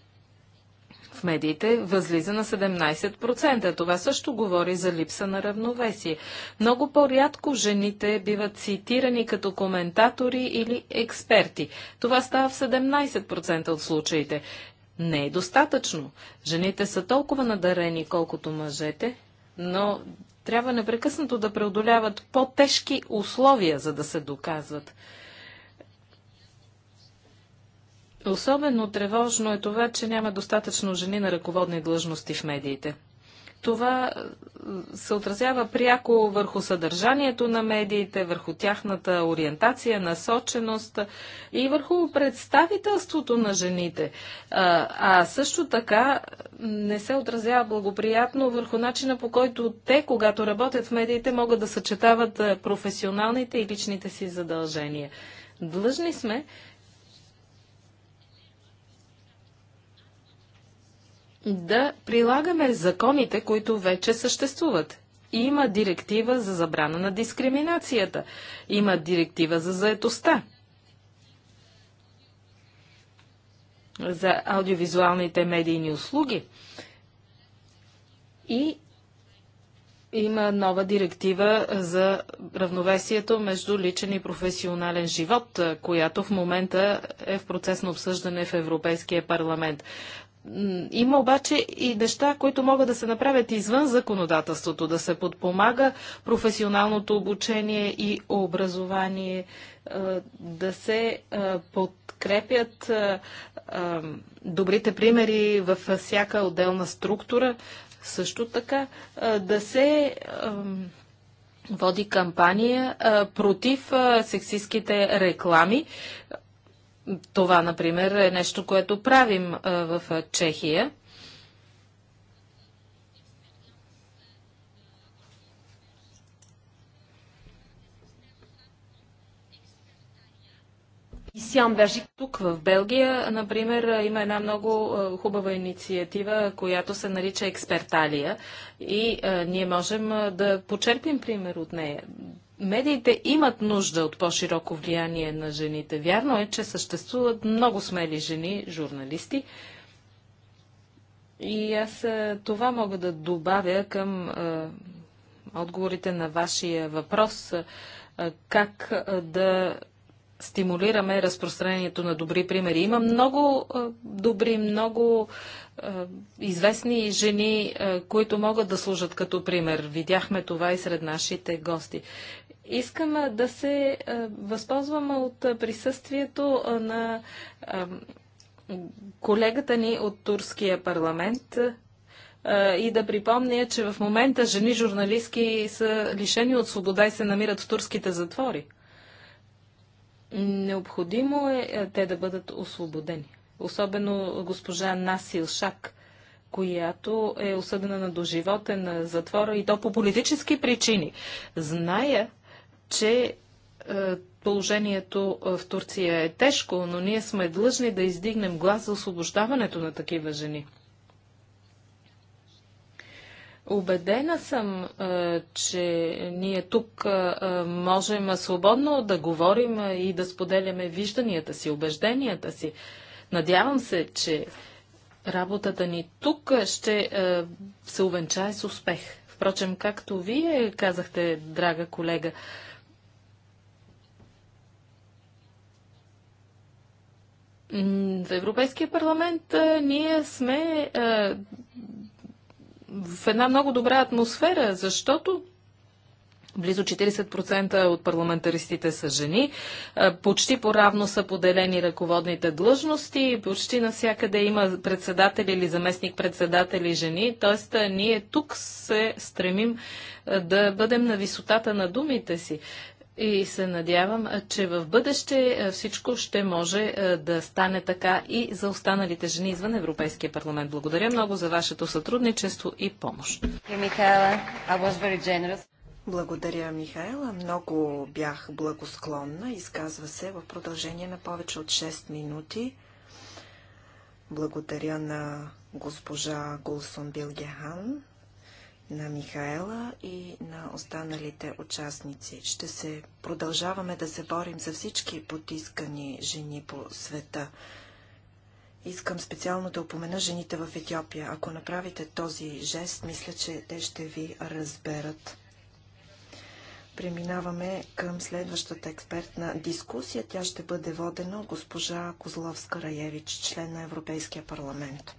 в медиите възлиза на 17%. Това също говори за липса на равновесие. Много по-рядко жените биват цитирани като коментатори или експерти. Това става в 17% от случаите. Не е достатъчно. Жените са толкова надарени, колкото мъжете, но трябва непрекъснато да преодоляват по-тежки условия, за да се доказват. Особено тревожно е това, че няма достатъчно жени на ръководни длъжности в медиите. Това е, се отразява пряко върху съдържанието на медиите, върху тяхната ориентация, насоченост и върху представителството на жените. А, също така е, не се отразява благоприятно върху начина по който те, когато работят в медиите, могат да съчетават е, професионалните и личните си задължения. Длъжни сме да прилагаме законите, които вече съществуват. Има директива за забрана на дискриминацията. Има директива за заетостта. За аудиовизуалните медийни услуги. И има нова директива за равновесието между личен и професионален живот, която в момента е в процес на обсъждане в Европейския парламент. Има обаче и неща, които могат да се направят извън законодателството, да се подпомага професионалното обучение и образование, да се подкрепят добрите примери във всяка отделна структура, също така да се води кампания против сексистските реклами това, например, е нещо, което правим в Чехия. Тук в Белгия, например, има една много хубава инициатива, която се нарича Експерталия и ние можем да почерпим пример от нея медиите имат нужда от по-широко влияние на жените. Вярно е, че съществуват много смели жени, журналисти. И аз е, това мога да добавя към е, отговорите на вашия въпрос. Е, е как е, да стимулираме разпространението на добри примери. Има много е, добри, много е, известни жени, е, които могат да служат като пример. Видяхме това и сред нашите гости. Искам да се възползвам от присъствието на колегата ни от Турския парламент и да припомня, че в момента жени журналистки са лишени от свобода и се намират в турските затвори. Необходимо е, е те да бъдат освободени. Особено госпожа Насил Шак, която е осъдена на доживотен затвора и то по политически причини. Зная, че е, положението е, в Турция е тежко, но ние сме длъжни да издигнем глас за освобождаването на такива жени. Обедена съм, е, че ние тук можем свободно да говорим и да споделяме вижданията си, убежденията си. Надявам се, че работата ни тук ще се увенчае с успех. Впрочем, както вие казахте, драга колега, В Европейския парламент а, ние сме а, в една много добра атмосфера, защото Близо 40% от парламентаристите са жени. Почти поравно са поделени ръководните длъжности. Почти навсякъде има председатели или заместник-председатели жени. Тоест, ние тук се стремим да бъдем на висотата на думите си. И се надявам, че в бъдеще всичко ще може да стане така и за останалите жени извън Европейския парламент. Благодаря много за вашето сътрудничество и помощ. Благодаря, Михайла. Много бях благосклонна. Изказва се в продължение на повече от 6 минути. Благодаря на госпожа Гулсон Билгехан на Михаела и на останалите участници. Ще се продължаваме да се борим за всички потискани жени по света. Искам специално да упомена жените в Етиопия. Ако направите този жест, мисля, че те ще ви разберат. Преминаваме към следващата експертна дискусия. Тя ще бъде водена от госпожа Козловска Раевич, член на Европейския парламент.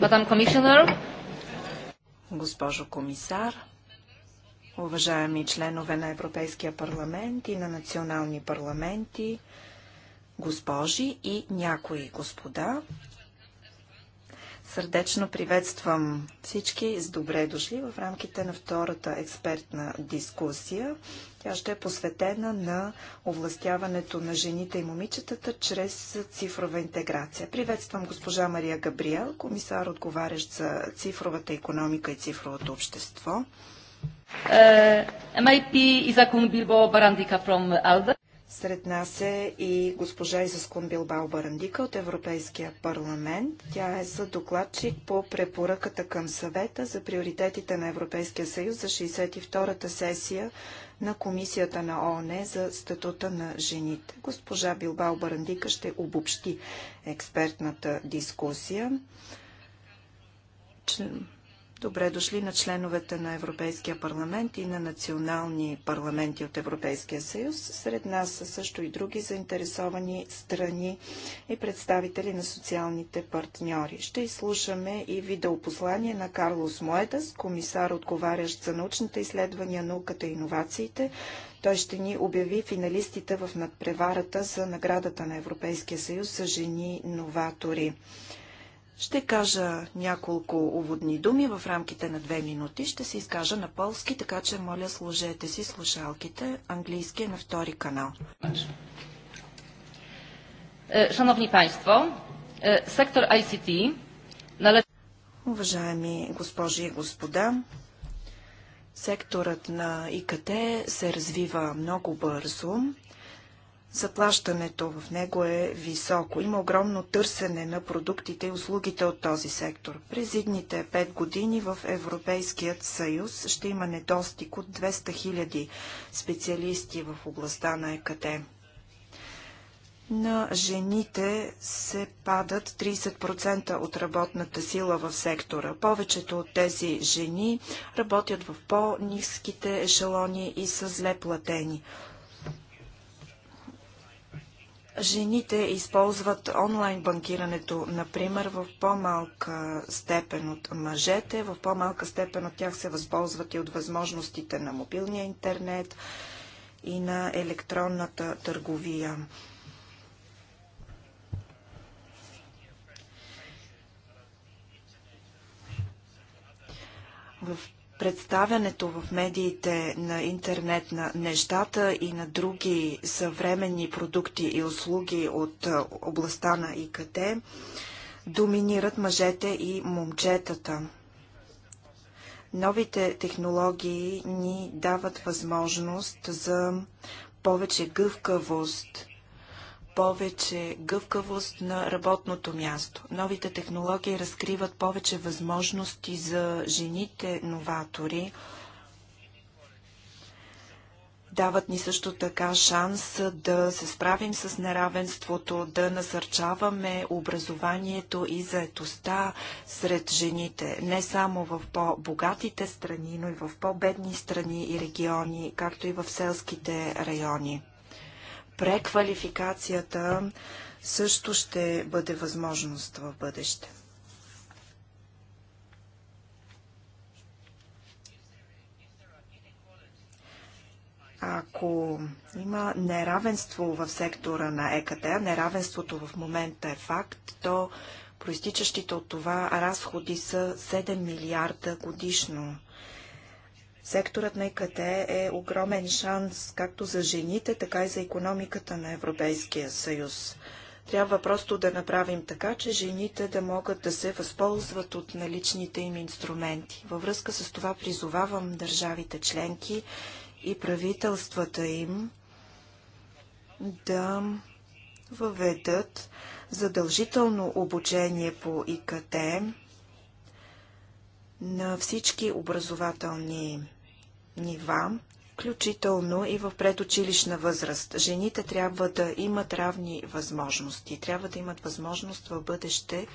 Мадам Комисионер. Госпожо комисар, уважаеми членове на Европейския парламент и на национални парламенти, госпожи и някои господа, Сърдечно приветствам всички с добре дошли в рамките на втората експертна дискусия. Тя ще е посветена на овластяването на жените и момичетата чрез цифрова интеграция. Приветствам госпожа Мария Габриел, комисар отговарящ за цифровата економика и цифровото общество. Uh, MIP Isaacum Bilbao Barandika from сред нас е и госпожа Изаскун Билбао Барандика от Европейския парламент. Тя е за докладчик по препоръката към съвета за приоритетите на Европейския съюз за 62-та сесия на Комисията на ООН за статута на жените. Госпожа Билбао Барандика ще обобщи експертната дискусия. Добре дошли на членовете на Европейския парламент и на национални парламенти от Европейския съюз. Сред нас са също и други заинтересовани страни и представители на социалните партньори. Ще изслушаме и видеопослание на Карлос Моедас, комисар отговарящ за научните изследвания, науката и иновациите. Той ще ни обяви финалистите в надпреварата за наградата на Европейския съюз за жени новатори. Ще кажа няколко уводни думи в рамките на две минути. Ще се изкажа на полски, така че моля служете си слушалките. Английски е на втори канал. Е, шановни Państwo, е, сектор ICT Уважаеми госпожи и господа, секторът на ИКТ се развива много бързо заплащането в него е високо. Има огромно търсене на продуктите и услугите от този сектор. През идните 5 години в Европейският съюз ще има недостиг от 200 000 специалисти в областта на ЕКТ. На жените се падат 30% от работната сила в сектора. Повечето от тези жени работят в по-низките ешелони и са зле платени. Жените използват онлайн банкирането, например, в по-малка степен от мъжете, в по-малка степен от тях се възползват и от възможностите на мобилния интернет и на електронната търговия. В представянето в медиите на интернет на нещата и на други съвременни продукти и услуги от областта на ИКТ доминират мъжете и момчетата. Новите технологии ни дават възможност за повече гъвкавост – повече гъвкавост на работното място. Новите технологии разкриват повече възможности за жените новатори. Дават ни също така шанс да се справим с неравенството, да насърчаваме образованието и заетостта сред жените, не само в по-богатите страни, но и в по-бедни страни и региони, както и в селските райони преквалификацията също ще бъде възможност в бъдеще. Ако има неравенство в сектора на ЕКТ, неравенството в момента е факт, то проистичащите от това разходи са 7 милиарда годишно. Секторът на ИКТ е огромен шанс както за жените, така и за економиката на Европейския съюз. Трябва просто да направим така, че жените да могат да се възползват от наличните им инструменти. Във връзка с това призовавам държавите членки и правителствата им да въведат задължително обучение по ИКТ на всички образователни нива, включително и в предучилищна възраст. Жените трябва да имат равни възможности. Трябва да имат възможност в бъдеще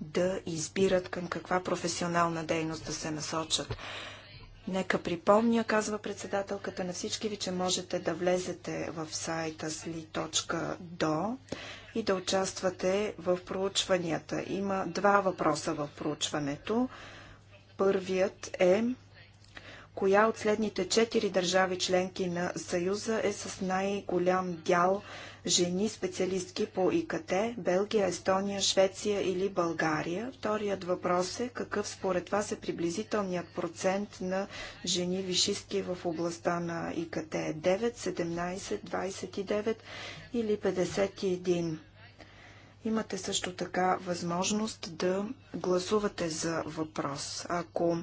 да избират към каква професионална дейност да се насочат. Нека припомня, казва председателката на всички ви, че можете да влезете в сайта sli.do и да участвате в проучванията. Има два въпроса в проучването. Първият е коя от следните четири държави членки на Съюза е с най-голям дял жени специалистки по ИКТ – Белгия, Естония, Швеция или България? Вторият въпрос е какъв според вас е приблизителният процент на жени вишистки в областта на ИКТ – 9, 17, 29 или 51? Имате също така възможност да гласувате за въпрос. Ако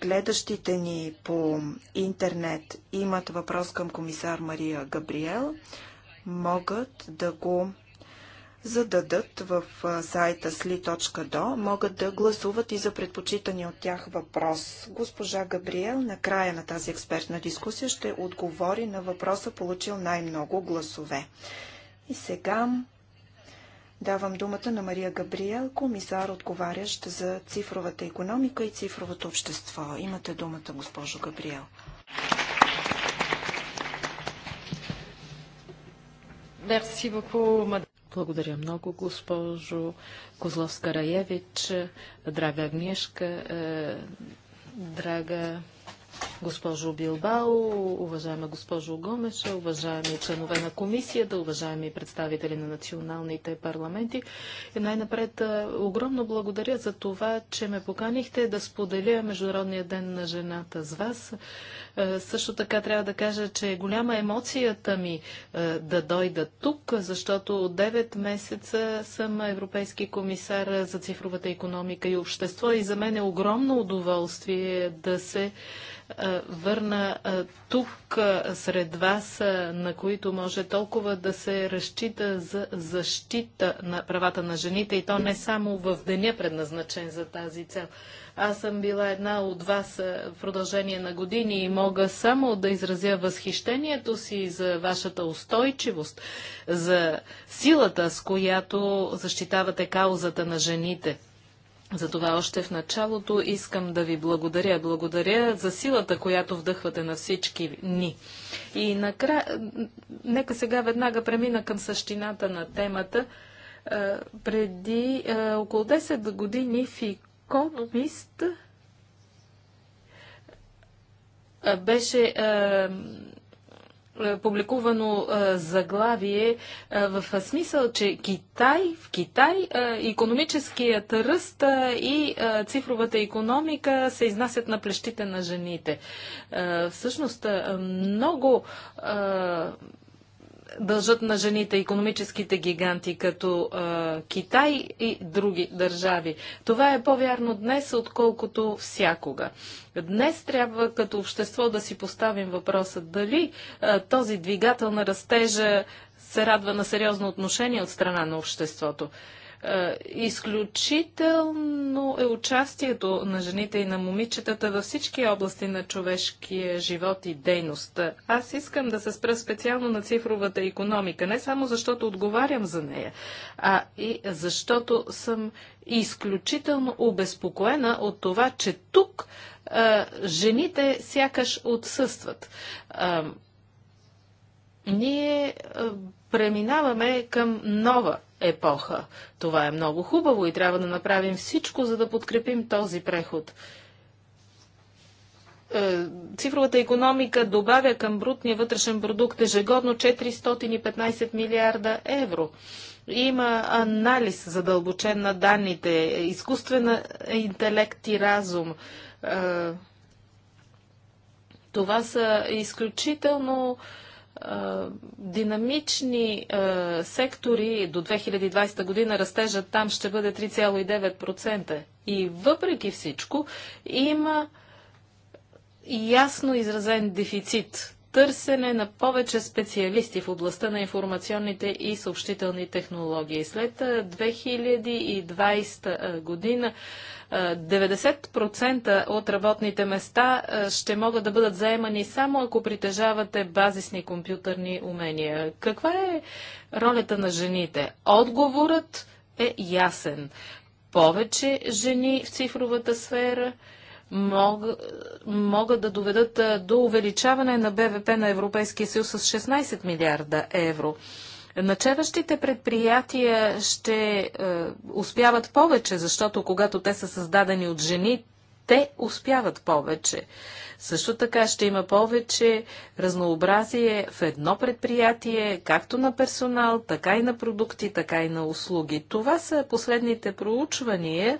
гледащите ни по интернет имат въпрос към комисар Мария Габриел, могат да го зададат в сайта sli.do, могат да гласуват и за предпочитани от тях въпрос. Госпожа Габриел на края на тази експертна дискусия ще отговори на въпроса, получил най-много гласове. И сега Давам думата на Мария Габриел, комисар, отговарящ за цифровата економика и цифровото общество. Имате думата, госпожо Габриел. Благодаря много, госпожо Козловска-Раевич, драга Агнешка, е, драга Госпожо Билбао, уважаема госпожо Гомеша, уважаеми членове на комисията, уважаеми представители на националните парламенти. най-напред огромно благодаря за това, че ме поканихте да споделя Международния ден на жената с вас. Е, също така трябва да кажа, че е голяма емоцията ми е, да дойда тук, защото от 9 месеца съм европейски комисар за цифровата економика и общество и за мен е огромно удоволствие да се върна тук сред вас, на които може толкова да се разчита за защита на правата на жените и то не само в деня предназначен за тази цел. Аз съм била една от вас е, в продължение на години и мога само да изразя възхищението си за вашата устойчивост, за силата, с която защитавате каузата на жените. Затова още в началото искам да ви благодаря. Благодаря за силата, която вдъхвате на всички ни. И накра... нека сега веднага премина към същината на темата. Е, преди е, около 10 години в Economist беше публикувано заглавие в смисъл, че Китай, в Китай економическият ръст и цифровата економика се изнасят на плещите на жените. Всъщност много дължат на жените економическите гиганти като а, Китай и други държави. Това е по-вярно днес, отколкото всякога. Днес трябва като общество да си поставим въпроса дали а, този двигател на растежа се радва на сериозно отношение от страна на обществото. Е, изключително е участието на жените и на момичетата във всички области на човешкия живот и дейност. Аз искам да се спра специално на цифровата економика, не само защото отговарям за нея, а и защото съм изключително обезпокоена от това, че тук а, е, жените сякаш отсъстват. А, е, ние а, преминаваме към нова епоха. Това е много хубаво и трябва да направим всичко, за да подкрепим този преход. Е, цифровата економика добавя към брутния вътрешен продукт ежегодно 415 милиарда евро. Има анализ задълбочен на данните, изкуствен интелект и разум. Е, това са изключително динамични сектори до 2020 година растежът там ще бъде 3,9%. И въпреки всичко има ясно изразен дефицит търсене на повече специалисти в областта на информационните и съобщителни технологии. След 2020 година 90% от работните места ще могат да бъдат заемани само ако притежавате базисни компютърни умения. Каква е ролята на жените? Отговорът е ясен. Повече жени в цифровата сфера – мог, могат да доведат до увеличаване на БВП на Европейския съюз с 16 милиарда евро. Начеващите предприятия ще е, успяват повече, защото когато те са създадени от жени, те успяват повече. Също така ще има повече разнообразие в едно предприятие, както на персонал, така и на продукти, така и на услуги. Това са последните проучвания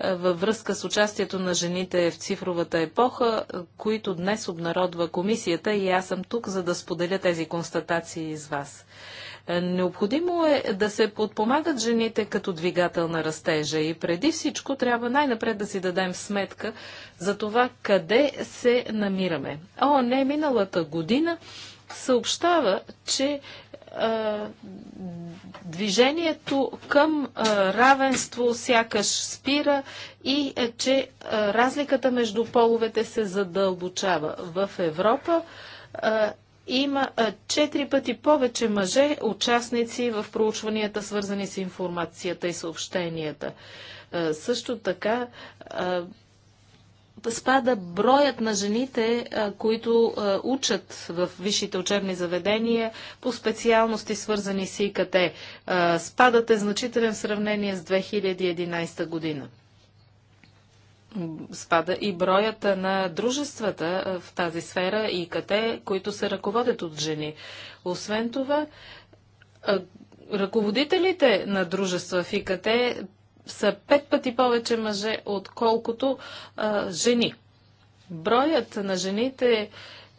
е, във връзка с участието на жените в цифровата епоха, е, които днес обнародва комисията и аз съм тук, за да споделя тези констатации с вас. Необходимо е да се подпомагат жените като двигател на растежа и преди всичко трябва най-напред да си дадем сметка за това къде се намираме. О, не, миналата година съобщава, че движението към равенство сякаш спира и че разликата между половете се задълбочава. В Европа има четири пъти повече мъже участници в проучванията, свързани с информацията и съобщенията. също така спада броят на жените, които учат в висшите учебни заведения по специалности, свързани с ИКТ. Спадът е значителен в сравнение с 2011 година спада и броят на дружествата в тази сфера и къте, които се ръководят от жени. Освен това, ръководителите на дружества в ИКТ са пет пъти повече мъже, отколкото а, жени. Броят на жените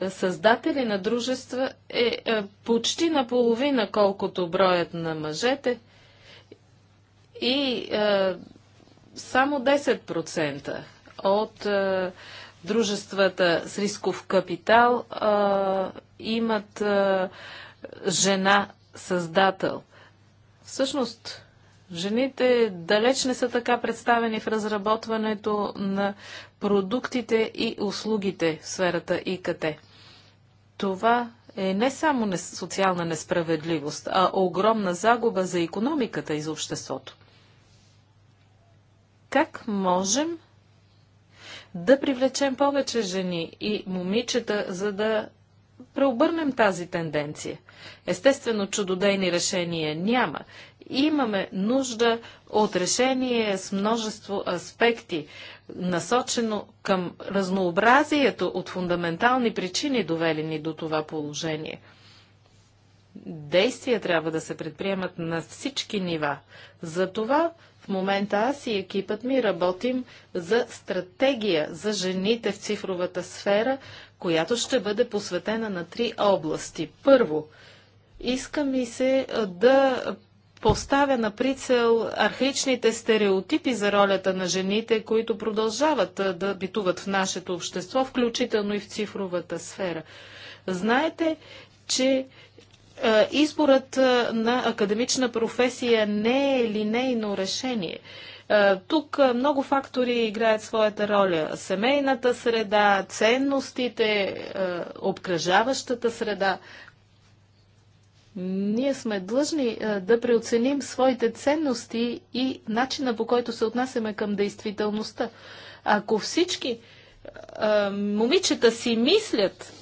създатели на дружества е а, почти наполовина, колкото броят на мъжете. И а, само 10% от а, е, дружествата с рисков капитал а, е, имат а, е, жена създател. Всъщност, жените далеч не са така представени в разработването на продуктите и услугите в сферата ИКТ. Това е не само социална несправедливост, а огромна загуба за економиката и за обществото. Как можем да привлечем повече жени и момичета, за да преобърнем тази тенденция? Естествено, чудодейни решения няма. Имаме нужда от решение с множество аспекти, насочено към разнообразието от фундаментални причини, довелени до това положение. Действия трябва да се предприемат на всички нива. За това в момента аз и екипът ми работим за стратегия за жените в цифровата сфера, която ще бъде посветена на три области. Първо, иска ми се да поставя на прицел архаичните стереотипи за ролята на жените, които продължават да битуват в нашето общество, включително и в цифровата сфера. Знаете, че е, изборът е, на академична професия не е линейно решение. Е, тук много фактори играят своята роля. Семейната среда, ценностите, обкръжаващата среда. Ние сме длъжни да преоценим своите ценности и начина по който се отнасяме към действителността. Ако всички момичета си мислят,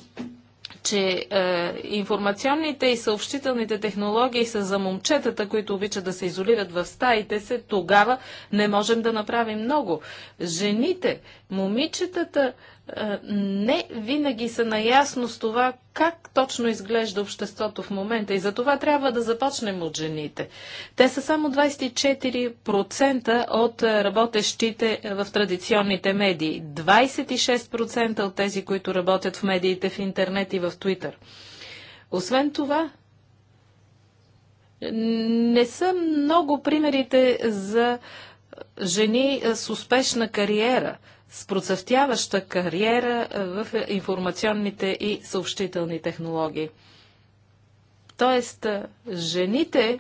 че е, информационните и съобщителните технологии са за момчетата, които обичат да се изолират в стаите се, тогава не можем да направим много. Жените, момичетата, е, не винаги са наясно с това как точно изглежда обществото в момента и за това трябва да започнем от жените. Те са само 24% от е, работещите е, в традиционните медии, 26% от тези, които работят в медиите в интернет и в Твитър. Освен това, не са много примерите за жени с успешна кариера – с процъфтяваща кариера е, в информационните и съобщителни технологии. Тоест, е, жените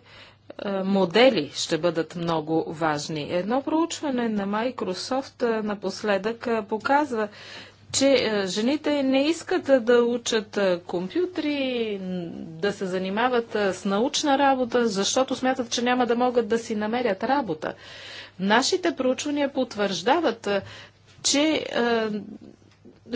е, модели ще бъдат много важни. Едно проучване на Microsoft напоследък показва, че жените не искат да учат компютри, да се занимават с научна работа, защото смятат, че няма да могат да си намерят работа. Нашите проучвания потвърждават че е,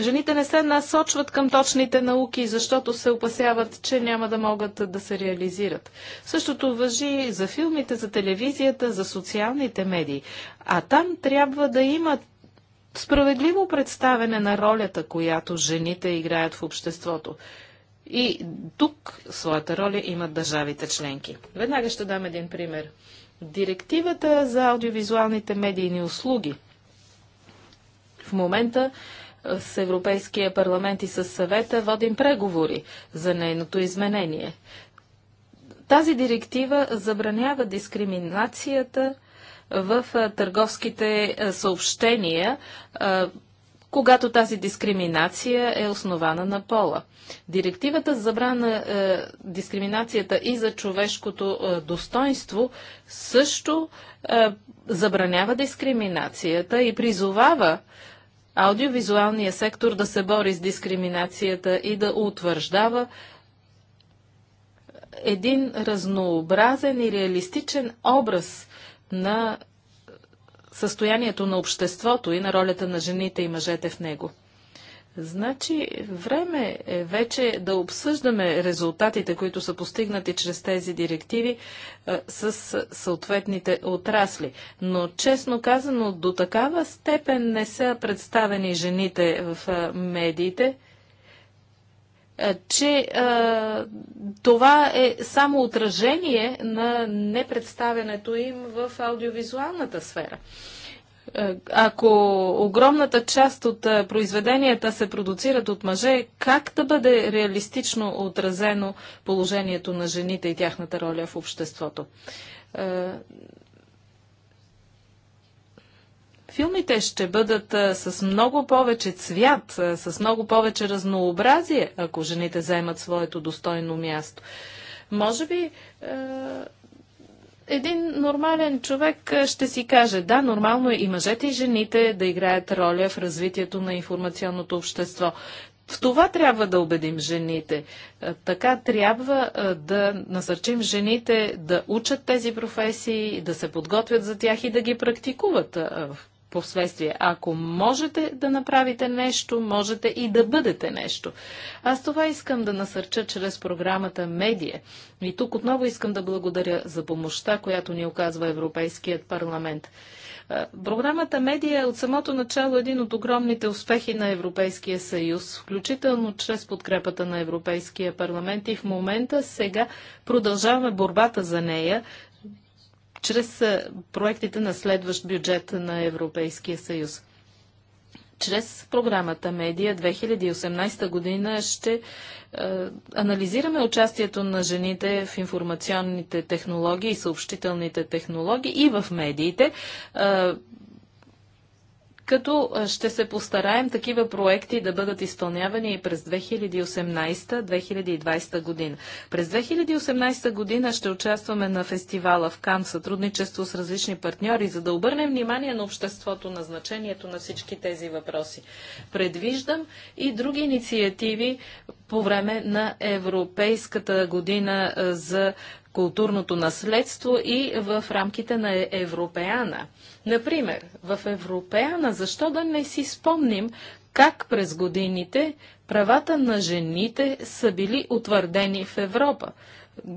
жените не се насочват към точните науки, защото се опасяват, че няма да могат да се реализират. Същото въжи за филмите, за телевизията, за социалните медии. А там трябва да има справедливо представене на ролята, която жените играят в обществото. И тук своята роля имат държавите членки. Веднага ще дам един пример. Директивата за аудиовизуалните медийни услуги – в момента с Европейския парламент и с съвета водим преговори за нейното изменение. Тази директива забранява дискриминацията в търговските съобщения, когато тази дискриминация е основана на пола. Директивата забрана дискриминацията и за човешкото достоинство също забранява дискриминацията и призовава аудиовизуалния сектор да се бори с дискриминацията и да утвърждава един разнообразен и реалистичен образ на състоянието на обществото и на ролята на жените и мъжете в него. Значи, време е вече да обсъждаме резултатите, които са постигнати чрез тези директиви с съответните отрасли. Но, честно казано, до такава степен не са представени жените в медиите, а, че това е само отражение на непредставянето им в аудиовизуалната сфера. Е, ако огромната част от е, произведенията се продуцират от мъже, как да бъде реалистично отразено положението на жените и тяхната роля в обществото? Е, филмите ще бъдат с много повече цвят, с много повече разнообразие, ако жените заемат своето достойно място. Може би един нормален човек ще си каже, да, нормално е и мъжете и жените да играят роля в развитието на информационното общество. В това трябва да убедим жените. Така трябва да насърчим жените да учат тези професии, да се подготвят за тях и да ги практикуват последствие. Ако можете да направите нещо, можете и да бъдете нещо. Аз това искам да насърча чрез програмата Медия. И тук отново искам да благодаря за помощта, която ни оказва Европейският парламент. Програмата Медия е от самото начало един от огромните успехи на Европейския съюз, включително чрез подкрепата на Европейския парламент и в момента сега продължаваме борбата за нея чрез проектите на следващ бюджет на Европейския съюз. Чрез програмата Медия 2018 година ще анализираме участието на жените в информационните технологии и съобщителните технологии и в медиите като ще се постараем такива проекти да бъдат изпълнявани и през 2018-2020 година. През 2018 година ще участваме на фестивала в Кан в сътрудничество с различни партньори, за да обърнем внимание на обществото на значението на всички тези въпроси. Предвиждам и други инициативи по време на Европейската година за културното наследство и в рамките на е- Европеана. Например, в Европеана защо да не си спомним как през годините правата на жените са били утвърдени в Европа?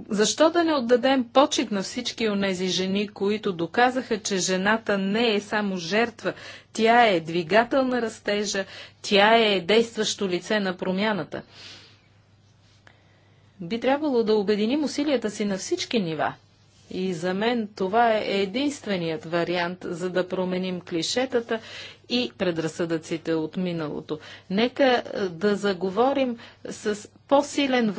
Защо да не отдадем почет на всички онези жени, които доказаха, че жената не е само жертва, тя е двигател на растежа, тя е действащо лице на промяната? Би трябвало да обединим усилията си на всички нива. И за мен това е единственият вариант, за да променим клишетата и предразсъдъците от миналото. Нека е, да заговорим с по-силен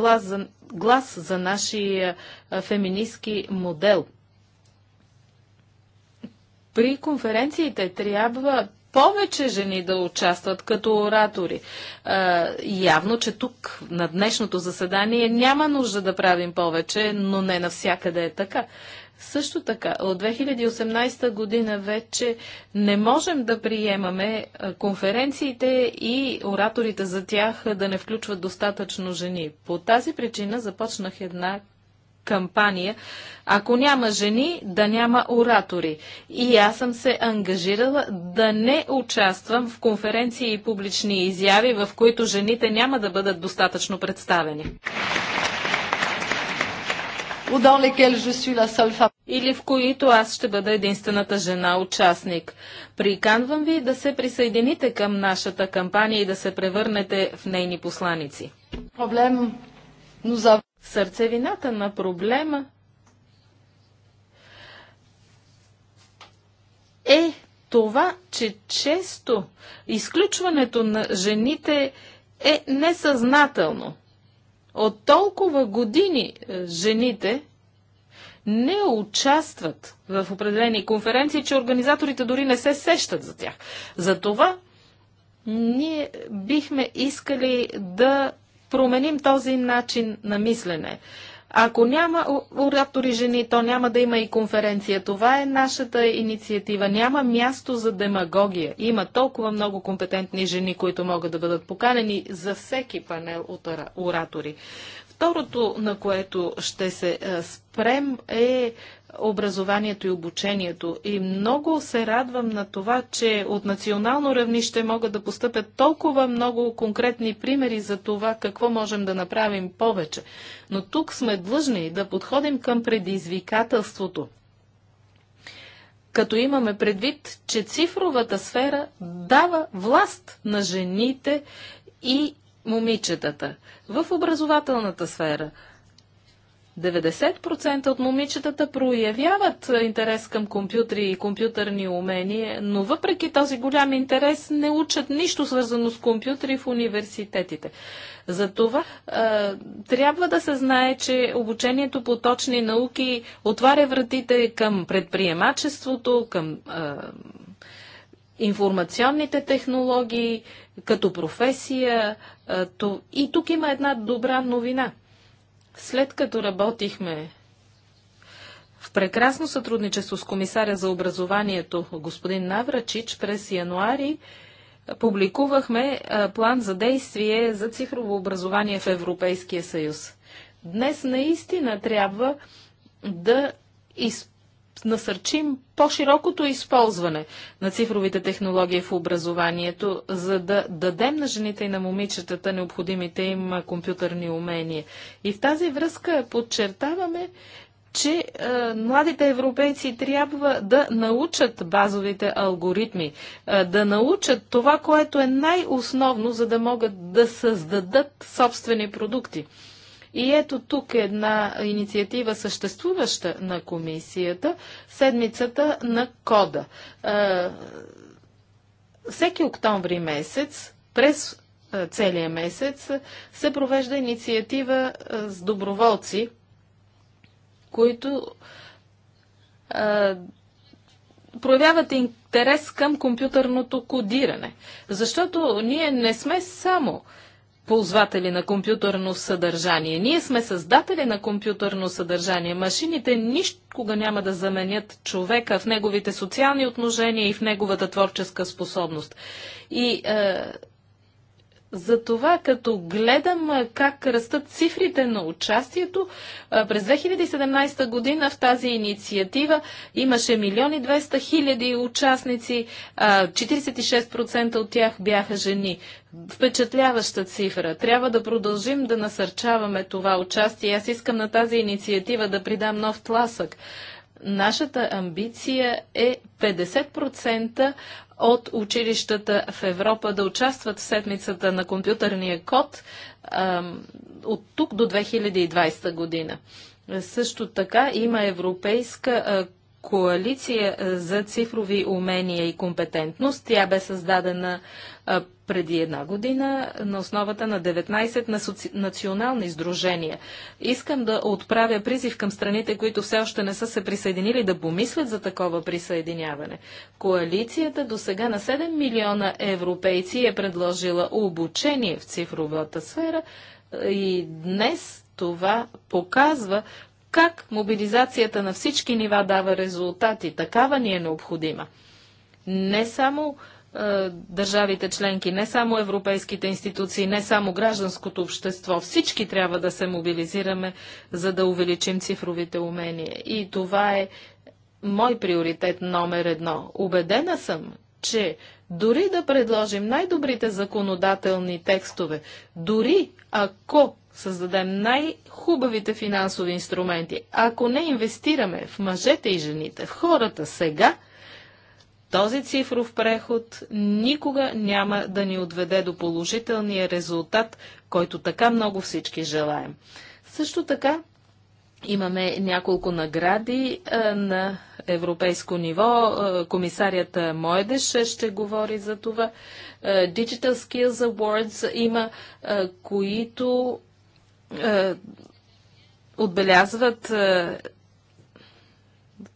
глас за нашия е, феминистки модел. При конференциите трябва повече жени да участват като оратори. А, явно, че тук на днешното заседание няма нужда да правим повече, но не навсякъде е така. Също така, от 2018 година вече не можем да приемаме конференциите и ораторите за тях да не включват достатъчно жени. По тази причина започнах една кампания Ако няма жени, да няма оратори. И аз съм се ангажирала да не участвам в конференции и публични изяви, в които жените няма да бъдат достатъчно представени. Или в които аз ще бъда единствената жена участник. Приканвам ви да се присъедините към нашата кампания и да се превърнете в нейни посланици. Проблем, но за сърцевината на проблема е това, че често изключването на жените е несъзнателно. От толкова години е, жените не участват в определени конференции, че организаторите дори не се сещат за тях. Затова ние бихме искали да променим този начин на мислене. Ако няма оратори жени, то няма да има и конференция. Това е нашата инициатива. Няма място за демагогия. Има толкова много компетентни жени, които могат да бъдат поканени за всеки панел от оратори. Второто, на което ще се е, спрем, е образованието и обучението. И много се радвам на това, че от национално равнище могат да постъпят толкова много конкретни примери за това какво можем да направим повече. Но тук сме длъжни да подходим към предизвикателството. Като имаме предвид, че цифровата сфера дава власт на жените и момичетата. В образователната сфера – 90% от момичетата проявяват интерес към компютри и компютърни умения, но въпреки този голям интерес не учат нищо свързано с компютри в университетите. Затова трябва да се знае, че обучението по точни науки отваря вратите към предприемачеството, към информационните технологии, като професия. то... И тук има една добра новина – след като работихме в прекрасно сътрудничество с комисаря за образованието господин Наврачич през януари, публикувахме план за действие за цифрово образование в Европейския съюз. Днес наистина трябва да изпълняваме насърчим по-широкото използване на цифровите технологии в образованието, за да дадем на жените и на момичетата необходимите им компютърни умения. И в тази връзка подчертаваме, че е, младите европейци трябва да научат базовите алгоритми, е, да научат това, което е най-основно, за да могат да създадат собствени продукти. И ето тук една инициатива съществуваща на комисията, седмицата на кода. Е, всеки октомври месец, през е, целия месец, се провежда инициатива е, с доброволци, които проявяват интерес към компютърното кодиране. Защото ние не сме само ползватели на компютърно съдържание. Ние сме създатели на компютърно съдържание. Машините никога няма да заменят човека в неговите социални отношения и в неговата творческа способност. И е, затова, като гледам как растат цифрите на участието, през 2017 година в тази инициатива имаше 1 200 хиляди участници, 46% от тях бяха жени. Впечатляваща цифра. Трябва да продължим да насърчаваме това участие. Аз искам на тази инициатива да придам нов тласък. Нашата амбиция е 50% от училищата в Европа да участват в седмицата на компютърния код от тук до 2020 година. Също така има европейска коалиция за цифрови умения и компетентност. Тя бе създадена преди една година на основата на 19 национални сдружения. Искам да отправя призив към страните, които все още не са се присъединили, да помислят за такова присъединяване. Коалицията до сега на 7 милиона европейци е предложила обучение в цифровата сфера и днес това показва как мобилизацията на всички нива дава резултати. Такава ни е необходима. Не само е, държавите членки, не само европейските институции, не само гражданското общество. Всички трябва да се мобилизираме, за да увеличим цифровите умения. И това е мой приоритет номер едно. Убедена съм, че дори да предложим най-добрите законодателни текстове, дори ако създадем най-хубавите финансови инструменти, ако не инвестираме в мъжете и жените, в хората сега – този цифров преход никога няма да ни отведе до положителния резултат, който така много всички желаем. Също така имаме няколко награди на европейско ниво. Комисарият Моедеш ще говори за това. Digital Skills Awards има, които отбелязват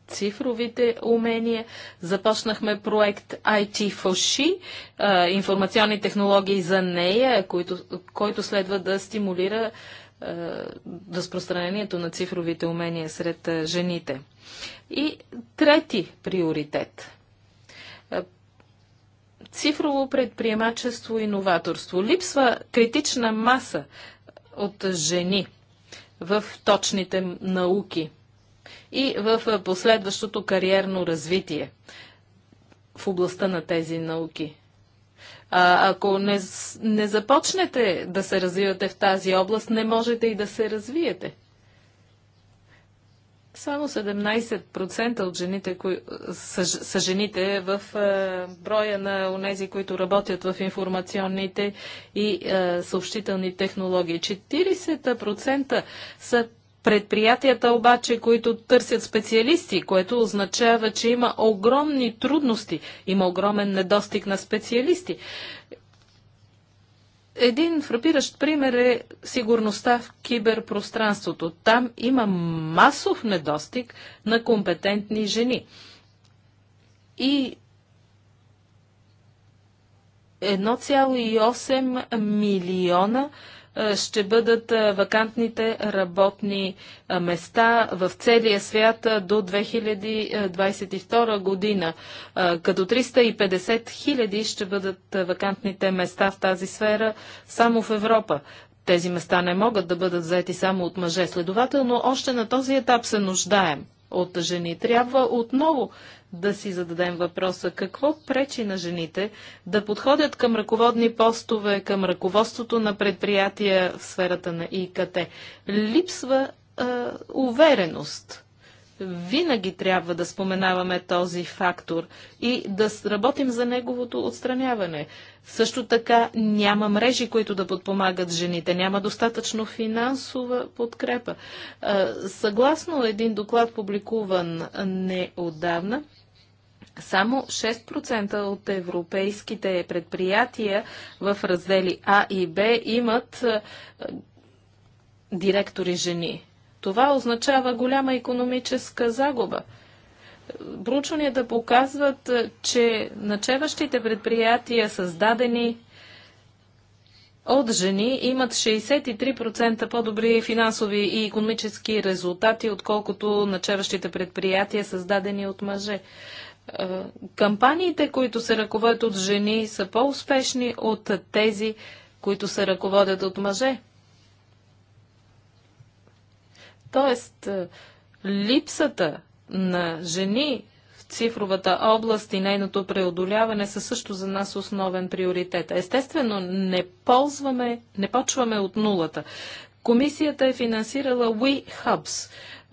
цифровите умения. Започнахме проект IT for She, информационни технологии за нея, който, който следва да стимулира разпространението на цифровите умения сред жените. И трети приоритет цифрово предприемачество и новаторство. Липсва критична маса от жени в точните науки и в последващото кариерно развитие в областта на тези науки. А, ако не, не започнете да се развивате в тази област, не можете и да се развиете. Само 17% от жените кои, са, са жените в е, броя на онези, които работят в информационните и е, съобщителни технологии. 40% са предприятията обаче, които търсят специалисти, което означава, че има огромни трудности, има огромен недостиг на специалисти. Един фрапиращ пример е сигурността в киберпространството. Там има масов недостиг на компетентни жени. И 1,8 милиона е, ще бъдат е, вакантните работни е, места в целия свят до 2022 година, като 350 хиляди ще бъдат вакантните места в тази сфера само в Европа. Тези места не могат да бъдат заети само от мъже. Следователно, още на този етап се нуждаем от жени. Трябва отново да си зададем въпроса какво пречи на жените да подходят към ръководни постове, към ръководството на предприятия в сферата на ИКТ. Липсва е, увереност винаги трябва да споменаваме този фактор и да работим за неговото отстраняване. Също така няма мрежи, които да подпомагат жените, няма достатъчно финансова подкрепа. Съгласно един доклад, публикуван неодавна, само 6% от европейските предприятия в раздели А и Б имат директори жени. Това означава голяма економическа загуба. Проучванията показват, е, че начеващите предприятия, създадени от жени, имат 63% по-добри финансови и економически резултати, отколкото начеващите предприятия, създадени от мъже. Е, кампаниите, които се ръководят от жени, са по-успешни от тези, които се ръководят от мъже. Тоест, е, липсата на жени в цифровата област и нейното преодоляване са също за нас основен приоритет. Естествено, не ползваме, не почваме от нулата. Комисията е финансирала WeHubs,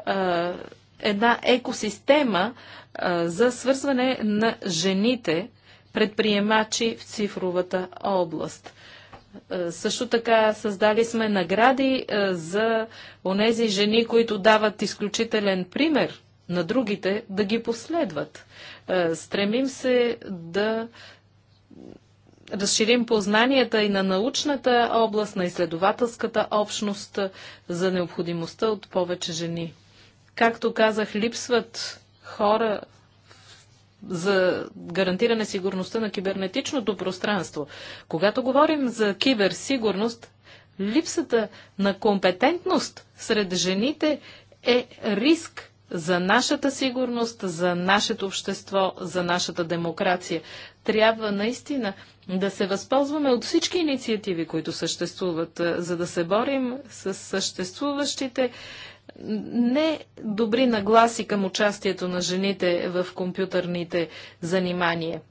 е, една екосистема е, за свързване на жените предприемачи в цифровата област. Е, също така създали сме награди е, за онези жени, които дават изключителен пример на другите да ги последват. Е, стремим се да разширим познанията и на научната област, на изследователската общност за необходимостта от повече жени. Както казах, липсват хора за гарантиране сигурността на кибернетичното пространство. Когато говорим за киберсигурност, липсата на компетентност сред жените е риск за нашата сигурност, за нашето общество, за нашата демокрация. Трябва наистина да се възползваме от всички инициативи, които съществуват, е, за да се борим с съществуващите не добри нагласи към участието на жените в компютърните занимания.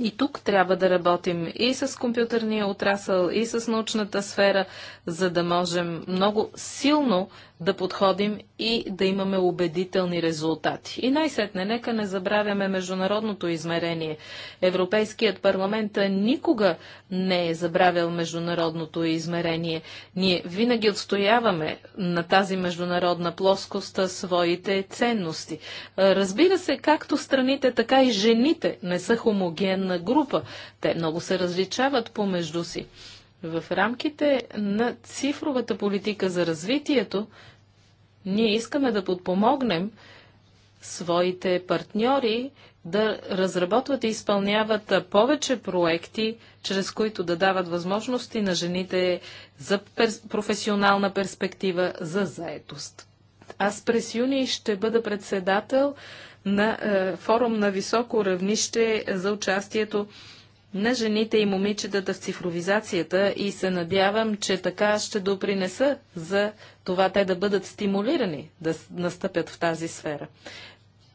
И тук трябва да работим и с компютърния отрасъл, и с научната сфера, за да можем много силно да подходим и да имаме убедителни резултати. И най-сетне, нека не забравяме международното измерение. Европейският парламент никога не е забравял международното измерение. Ние винаги отстояваме на тази международна плоскост своите ценности. Разбира се, както страните, така и жените не са хомогенни. На група. Те много се различават помежду си. В рамките на цифровата политика за развитието, ние искаме да подпомогнем своите партньори да разработват и изпълняват повече проекти, чрез които да дават възможности на жените за перс... професионална перспектива, за заетост. Аз през юни ще бъда председател на е, форум на високо равнище за участието на жените и момичетата в цифровизацията и се надявам, че така ще допринеса за това те да бъдат стимулирани да настъпят в тази сфера.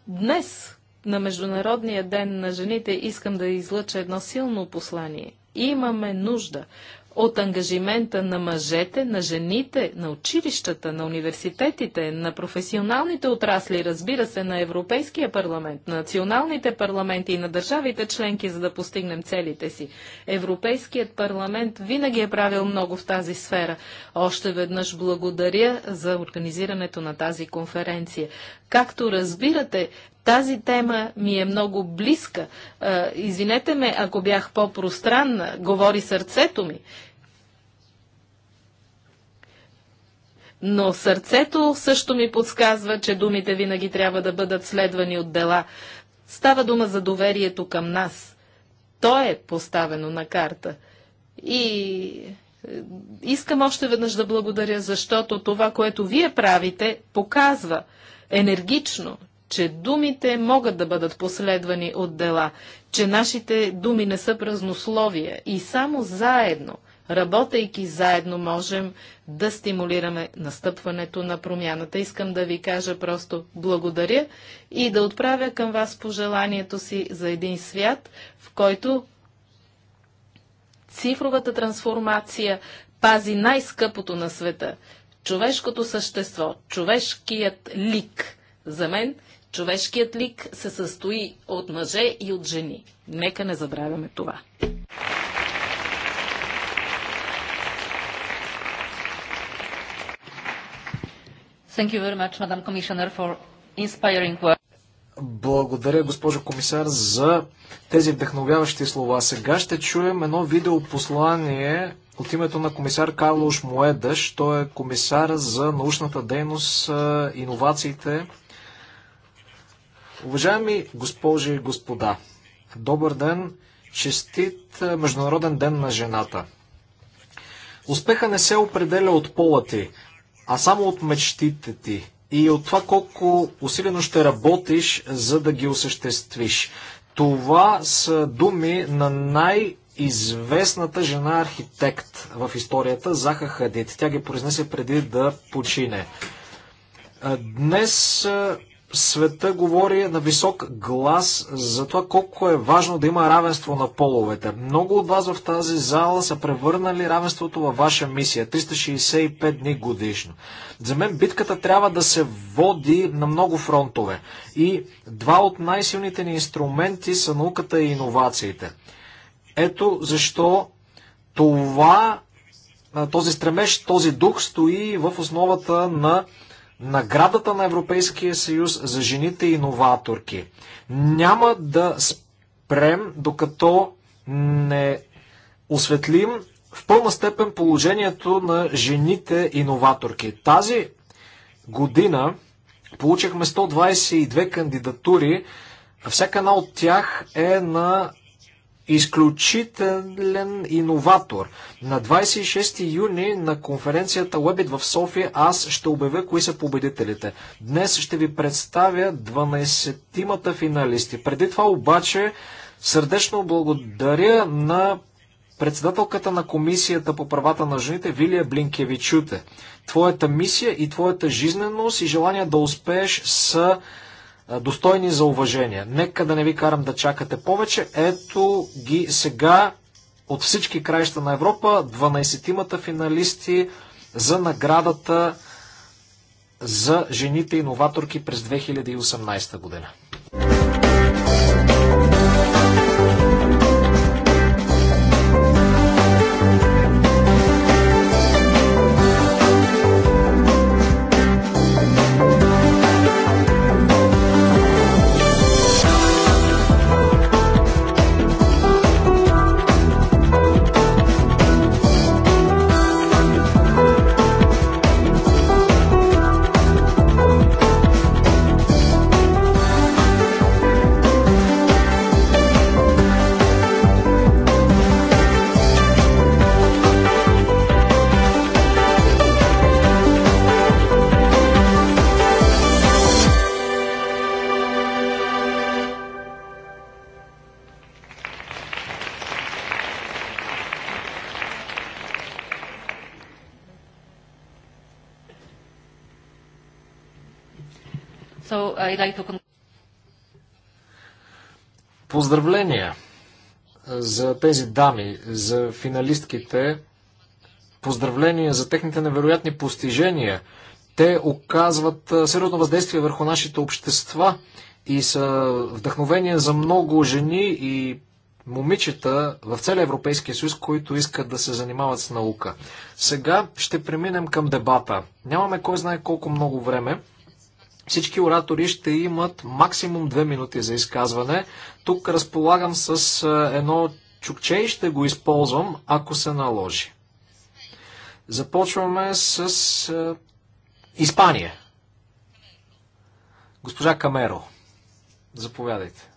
Днес, на Международния ден на жените, искам да излъча едно силно послание. Имаме нужда от ангажимента на мъжете, на жените, на училищата, на университетите, на професионалните отрасли, разбира се, на Европейския парламент, на националните парламенти и на държавите членки, за да постигнем целите си. Европейският парламент винаги е правил много в тази сфера. Още веднъж благодаря за организирането на тази конференция. Както разбирате, тази тема ми е много близка. Извинете ме, ако бях по-пространна, говори сърцето ми. Но сърцето също ми подсказва, че думите винаги трябва да бъдат следвани от дела. Става дума за доверието към нас. То е поставено на карта. И е, искам още веднъж да благодаря, защото това, което вие правите, показва енергично, че думите могат да бъдат последвани от дела, че нашите думи не са празнословия и само заедно, работейки заедно, можем да стимулираме настъпването на промяната. Искам да ви кажа просто благодаря и да отправя към вас пожеланието си за един свят, в който цифровата трансформация пази най-скъпото на света човешкото същество, човешкият лик. За мен Човешкият лик се състои от мъже и от жени. Нека не забравяме това. Thank you very much, Madam Commissioner, for inspiring work. Благодаря, госпожо комисар, за тези вдъхновяващи слова. Сега ще чуем едно видеопослание от името на комисар Карлош Моедаш. Той е комисар за научната дейност, иновациите Уважаеми госпожи и господа, добър ден, честит Международен ден на жената. Успеха не се определя от пола ти, а само от мечтите ти и от това колко усилено ще работиш, за да ги осъществиш. Това са думи на най- известната жена архитект в историята, Заха Хадид. Тя ги произнесе преди да почине. Днес света говори на висок глас за това колко е важно да има равенство на половете. Много от вас в тази зала са превърнали равенството във ваша мисия 365 дни годишно. За мен битката трябва да се води на много фронтове. И два от най-силните ни инструменти са науката и иновациите. Ето защо това, този стремеж, този дух стои в основата на наградата на Европейския съюз за жените и новаторки. Няма да спрем, докато не осветлим в пълна степен положението на жените и новаторки. Тази година получихме 122 кандидатури. Всяка една от тях е на изключителен иноватор. На 26 юни на конференцията Webit в София аз ще обявя кои са победителите. Днес ще ви представя 12-тимата финалисти. Преди това обаче сърдечно благодаря на председателката на Комисията по правата на жените Вилия Блинкевичуте. Твоята мисия и твоята жизненост и желание да успееш са достойни за уважение. Нека да не ви карам да чакате повече. Ето ги сега от всички краища на Европа, 12-тимата финалисти за наградата за жените иноваторки през 2018 година. Поздравления за тези дами, за финалистките. Поздравления за техните невероятни постижения. Те оказват сериозно въздействие върху нашите общества и са вдъхновение за много жени и момичета в целия Европейския съюз, които искат да се занимават с наука. Сега ще преминем към дебата. Нямаме кой знае колко много време. Всички оратори ще имат максимум 2 минути за изказване. Тук разполагам с е, едно чукче и ще го използвам, ако се наложи. Започваме с е, Испания. Госпожа Камеро, заповядайте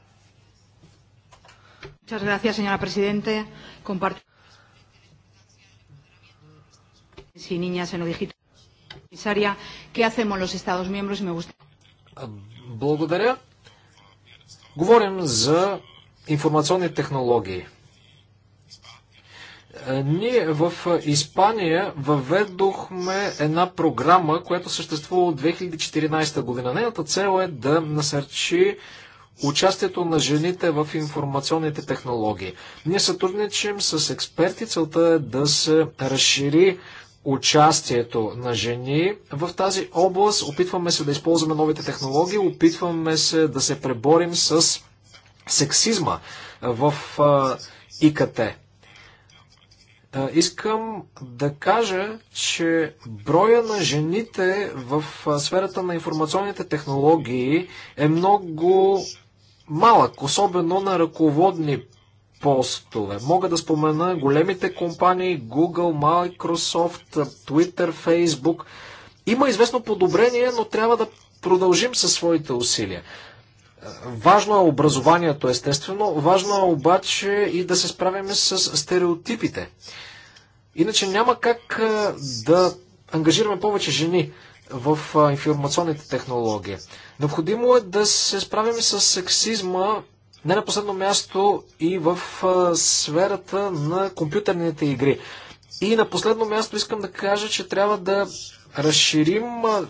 комисаря, ¿qué hacemos los Estados miembros? Me gusta. Благодаря. Говорим за информационни технологии. Ние в Испания въведохме една програма, която съществува от 2014 година. Нейната цел е да насърчи участието на жените в информационните технологии. Ние сътрудничим с експерти, целта е да се разшири участието на жени. В тази област опитваме се да използваме новите технологии, опитваме се да се преборим с сексизма в ИКТ. Искам да кажа, че броя на жените в сферата на информационните технологии е много малък, особено на ръководни постове. Мога да спомена големите компании Google, Microsoft, Twitter, Facebook. Има известно подобрение, но трябва да продължим със своите усилия. Важно е образованието, естествено. Важно е обаче и да се справяме с стереотипите. Иначе няма как да ангажираме повече жени в информационните технологии. Необходимо е да се справим с сексизма не на последно място и в сферата на компютърните игри. И на последно място искам да кажа, че трябва да разширим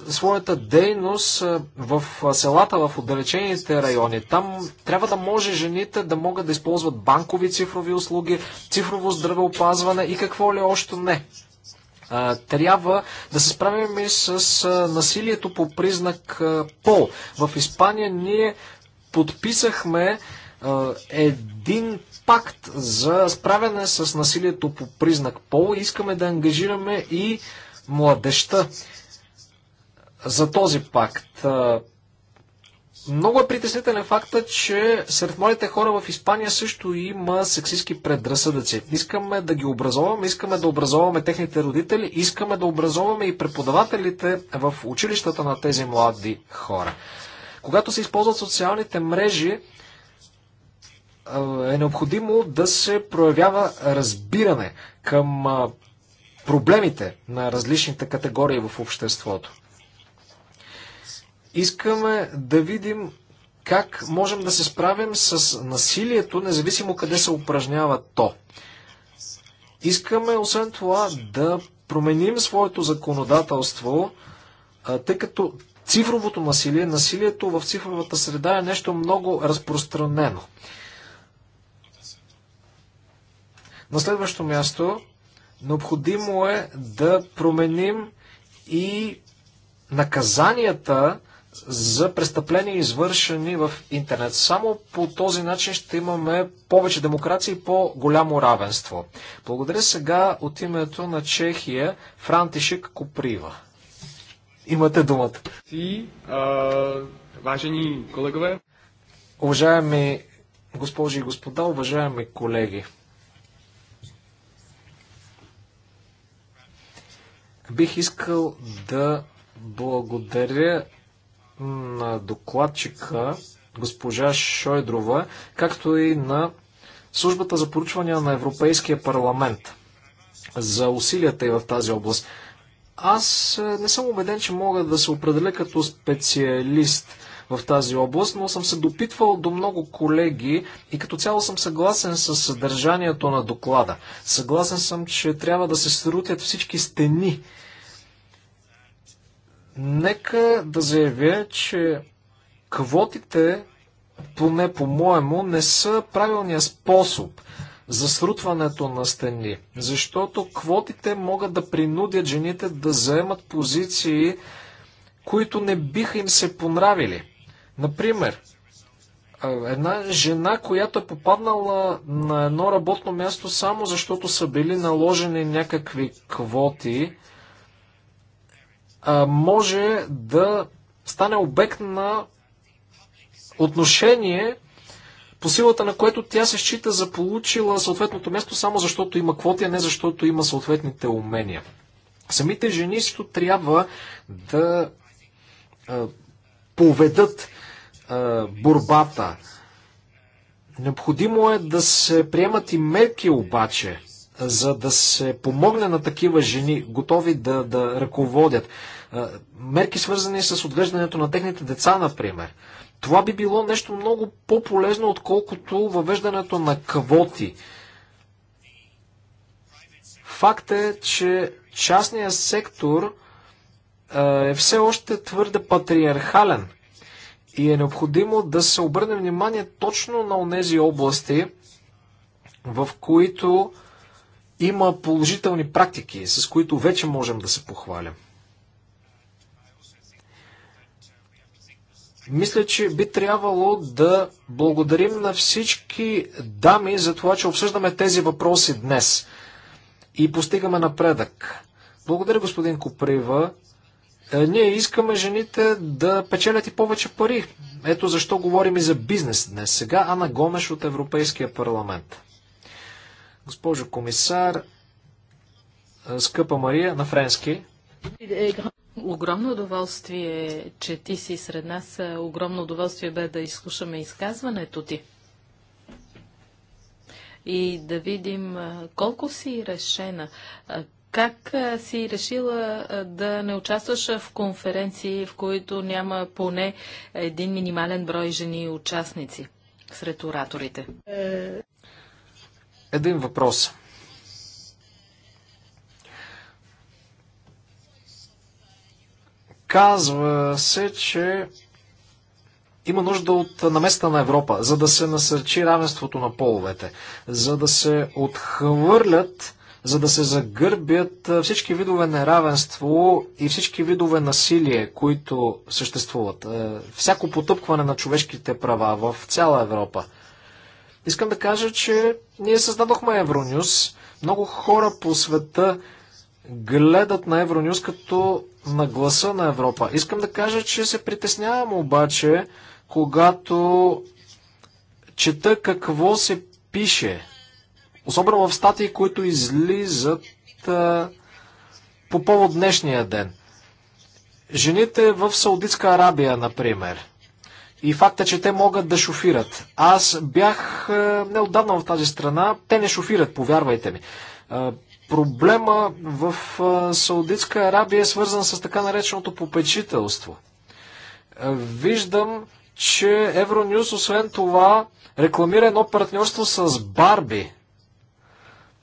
своята дейност в селата, в отдалечените райони. Там трябва да може жените да могат да използват банкови цифрови услуги, цифрово здравеопазване и какво ли още не. Трябва да се справим и с насилието по признак пол. В Испания ние подписахме е, един пакт за справяне с насилието по признак пол искаме да ангажираме и младеща за този пакт. Е, много е притеснителен факта, че сред младите хора в Испания също има сексистски предразсъдъци. Искаме да ги образоваме, искаме да образоваме техните родители, искаме да образоваме и преподавателите в училищата на тези млади хора. Когато се използват социалните мрежи, е необходимо да се проявява разбиране към проблемите на различните категории в обществото. Искаме да видим как можем да се справим с насилието, независимо къде се упражнява то. Искаме, освен това, да променим своето законодателство, тъй като цифровото насилие, насилието в цифровата среда е нещо много разпространено. На следващо място, необходимо е да променим и наказанията за престъпления, извършени в интернет. Само по този начин ще имаме повече демокрация и по-голямо равенство. Благодаря сега от името на Чехия Франтишик Коприва. Имате думата. Си, а, важени колегове. Уважаеми госпожи и господа, уважаеми колеги. Бих искал да благодаря на докладчика госпожа Шойдрова, както и на службата за поручвания на Европейския парламент за усилията и в тази област. Аз е, не съм убеден, че мога да се определя като специалист в тази област, но съм се допитвал до много колеги и като цяло съм съгласен с съдържанието на доклада. Съгласен съм, че трябва да се срутят всички стени. Нека да заявя, че квотите, поне по-моему, не са правилният способ за срутването на стени, защото квотите могат да принудят жените да заемат позиции, които не биха им се понравили. Например, една жена, която е попаднала на едно работно място само защото са били наложени някакви квоти, може да стане обект на отношение, по силата на което тя се счита за получила съответното място само защото има квоти, а не защото има съответните умения. Самите жени също трябва да поведат борбата. Необходимо е да се приемат и мерки обаче, за да се помогне на такива жени, готови да, да ръководят. Мерки свързани с отглеждането на техните деца, например. Това би било нещо много по-полезно, отколкото въвеждането на квоти. Факт е, че частният сектор е все още твърде патриархален. И е необходимо да се обърне внимание точно на тези области, в които има положителни практики, с които вече можем да се похвалим. Мисля, че би трябвало да благодарим на всички дами за това, че обсъждаме тези въпроси днес и постигаме напредък. Благодаря, господин Коприва. Е, ние искаме жените да печелят и повече пари. Ето защо говорим и за бизнес днес. Сега Ана Гомеш от Европейския парламент. Госпожо комисар, е, скъпа Мария, на френски. Огромно удоволствие, че ти си сред нас. Огромно удоволствие бе да изслушаме изказването ти. И да видим е, колко си решена, как си решила да не участваш в конференции, в които няма поне един минимален брой жени участници сред ораторите? Един въпрос. Казва се, че има нужда от наместа на Европа, за да се насърчи равенството на половете, за да се отхвърлят за да се загърбят всички видове неравенство и всички видове насилие, които съществуват. Всяко потъпкване на човешките права в цяла Европа. Искам да кажа, че ние създадохме Евронюс. Много хора по света гледат на Евронюс като на гласа на Европа. Искам да кажа, че се притеснявам обаче, когато чета какво се пише Особено в статии, които излизат а, по повод днешния ден. Жените в Саудитска Арабия, например. И факта, че те могат да шофират. Аз бях а, неотдавна в тази страна. Те не шофират, повярвайте ми. А, проблема в а, Саудитска Арабия е свързан с така нареченото попечителство. А, виждам, че Евронюс, освен това, рекламира едно партньорство с Барби.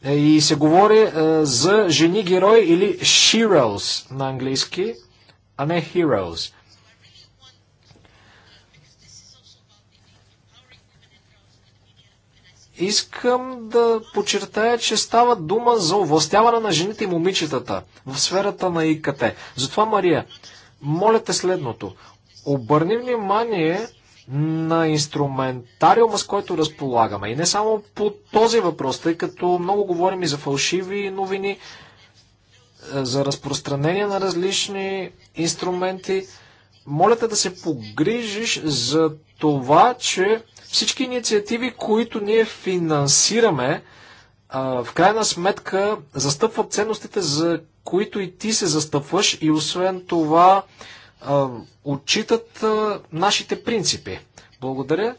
Е, и се говори е, за жени герои или heroes на английски, а не heroes. Искам да подчертая, че става дума за овластяване на жените и момичетата в сферата на ИКТ. Затова, Мария, моля те следното. Обърни внимание на инструментариума, с който разполагаме. И не само по този въпрос, тъй като много говорим и за фалшиви новини, е, за разпространение на различни инструменти. Моля те да се погрижиш за това, че всички инициативи, които ние финансираме, е, в крайна сметка застъпват ценностите, за които и ти се застъпваш и освен това отчитат нашите принципи. Благодаря.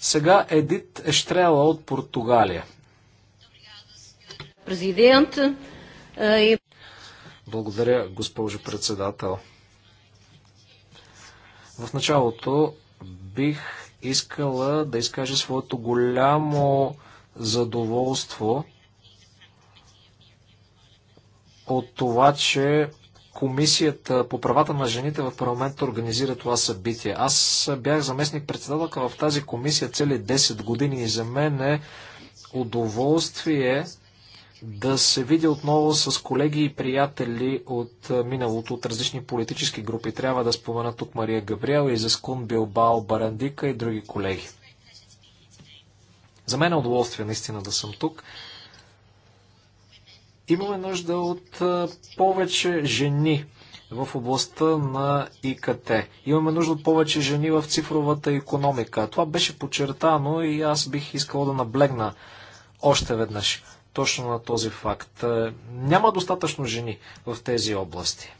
Сега Едит Ещрела от Португалия. Президент. Благодаря, госпожо председател. В началото бих искала да изкажа своето голямо задоволство от това, че Комисията по правата на жените в парламента организира това събитие. Аз бях заместник председателка в тази комисия цели 10 години и за мен е удоволствие да се видя отново с колеги и приятели от е, миналото, от различни политически групи. Трябва да спомена тук Мария Габриел, и Заскун, Билбао, Барандика и други колеги. За мен е удоволствие наистина да съм тук. Имаме нужда от повече жени в областта на ИКТ. Имаме нужда от повече жени в цифровата економика. Това беше подчертано и аз бих искал да наблегна още веднъж точно на този факт. Е, няма достатъчно жени в тези области.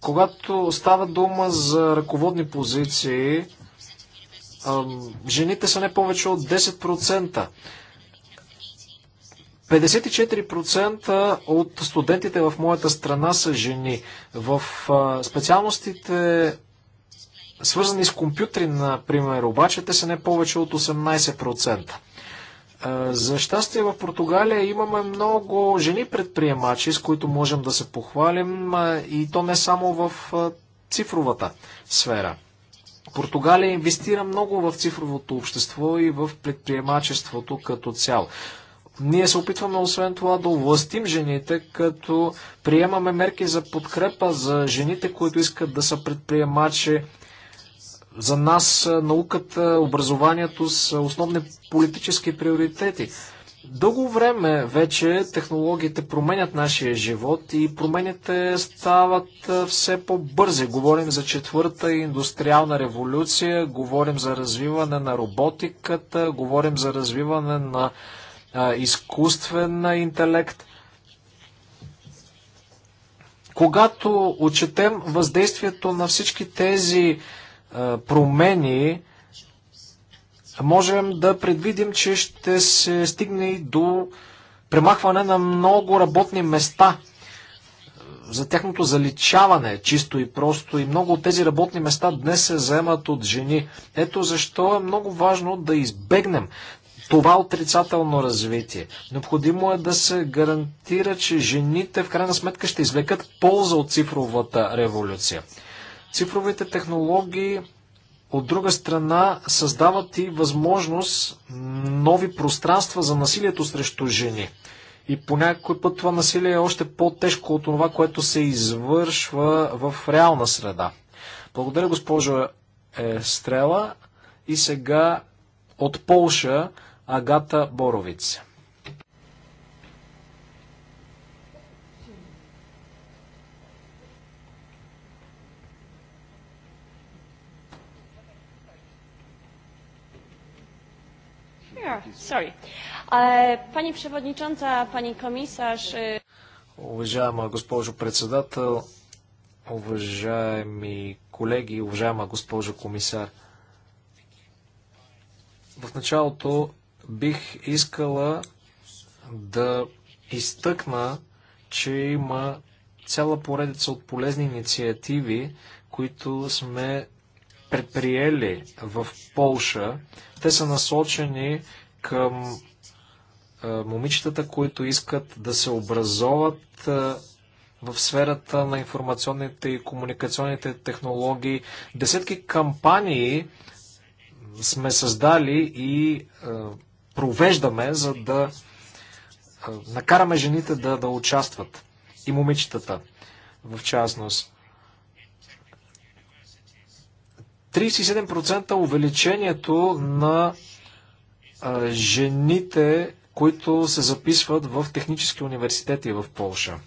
Когато става дума за ръководни позиции, жените са не повече от 10%. 54% от студентите в моята страна са жени. В специалностите свързани с компютри, например, обаче те са не повече от 18%. За щастие в Португалия имаме много жени предприемачи, с които можем да се похвалим и то не само в цифровата сфера. Португалия инвестира много в цифровото общество и в предприемачеството като цяло. Ние се опитваме освен това да властим жените, като приемаме мерки за подкрепа за жените, които искат да са предприемачи. За нас науката, образованието са основни политически приоритети. Дълго време вече технологиите променят нашия живот и промените стават все по-бързи. Говорим за четвърта индустриална революция, говорим за развиване на роботиката, говорим за развиване на а, изкуствен интелект. Когато отчетем въздействието на всички тези а, промени, можем да предвидим, че ще се стигне и до премахване на много работни места за тяхното заличаване, чисто и просто. И много от тези работни места днес се заемат от жени. Ето защо е много важно да избегнем това отрицателно развитие. Необходимо е да се гарантира, че жените в крайна сметка ще извлекат полза от цифровата революция. Цифровите технологии от друга страна създават и възможност нови пространства за насилието срещу жени. И по някой път това насилие е още по-тежко от това, което се извършва в реална среда. Благодаря, госпожо Стрела. И сега от Полша Агата Боровица. Uh, уважаема госпожо председател, уважаеми колеги, уважаема госпожо комисар. В началото бих искала да изтъкна, че има цяла поредица от полезни инициативи, които сме предприели в Полша. Те са насочени към момичетата, които искат да се образоват в сферата на информационните и комуникационните технологии. Десетки кампании сме създали и провеждаме, за да накараме жените да, да участват и момичетата в частност. 37% увеличението на жените, които се записват в технически университети в Полша.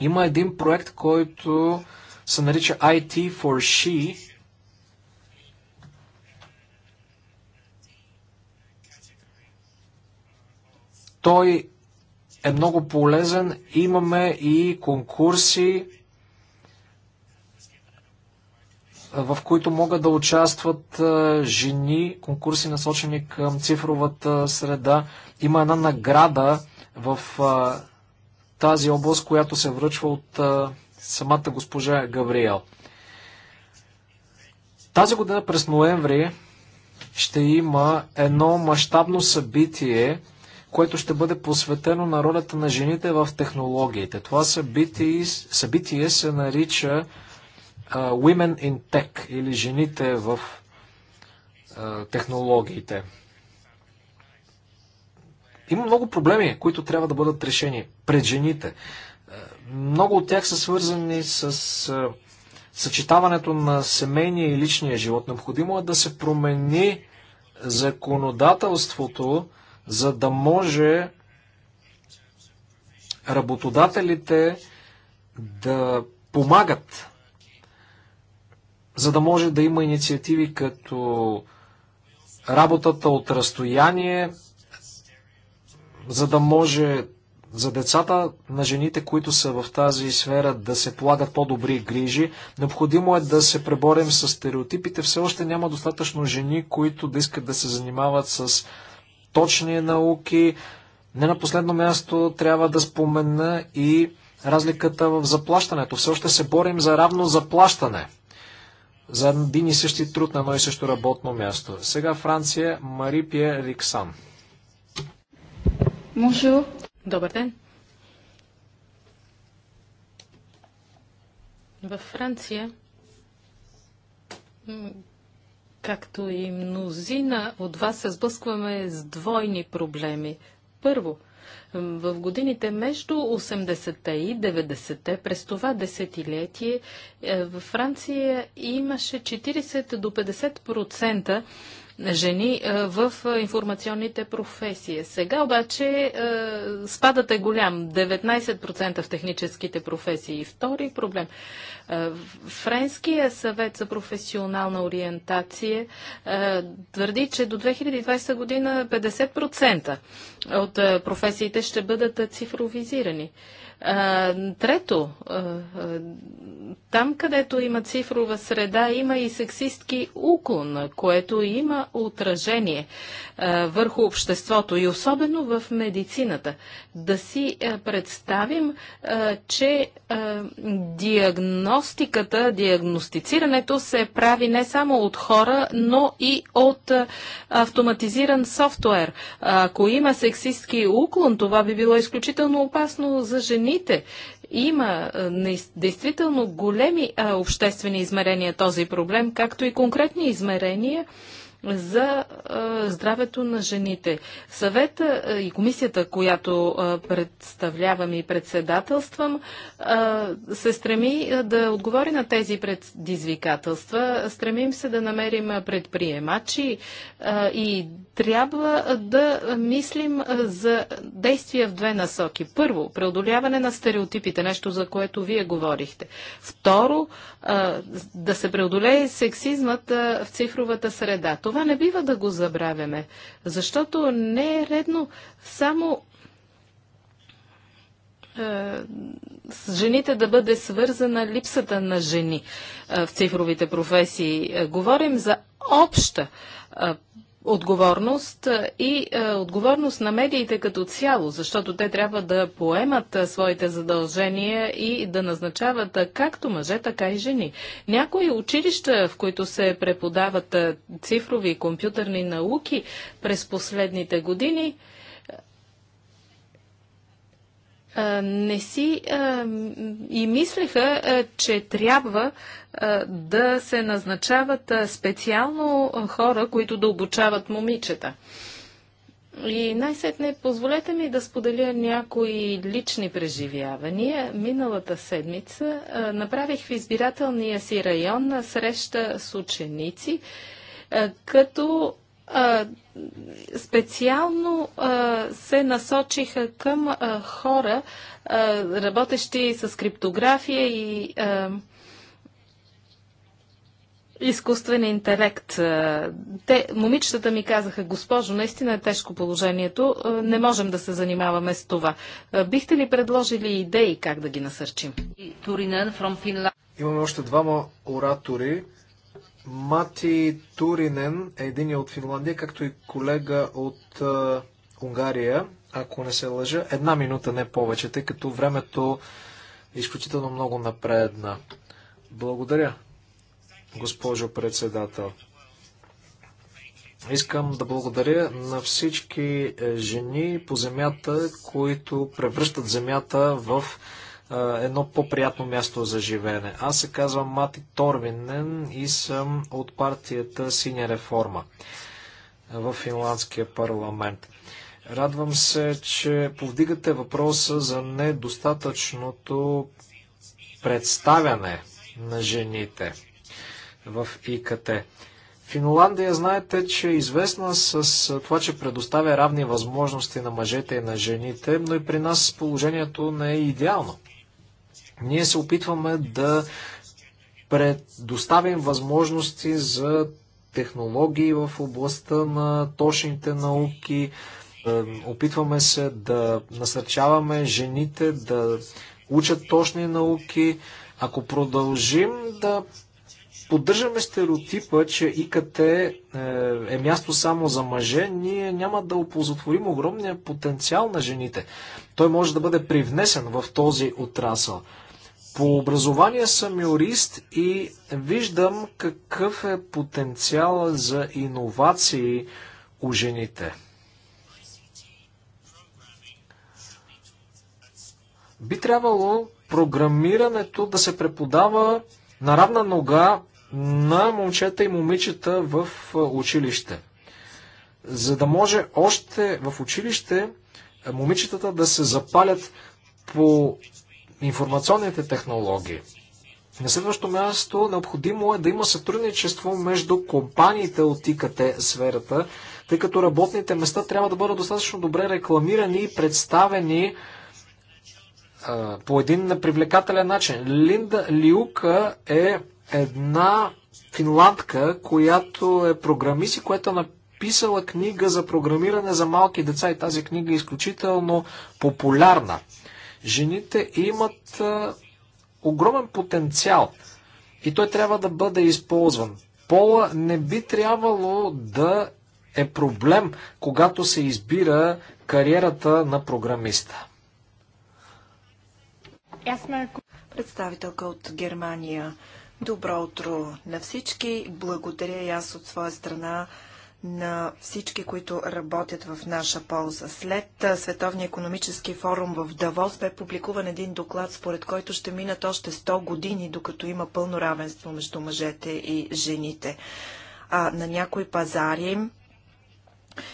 Има един проект, който се нарича IT for She. Той е много полезен. Имаме и конкурси в които могат да участват жени, конкурси насочени към цифровата среда. Има една награда в тази област, която се връчва от самата госпожа Гавриел. Тази година през ноември ще има едно мащабно събитие, което ще бъде посветено на ролята на жените в технологиите. Това събитие, събитие се нарича Women in Tech или жените в технологиите. Има много проблеми, които трябва да бъдат решени пред жените. Много от тях са свързани с съчетаването на семейния и личния живот. Необходимо е да се промени законодателството, за да може работодателите да помагат за да може да има инициативи като работата от разстояние, за да може за децата на жените, които са в тази сфера, да се полагат по-добри грижи. Необходимо е да се преборим с стереотипите. Все още няма достатъчно жени, които да искат да се занимават с точни науки. Не на последно място трябва да спомена и разликата в заплащането. Все още се борим за равно заплащане за един и същи труд на едно и също работно място. Сега Франция, Мари Марипия Риксан. Bonjour. Добър ден. Във Франция, както и мнозина от вас, се сблъскваме с двойни проблеми. Първо – в годините между 80-те и 90-те, през това десетилетие, е, във Франция имаше 40 до 50% жени в информационните професии. Сега обаче спадът е голям 19% в техническите професии. И втори проблем. Френския съвет за професионална ориентация твърди, че до 2020 година 50% от професиите ще бъдат цифровизирани. Трето, там където има цифрова среда, има и сексистки уклон, което има отражение върху обществото и особено в медицината. Да си представим, че диагностиката, диагностицирането се прави не само от хора, но и от автоматизиран софтуер. Ако има сексистки уклон, това би било изключително опасно за жени храните. Има действително големи обществени измерения този проблем, както и конкретни измерения за здравето на жените. Съвета и комисията, която представлявам и председателствам, се стреми да отговори на тези предизвикателства. Стремим се да намерим предприемачи и трябва да мислим за действия в две насоки. Първо, преодоляване на стереотипите, нещо за което вие говорихте. Второ, да се преодолее сексизмът в цифровата среда. Това не бива да го забравяме, защото не е редно само с жените да бъде свързана липсата на жени в цифровите професии. Говорим за обща отговорност и е, отговорност на медиите като цяло, защото те трябва да поемат своите задължения и да назначават както мъже, така и жени. Някои училища, в които се преподават цифрови и компютърни науки през последните години, не си и мислеха, че трябва да се назначават специално хора, които да обучават момичета. И най-сетне позволете ми да споделя някои лични преживявания. Миналата седмица а, направих в избирателния си район на среща с ученици, а, като специално се насочиха към хора, работещи с криптография и изкуствен интелект. Те, момичетата ми казаха, госпожо, наистина е тежко положението, не можем да се занимаваме с това. Бихте ли предложили идеи как да ги насърчим? Имаме още двама оратори. Мати Туринен е един от Финландия, както и колега от е, Унгария, ако не се лъжа. Една минута, не повече, тъй като времето е изключително много напредна. Благодаря, госпожо председател. Искам да благодаря на всички е, жени по земята, които превръщат земята в едно по-приятно място за живеене. Аз се казвам Мати Торвинен и съм от партията Синя реформа в финландския парламент. Радвам се, че повдигате въпроса за недостатъчното представяне на жените в ИКТ. Финландия, знаете, че е известна с това, че предоставя равни възможности на мъжете и на жените, но и при нас положението не е идеално. Ние се опитваме да предоставим възможности за технологии в областта на точните науки. Е, опитваме се да насърчаваме жените да учат точни науки. Ако продължим да поддържаме стереотипа, че ИКТ е, е място само за мъже, ние няма да оползотворим огромния потенциал на жените. Той може да бъде привнесен в този отрасъл. По образование съм юрист и виждам какъв е потенциал за иновации у жените. Би трябвало програмирането да се преподава на равна нога на момчета и момичета в училище. За да може още в училище момичетата да се запалят по информационните технологии. На следващо място, необходимо е да има сътрудничество между компаниите от ИКТ сферата, тъй като работните места трябва да бъдат достатъчно добре рекламирани и представени по един привлекателен начин. Линда Лиука е една финландка, която е програмист и която е написала книга за програмиране за малки деца и тази книга е изключително популярна Жените имат огромен потенциал и той трябва да бъде използван. Пола не би трябвало да е проблем, когато се избира кариерата на програмиста. Е. Представителка от Германия. Добро утро на всички. Благодаря и аз от своя страна на всички, които работят в наша полза. След Световния економически форум в Давос бе публикуван един доклад, според който ще минат още 100 години, докато има пълно равенство между мъжете и жените. А на някои пазари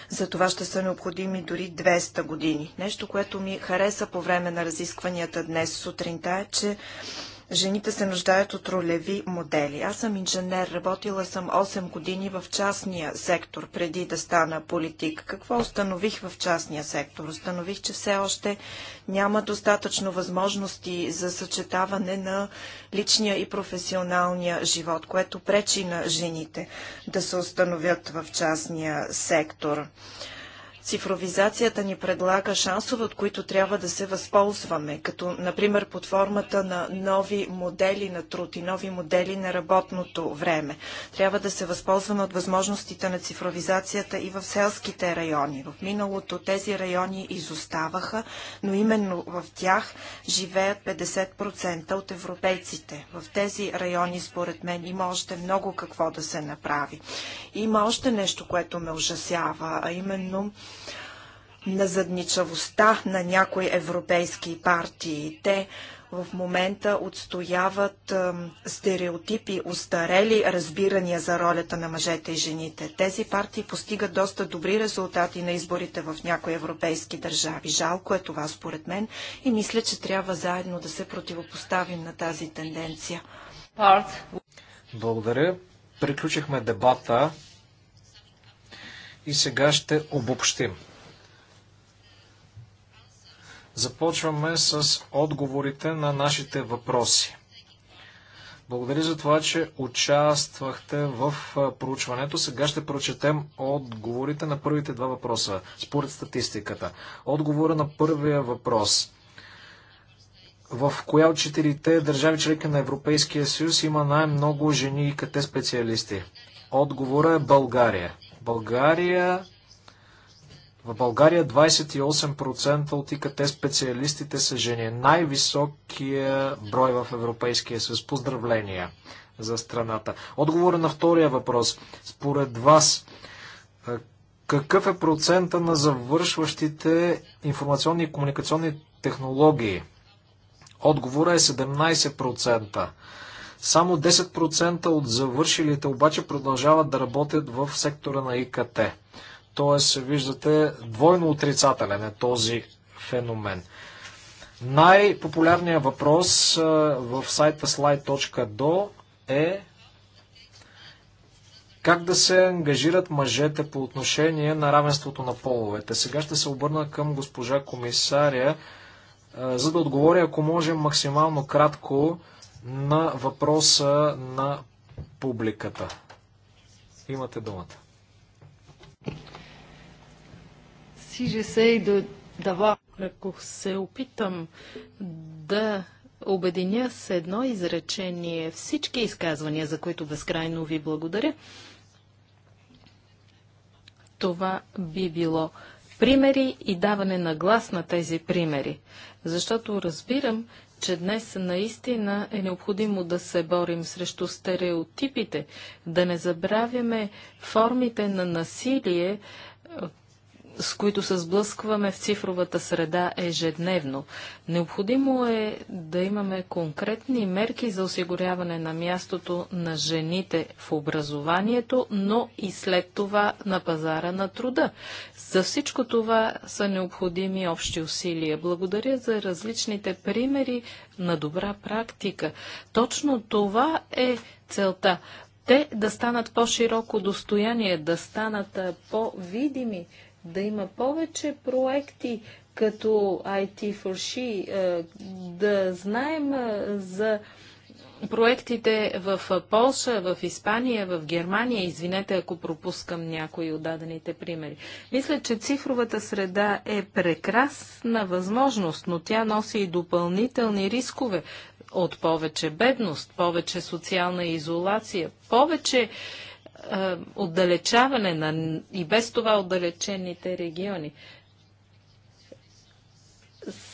за това ще са необходими дори 200 години. Нещо, което ми хареса по време на разискванията днес сутринта е, че Жените се нуждаят от ролеви модели. Аз съм инженер, работила съм 8 години в частния сектор, преди да стана политик. Какво установих в частния сектор? Установих, че все още няма достатъчно възможности за съчетаване на личния и професионалния живот, което пречи на жените да се установят в частния сектор. Цифровизацията ни предлага шансове, от които трябва да се възползваме, като например под формата на нови модели на труд и нови модели на работното време. Трябва да се възползваме от възможностите на цифровизацията и в селските райони. В миналото тези райони изоставаха, но именно в тях живеят 50% от европейците. В тези райони, според мен, има още много какво да се направи. Има още нещо, което ме ужасява, а именно на задничавостта на някои европейски партии. Те в момента отстояват стереотипи, устарели разбирания за ролята на мъжете и жените. Тези партии постигат доста добри резултати на изборите в някои европейски държави. Жалко е това според мен и мисля, че трябва заедно да се противопоставим на тази тенденция. Благодаря. Приключихме дебата и сега ще обобщим. Започваме с отговорите на нашите въпроси. Благодаря за това, че участвахте в проучването. Сега ще прочетем отговорите на първите два въпроса, според статистиката. Отговора на първия въпрос. В коя от четирите държави членки на Европейския съюз има най-много жени и КТ специалисти? Отговора е България. България в България 28% от ИКТ специалистите са жени. Най-високия брой в Европейския съюз. Поздравления за страната. Отговор на втория въпрос. Според вас, какъв е процента на завършващите информационни и комуникационни технологии? Отговора е 17%. Само 10% от завършилите обаче продължават да работят в сектора на ИКТ. Тоест, виждате, двойно отрицателен е този феномен. Най-популярният въпрос в сайта slide.do е как да се ангажират мъжете по отношение на равенството на половете. Сега ще се обърна към госпожа комисаря, за да отговоря, ако може, максимално кратко на въпроса на публиката. Имате думата. Си же се и да дава. Ако се опитам да обединя с едно изречение всички изказвания, за които безкрайно ви благодаря, това би било примери и даване на глас на тези примери. Защото разбирам, че днес наистина е необходимо да се борим срещу стереотипите, да не забравяме формите на насилие, с които се сблъскваме в цифровата среда ежедневно. Необходимо е да имаме конкретни мерки за осигуряване на мястото на жените в образованието, но и след това на пазара на труда. За всичко това са необходими общи усилия. Благодаря за различните примери на добра практика. Точно това е целта те да станат по-широко достояние, да станат по-видими да има повече проекти като IT for She, е, да знаем е, за проектите в е, Полша, в Испания, в Германия. Извинете, ако пропускам някои от дадените примери. Мисля, че цифровата среда е прекрасна възможност, но тя носи и допълнителни рискове от повече бедност, повече социална изолация, повече е, отдалечаване на и без това отдалечените региони.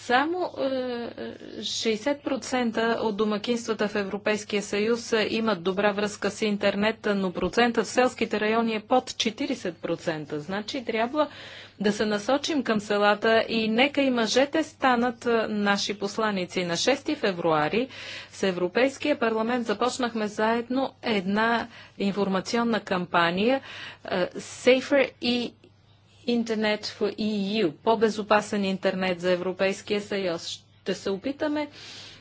Само 60% е, от домакинствата в Европейския съюз е, имат добра връзка с интернет, но процента в селските райони е под 40%. Значи трябва да се насочим към селата и нека и мъжете станат е, наши посланици. На 6 февруари с Европейския парламент започнахме заедно една информационна кампания Safer Internet for EU, по-безопасен интернет за Европейския съюз. Ще се опитаме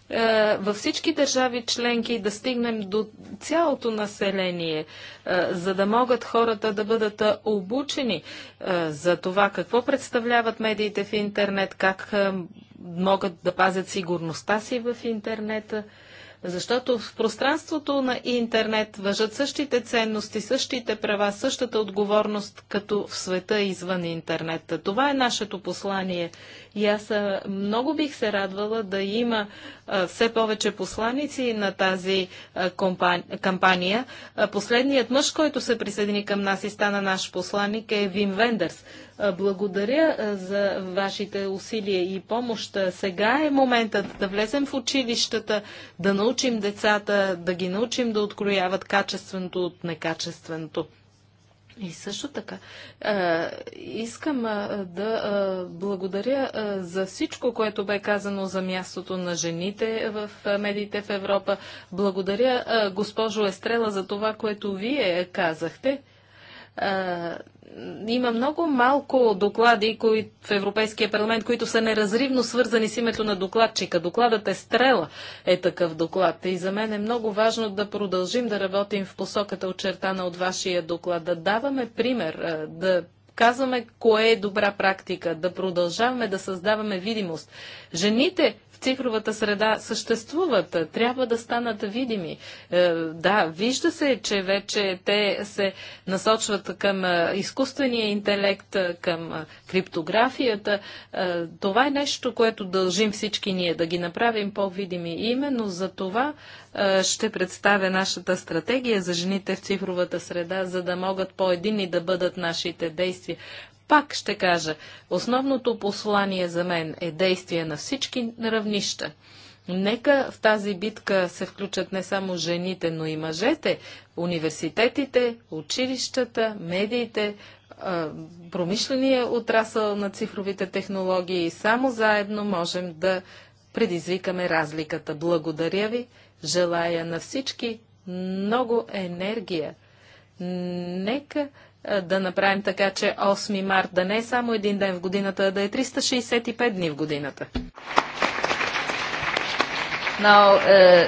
е, във всички държави членки да стигнем до цялото население, е, за да могат хората да бъдат е, обучени за това какво представляват медиите в интернет, как могат да пазят сигурността си в интернета. Защото в пространството на интернет въжат същите ценности, същите права, същата отговорност, като в света извън интернет. Това е нашето послание. И аз много бих се радвала да има все повече посланици на тази кампания. последният мъж, който се присъедини към нас и стана наш посланник е Вим Вендерс. Благодаря за вашите усилия и помощ. Сега е моментът да влезем в училищата, да научим децата, да ги научим да открояват качественото от некачественото. И също така, искам да благодаря за всичко, което бе казано за мястото на жените в медиите в Европа. Благодаря, госпожо Естрела, за това, което вие казахте има много малко доклади кои, в Европейския парламент, които са неразривно свързани с името на докладчика. Докладът е Стрела е такъв доклад. И за мен е много важно да продължим да работим в посоката очертана от вашия доклад. Да даваме пример, да казваме кое е добра практика, да продължаваме да създаваме видимост. Жените цифровата среда съществуват, трябва да станат видими. Е, да, вижда се, че вече те се насочват към е, изкуствения интелект, е, към криптографията. Това е нещо, което дължим всички ние, да ги направим по-видими. И именно за това ще представя нашата стратегия за жените в цифровата среда, за да могат по едини да бъдат нашите действия. Пак ще кажа, основното послание за мен е действие на всички равнища. Нека в тази битка се включат не само жените, но и мъжете, университетите, училищата, медиите, промишления отрасъл на цифровите технологии. И Само заедно можем да предизвикаме разликата. Благодаря ви, желая на всички много енергия. Нека е, да направим така, че 8 март да не е само един ден в годината, а да е 365 дни в годината. Now,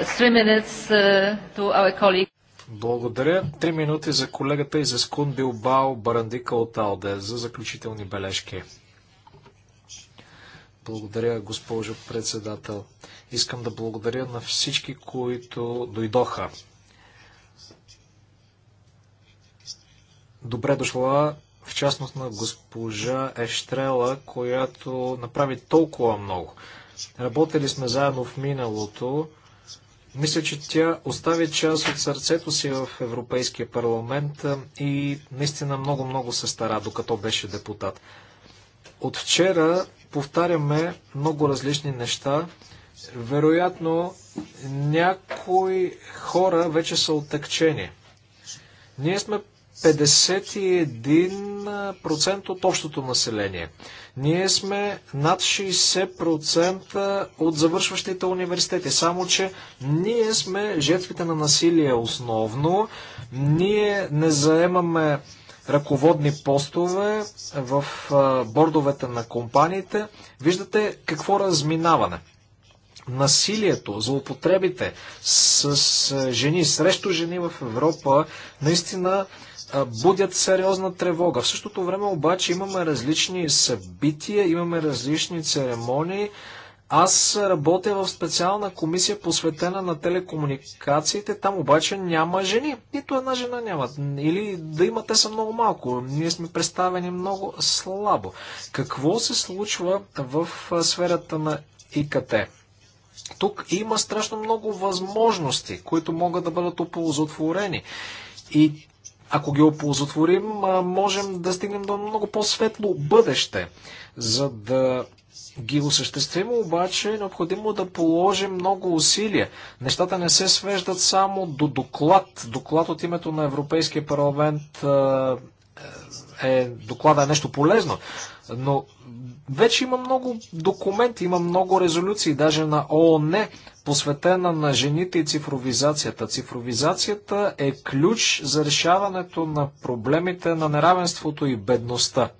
uh, minutes, uh, Благодаря. Три минути за колегата и за Скун Билбао Барандика от Алде за заключителни бележки. Благодаря, госпожо председател. Искам да благодаря на всички, които дойдоха добре дошла в частност на госпожа Ещрела, която направи толкова много. Работили сме заедно в миналото. Мисля, че тя остави част от сърцето си в Европейския парламент и наистина много-много се стара, докато беше депутат. От вчера повтаряме много различни неща. Вероятно, някои хора вече са отъкчени. Ние сме 51% от общото население. Ние сме над 60% от завършващите университети, само че ние сме жертвите на насилие основно, ние не заемаме ръководни постове в бордовете на компаниите. Виждате какво разминаване насилието, злоупотребите с жени, срещу жени в Европа, наистина будят сериозна тревога. В същото време обаче имаме различни събития, имаме различни церемонии. Аз работя в специална комисия, посветена на телекомуникациите. Там обаче няма жени. Нито една жена няма. Или да има, те са много малко. Ние сме представени много слабо. Какво се случва в сферата на ИКТ? Тук има страшно много възможности, които могат да бъдат оползотворени. И ако ги оползотворим, можем да стигнем до много по-светло бъдеще. За да ги осъществим, обаче е необходимо да положим много усилия. Нещата не се свеждат само до доклад. Доклад от името на Европейския парламент е, доклада е нещо полезно, но вече има много документи, има много резолюции, даже на ООН, посветена на жените и цифровизацията. Цифровизацията е ключ за решаването на проблемите на неравенството и бедността.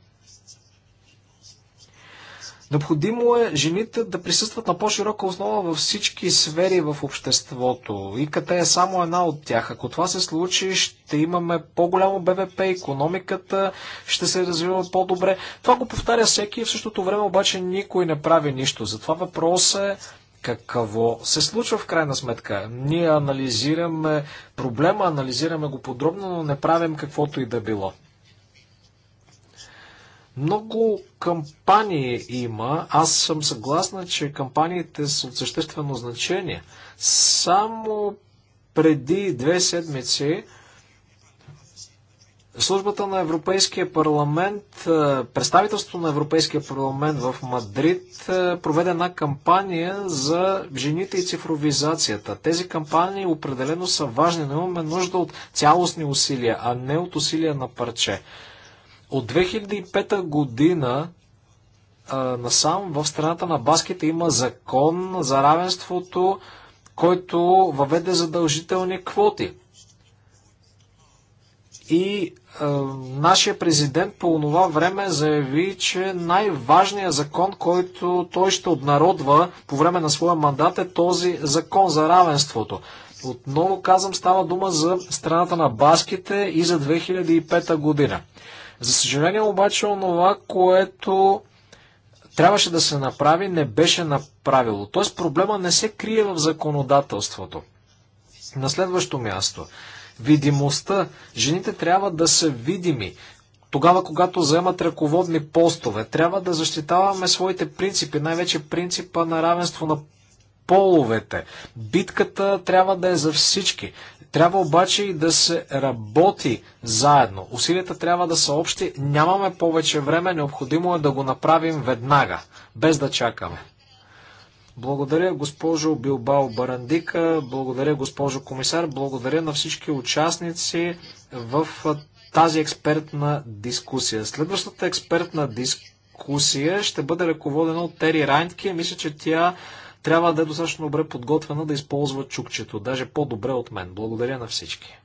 Необходимо е жените да присъстват на по-широка основа във всички сфери в обществото. И къде е само една от тях. Ако това се случи, ще имаме по-голямо БВП, економиката ще се развива по-добре. Това го повтаря всеки и в същото време обаче никой не прави нищо. Затова въпрос е какво се случва в крайна сметка. Ние анализираме проблема, анализираме го подробно, но не правим каквото и да било. Много кампании има. Аз съм съгласна, че кампаниите са от съществено значение. Само преди две седмици службата на Европейския парламент, е, представителството на Европейския парламент в Мадрид е, проведе една кампания за жените и цифровизацията. Тези кампании определено са важни, но имаме нужда от цялостни усилия, а не от усилия на парче. От 2005 година насам в страната на баските има закон за равенството, който въведе задължителни квоти. И а, нашия президент по това време заяви, че най-важният закон, който той ще обнародва по време на своя мандат е този закон за равенството. Отново казвам, става дума за страната на баските и за 2005 година. За съжаление обаче, онова, което трябваше да се направи, не беше направило. Тоест проблема не се крие в законодателството. На следващо място, видимостта. Жените трябва да са видими. Тогава, когато заемат ръководни постове, трябва да защитаваме своите принципи, най-вече принципа на равенство на половете. Битката трябва да е за всички. Трябва обаче и да се работи заедно. Усилията трябва да са общи. Нямаме повече време. Необходимо е да го направим веднага, без да чакаме. Благодаря госпожо Билбао Барандика, благодаря госпожо комисар, благодаря на всички участници в тази експертна дискусия. Следващата експертна дискусия ще бъде ръководена от Тери Райнтки. Мисля, че тя трябва да е достатъчно добре подготвена да използва чукчето, даже по-добре от мен. Благодаря на всички.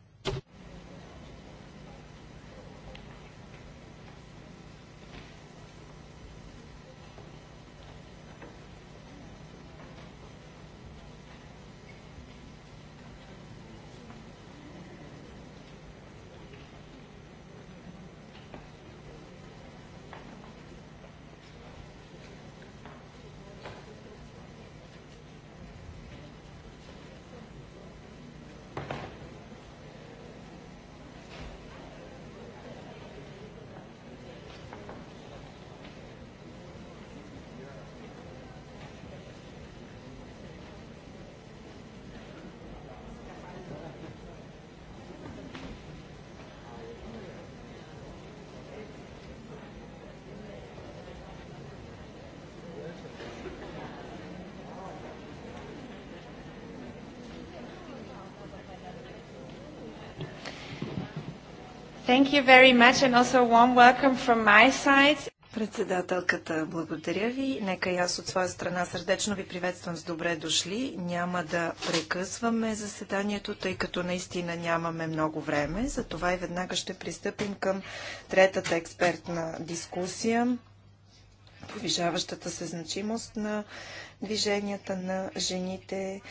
Thank you very much and also warm welcome from my side. Председателката, благодаря ви. Нека и аз от своя страна сърдечно ви приветствам с добре дошли. Няма да прекъсваме заседанието, тъй като наистина нямаме много време. Затова и веднага ще пристъпим към третата експертна дискусия, повишаващата се значимост на движенията на жените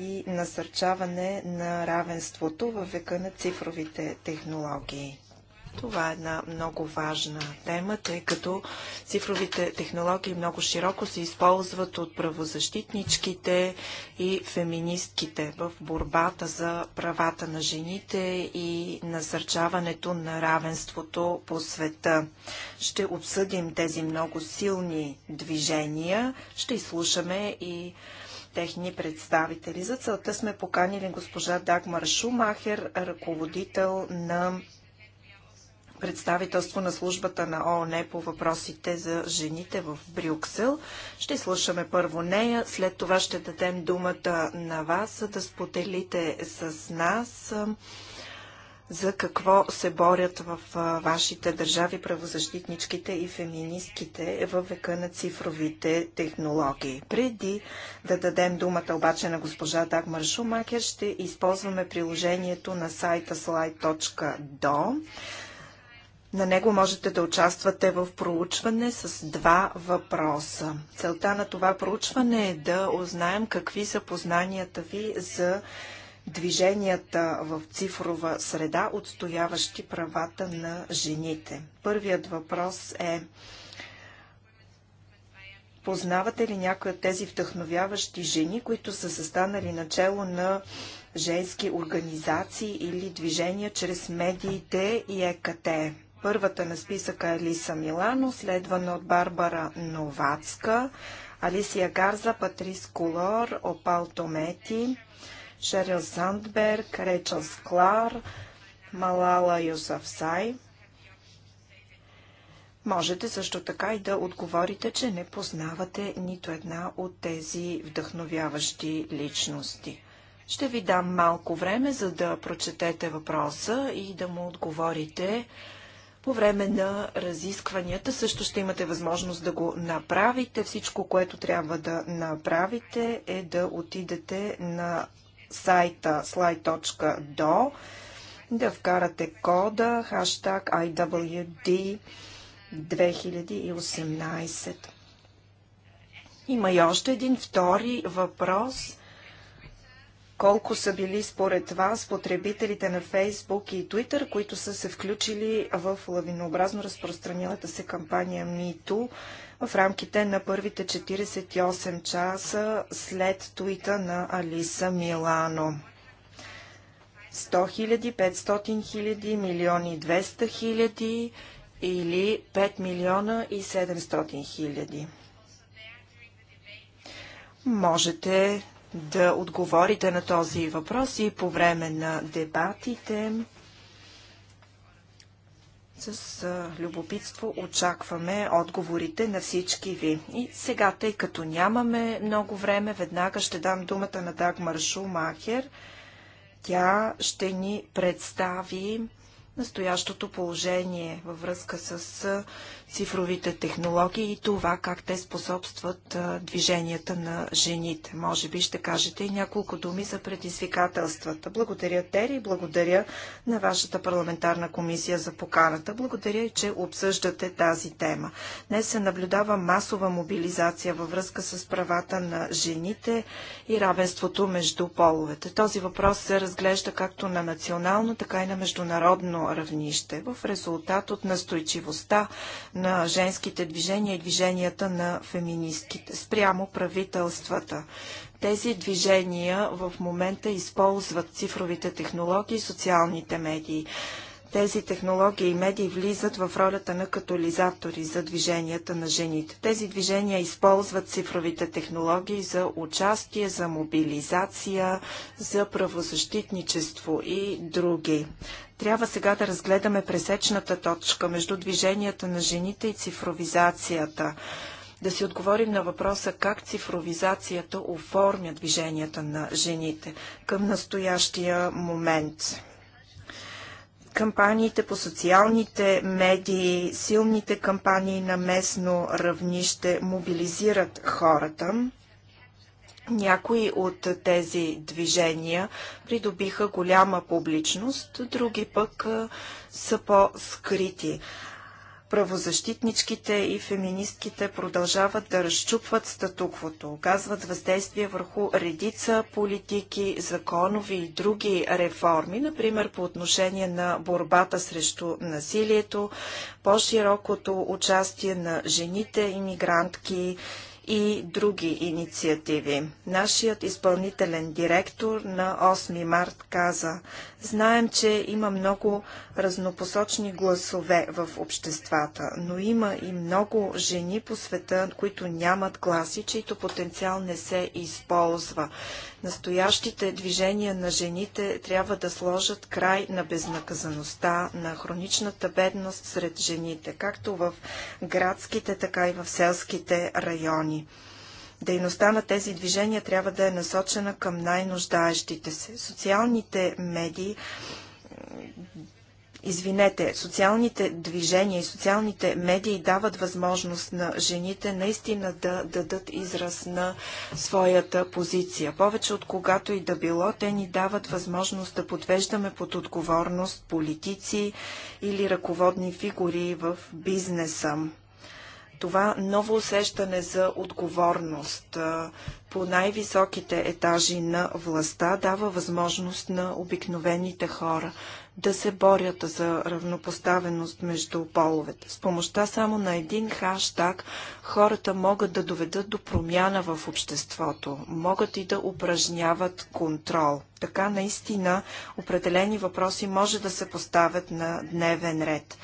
и насърчаване на равенството във века на цифровите технологии. Това е една много важна тема, тъй като цифровите технологии много широко се използват от правозащитничките и феминистките в борбата за правата на жените и насърчаването на равенството по света. Ще обсъдим тези много силни движения, ще изслушаме и техни представители. За целта сме поканили госпожа Дагмар Шумахер, ръководител на представителство на службата на ООН по въпросите за жените в Брюксел. Ще слушаме първо нея, след това ще дадем думата на вас, за да споделите с нас за какво се борят в вашите държави правозащитничките и феминистките във века на цифровите технологии. Преди да дадем думата обаче на госпожа Дагмар Шумакер, ще използваме приложението на сайта slide.do. На него можете да участвате в проучване с два въпроса. Целта на това проучване е да узнаем какви са познанията ви за движенията в цифрова среда, отстояващи правата на жените. Първият въпрос е Познавате ли някои от тези вдъхновяващи жени, които са се станали начало на женски организации или движения чрез медиите и ЕКТ? Първата на списъка е Лиса Милано, следвана от Барбара Новацка, Алисия Гарза, Патрис Колор, Опал Томети, Шерил Сандберг, Рейчел Склар, Малала Юсафсай. Можете също така и да отговорите, че не познавате нито една от тези вдъхновяващи личности. Ще ви дам малко време, за да прочетете въпроса и да му отговорите. По време на разискванията също ще имате възможност да го направите. Всичко, което трябва да направите е да отидете на сайта slide.do, да вкарате кода hashtag IWD 2018. Има и още един втори въпрос. Колко са били според вас потребителите на Facebook и Twitter, които са се включили в лавинообразно разпространилата се кампания MeToo в рамките на първите 48 часа след туита на Алиса Милано. 100 000, 500 000, милиони 200 хиляди или 5 милиона и 700 хиляди. Можете да отговорите на този въпрос и по време на дебатите. С любопитство очакваме отговорите на всички ви. И сега, тъй като нямаме много време, веднага ще дам думата на Дагмар Шумахер. Тя ще ни представи настоящото положение във връзка с цифровите технологии и това как те способстват движенията на жените. Може би ще кажете и няколко думи за предизвикателствата. Благодаря Тери, благодаря на вашата парламентарна комисия за поканата. Благодаря и, че обсъждате тази тема. Днес се наблюдава масова мобилизация във връзка с правата на жените и равенството между половете. Този въпрос се разглежда както на национално, така и на международно равнище. В резултат от настойчивостта на женските движения и движенията на феминистките спрямо правителствата. Тези движения в момента използват цифровите технологии и социалните медии тези технологии и медии влизат в ролята на катализатори за движенията на жените. Тези движения използват цифровите технологии за участие, за мобилизация, за правозащитничество и други. Трябва сега да разгледаме пресечната точка между движенията на жените и цифровизацията да си отговорим на въпроса как цифровизацията оформя движенията на жените към настоящия момент кампаниите по социалните медии, силните кампании на местно равнище мобилизират хората. Някои от тези движения придобиха голяма публичност, други пък са по-скрити правозащитничките и феминистките продължават да разчупват статуквото, оказват въздействие върху редица политики, законови и други реформи, например по отношение на борбата срещу насилието, по-широкото участие на жените иммигрантки и други инициативи. Нашият изпълнителен директор на 8 март каза, Знаем, че има много разнопосочни гласове в обществата, но има и много жени по света, които нямат гласи, чието потенциал не се използва. Настоящите движения на жените трябва да сложат край на безнаказаността, на хроничната бедност сред жените, както в градските, така и в селските райони. Дейността на тези движения трябва да е насочена към най-нуждаещите се. Социалните медии Извинете, социалните движения и социалните медии дават възможност на жените наистина да дадат израз на своята позиция. Повече от когато и да било, те ни дават възможност да подвеждаме под отговорност политици или ръководни фигури в бизнеса това ново усещане за отговорност по най-високите етажи на властта дава възможност на обикновените хора да се борят за равнопоставеност между половете. С помощта само на един хаштаг хората могат да доведат до промяна в обществото, могат и да упражняват контрол. Така наистина определени въпроси може да се поставят на дневен ред.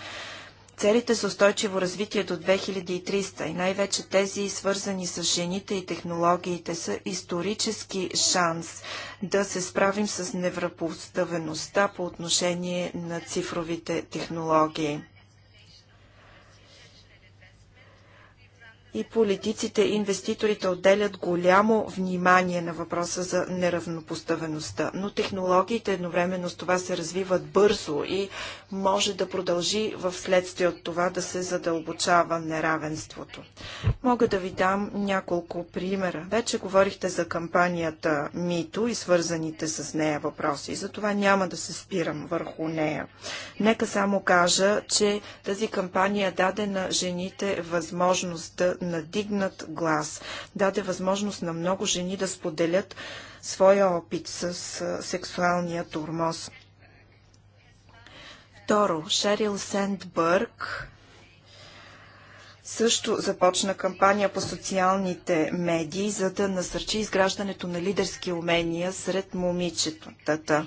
Целите за устойчиво развитие до 2300 и най-вече тези свързани с жените и технологиите са исторически шанс да се справим с невръпоставеността по отношение на цифровите технологии. и политиците, и инвеститорите отделят голямо внимание на въпроса за неравнопоставеността, но технологиите едновременно с това се развиват бързо и може да продължи в следствие от това да се задълбочава неравенството. Мога да ви дам няколко примера. Вече говорихте за кампанията МИТО и свързаните с нея въпроси, затова няма да се спирам върху нея. Нека само кажа, че тази кампания даде на жените възможност да надигнат глас. Даде възможност на много жени да споделят своя опит с сексуалния турмоз. Второ, Шерил Сендбърг също започна кампания по социалните медии, за да насърчи изграждането на лидерски умения сред момичетата.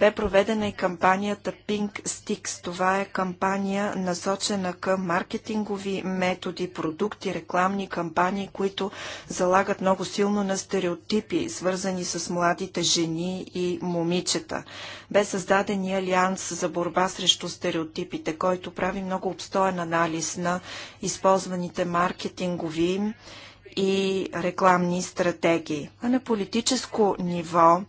Бе проведена и кампанията Pink Sticks. Това е кампания насочена към маркетингови методи, продукти, рекламни кампании, които залагат много силно на стереотипи, свързани с младите жени и момичета. Бе създаден и Алианс за борба срещу стереотипите, който прави много обстоен анализ на използването използваните маркетингови и рекламни стратегии. А на политическо ниво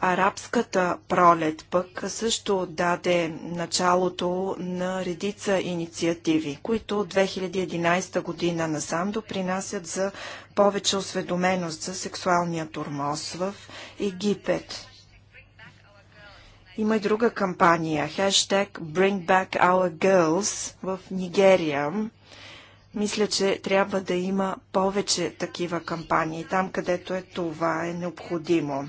арабската пролет пък също даде началото на редица инициативи, които от 2011 година насам допринасят за повече осведоменост за сексуалния турмоз в Египет. Има и друга кампания, хештег Bring Back Our Girls в Нигерия, мисля, че трябва да има повече такива кампании, там където е това е необходимо.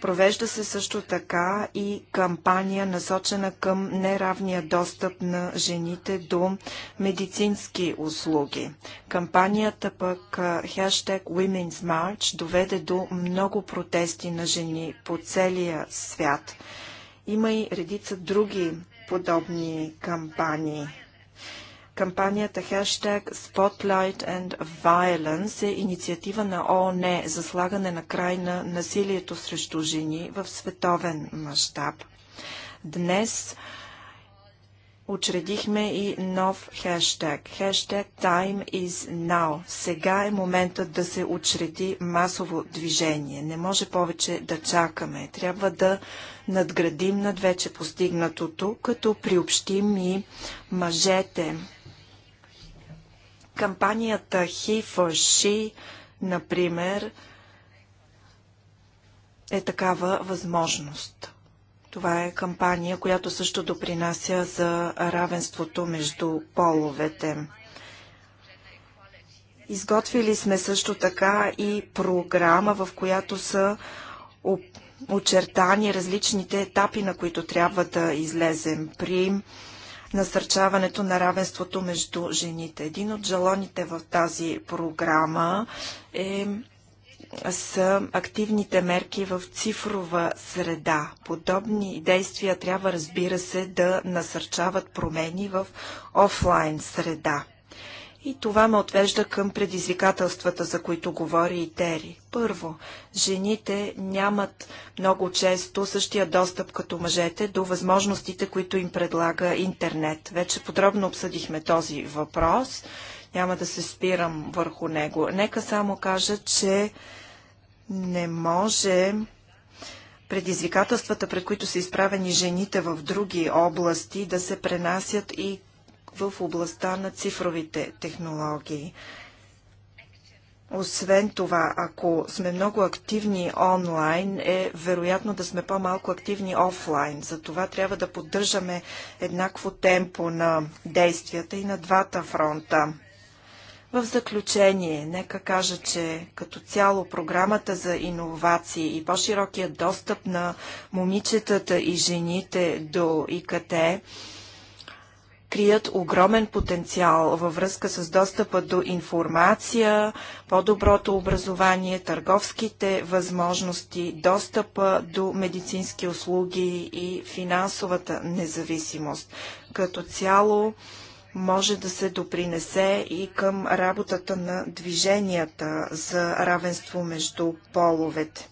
Провежда се също така и кампания насочена към неравния достъп на жените до медицински услуги. Кампанията пък хештег Women's March доведе до много протести на жени по целия свят. Има и редица други подобни кампании. Кампанията Хештег Spotlight and Violence е инициатива на ООН за слагане на край на насилието срещу жени в световен мащаб. Днес учредихме и нов хештег. Хештег Time is now. Сега е моментът да се учреди масово движение. Не може повече да чакаме. Трябва да надградим над вече постигнатото, като приобщим и мъжете, Кампанията He for She, например, е такава възможност. Това е кампания, която също допринася за равенството между половете. Изготвили сме също така и програма, в която са очертани различните етапи, на които трябва да излезем при насърчаването на равенството между жените. Един от жалоните в тази програма е са активните мерки в цифрова среда. Подобни действия трябва, разбира се, да насърчават промени в офлайн среда. И това ме отвежда към предизвикателствата, за които говори и Тери. Първо, жените нямат много често същия достъп като мъжете до възможностите, които им предлага интернет. Вече подробно обсъдихме този въпрос. Няма да се спирам върху него. Нека само кажа, че не може предизвикателствата, пред които са изправени жените в други области, да се пренасят и в областта на цифровите технологии. Освен това, ако сме много активни онлайн, е вероятно да сме по-малко активни офлайн. Затова трябва да поддържаме еднакво темпо на действията и на двата фронта. В заключение, нека кажа, че като цяло програмата за иновации и по широкият достъп на момичетата и жените до ИКТ крият огромен потенциал във връзка с достъпа до информация, по-доброто образование, търговските възможности, достъпа до медицински услуги и финансовата независимост. Като цяло може да се допринесе и към работата на движенията за равенство между половете.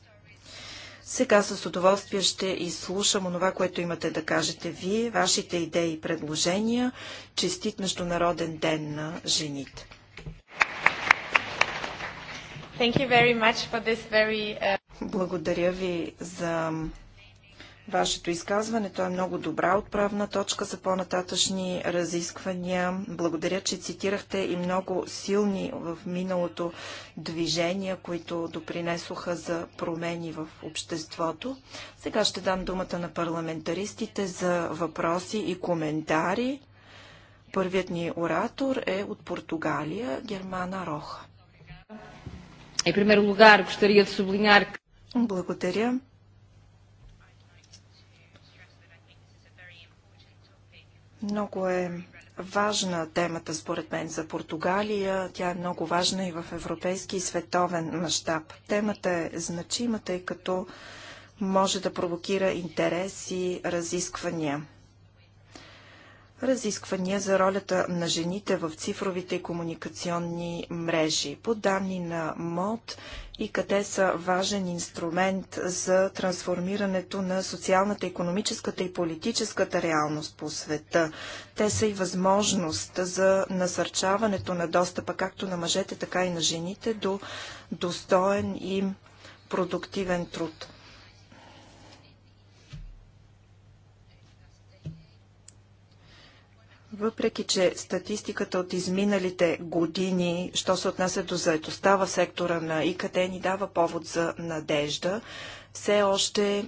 Сега с удоволствие ще изслушам онова, което имате да кажете вие, вашите идеи и предложения. Честит Международен ден на жените! Thank you very much for this very, uh... Благодаря ви за Вашето изказване. То е много добра отправна точка за по-нататъчни разисквания. Благодаря, че цитирахте и много силни в миналото движения, които допринесоха за промени в обществото. Сега ще дам думата на парламентаристите за въпроси и коментари. Първият ни оратор е от Португалия, Германа Роха. Е, Благодаря. Много е важна темата, според мен, за Португалия. Тя е много важна и в европейски и световен мащаб. Темата е значима, тъй като може да провокира интерес и разисквания разисквания за ролята на жените в цифровите и комуникационни мрежи, по данни на МОД и къде са важен инструмент за трансформирането на социалната, економическата и политическата реалност по света. Те са и възможност за насърчаването на достъпа както на мъжете, така и на жените до достоен и продуктивен труд. Въпреки, че статистиката от изминалите години, що се отнася до заедостта в сектора на ИКТ, ни дава повод за надежда, все още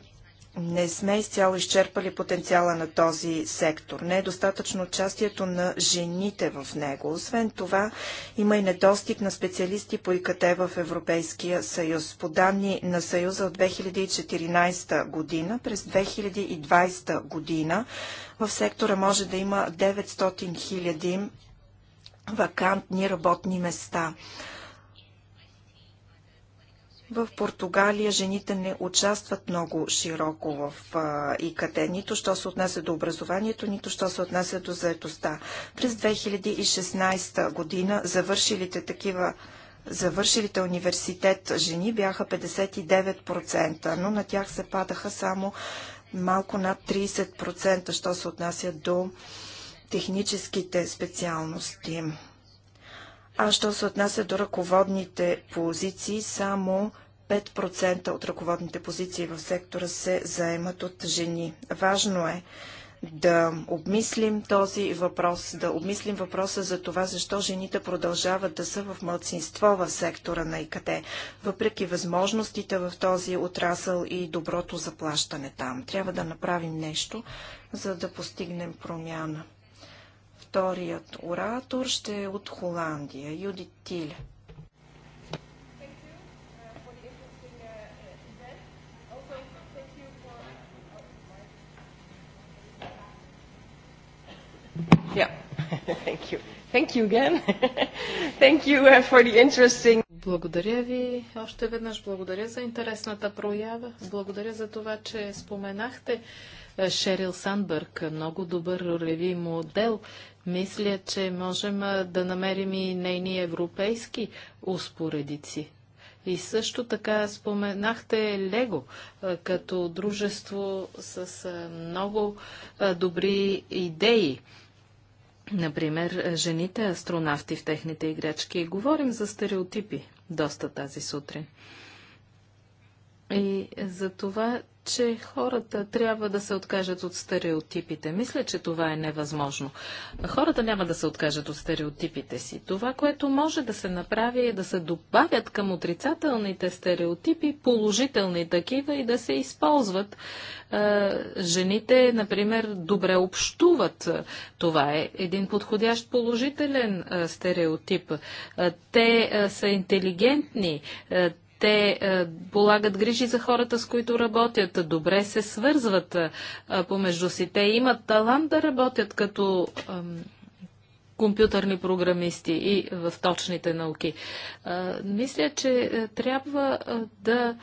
не сме изцяло изчерпали потенциала на този сектор. Не е достатъчно участието на жените в него. Освен това, има и недостиг на специалисти по ИКТ в Европейския съюз. По данни на Съюза от 2014 година, през 2020 година в сектора може да има 900 000 вакантни работни места. В Португалия жените не участват много широко в ИКТ, нито що се отнася до образованието, нито що се отнася до заетостта. През 2016 година завършилите такива завършилите университет жени бяха 59%, но на тях се падаха само малко над 30%, що се отнася до техническите специалности. А що се отнася до ръководните позиции, само 5% от ръководните позиции в сектора се заемат от жени. Важно е да обмислим този въпрос, да обмислим въпроса за това, защо жените продължават да са в мълцинство в сектора на ИКТ, въпреки възможностите в този отрасъл и доброто заплащане там. Трябва да направим нещо, за да постигнем промяна. Вторият оратор ще е от Холандия, Юдит Тиле. Yeah. Thank you. Thank you again. Thank you uh, for the interesting... Благодаря ви още веднъж. Благодаря за интересната проява. Благодаря за това, че споменахте е, Шерил Сандбърг. Много добър ролеви модел. Мисля, че можем е, да намерим и нейни европейски успоредици. И също така споменахте Лего е, като дружество с много добри идеи. Например, жените астронавти в техните играчки. Говорим за стереотипи доста тази сутрин. И за това че хората трябва да се откажат от стереотипите. Мисля, че това е невъзможно. Хората няма да се откажат от стереотипите си. Това, което може да се направи е да се добавят към отрицателните стереотипи положителни такива и да се използват. жените, например, добре общуват. Това е един подходящ положителен стереотип. те са интелигентни те е, полагат грижи за хората, с които работят, добре се свързват е, помежду си. Те имат талант да работят като е, компютърни програмисти и в точните науки. Е, мисля, че е, трябва е, да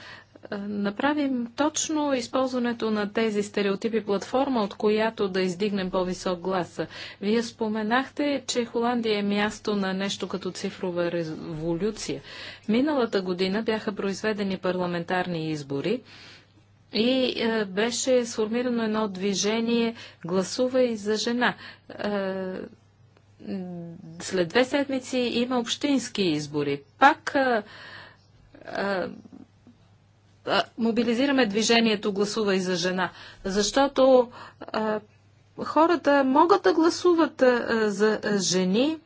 направим точно използването на тези стереотипи платформа, от която да издигнем по-висок глас. Вие споменахте, че Холандия е място на нещо като цифрова революция. Миналата година бяха произведени парламентарни избори и е, беше сформирано едно движение Гласува и за жена. Е, след две седмици има общински избори. Пак е, а, мобилизираме движението Гласува и за жена, защото а, хората могат да гласуват а, за жени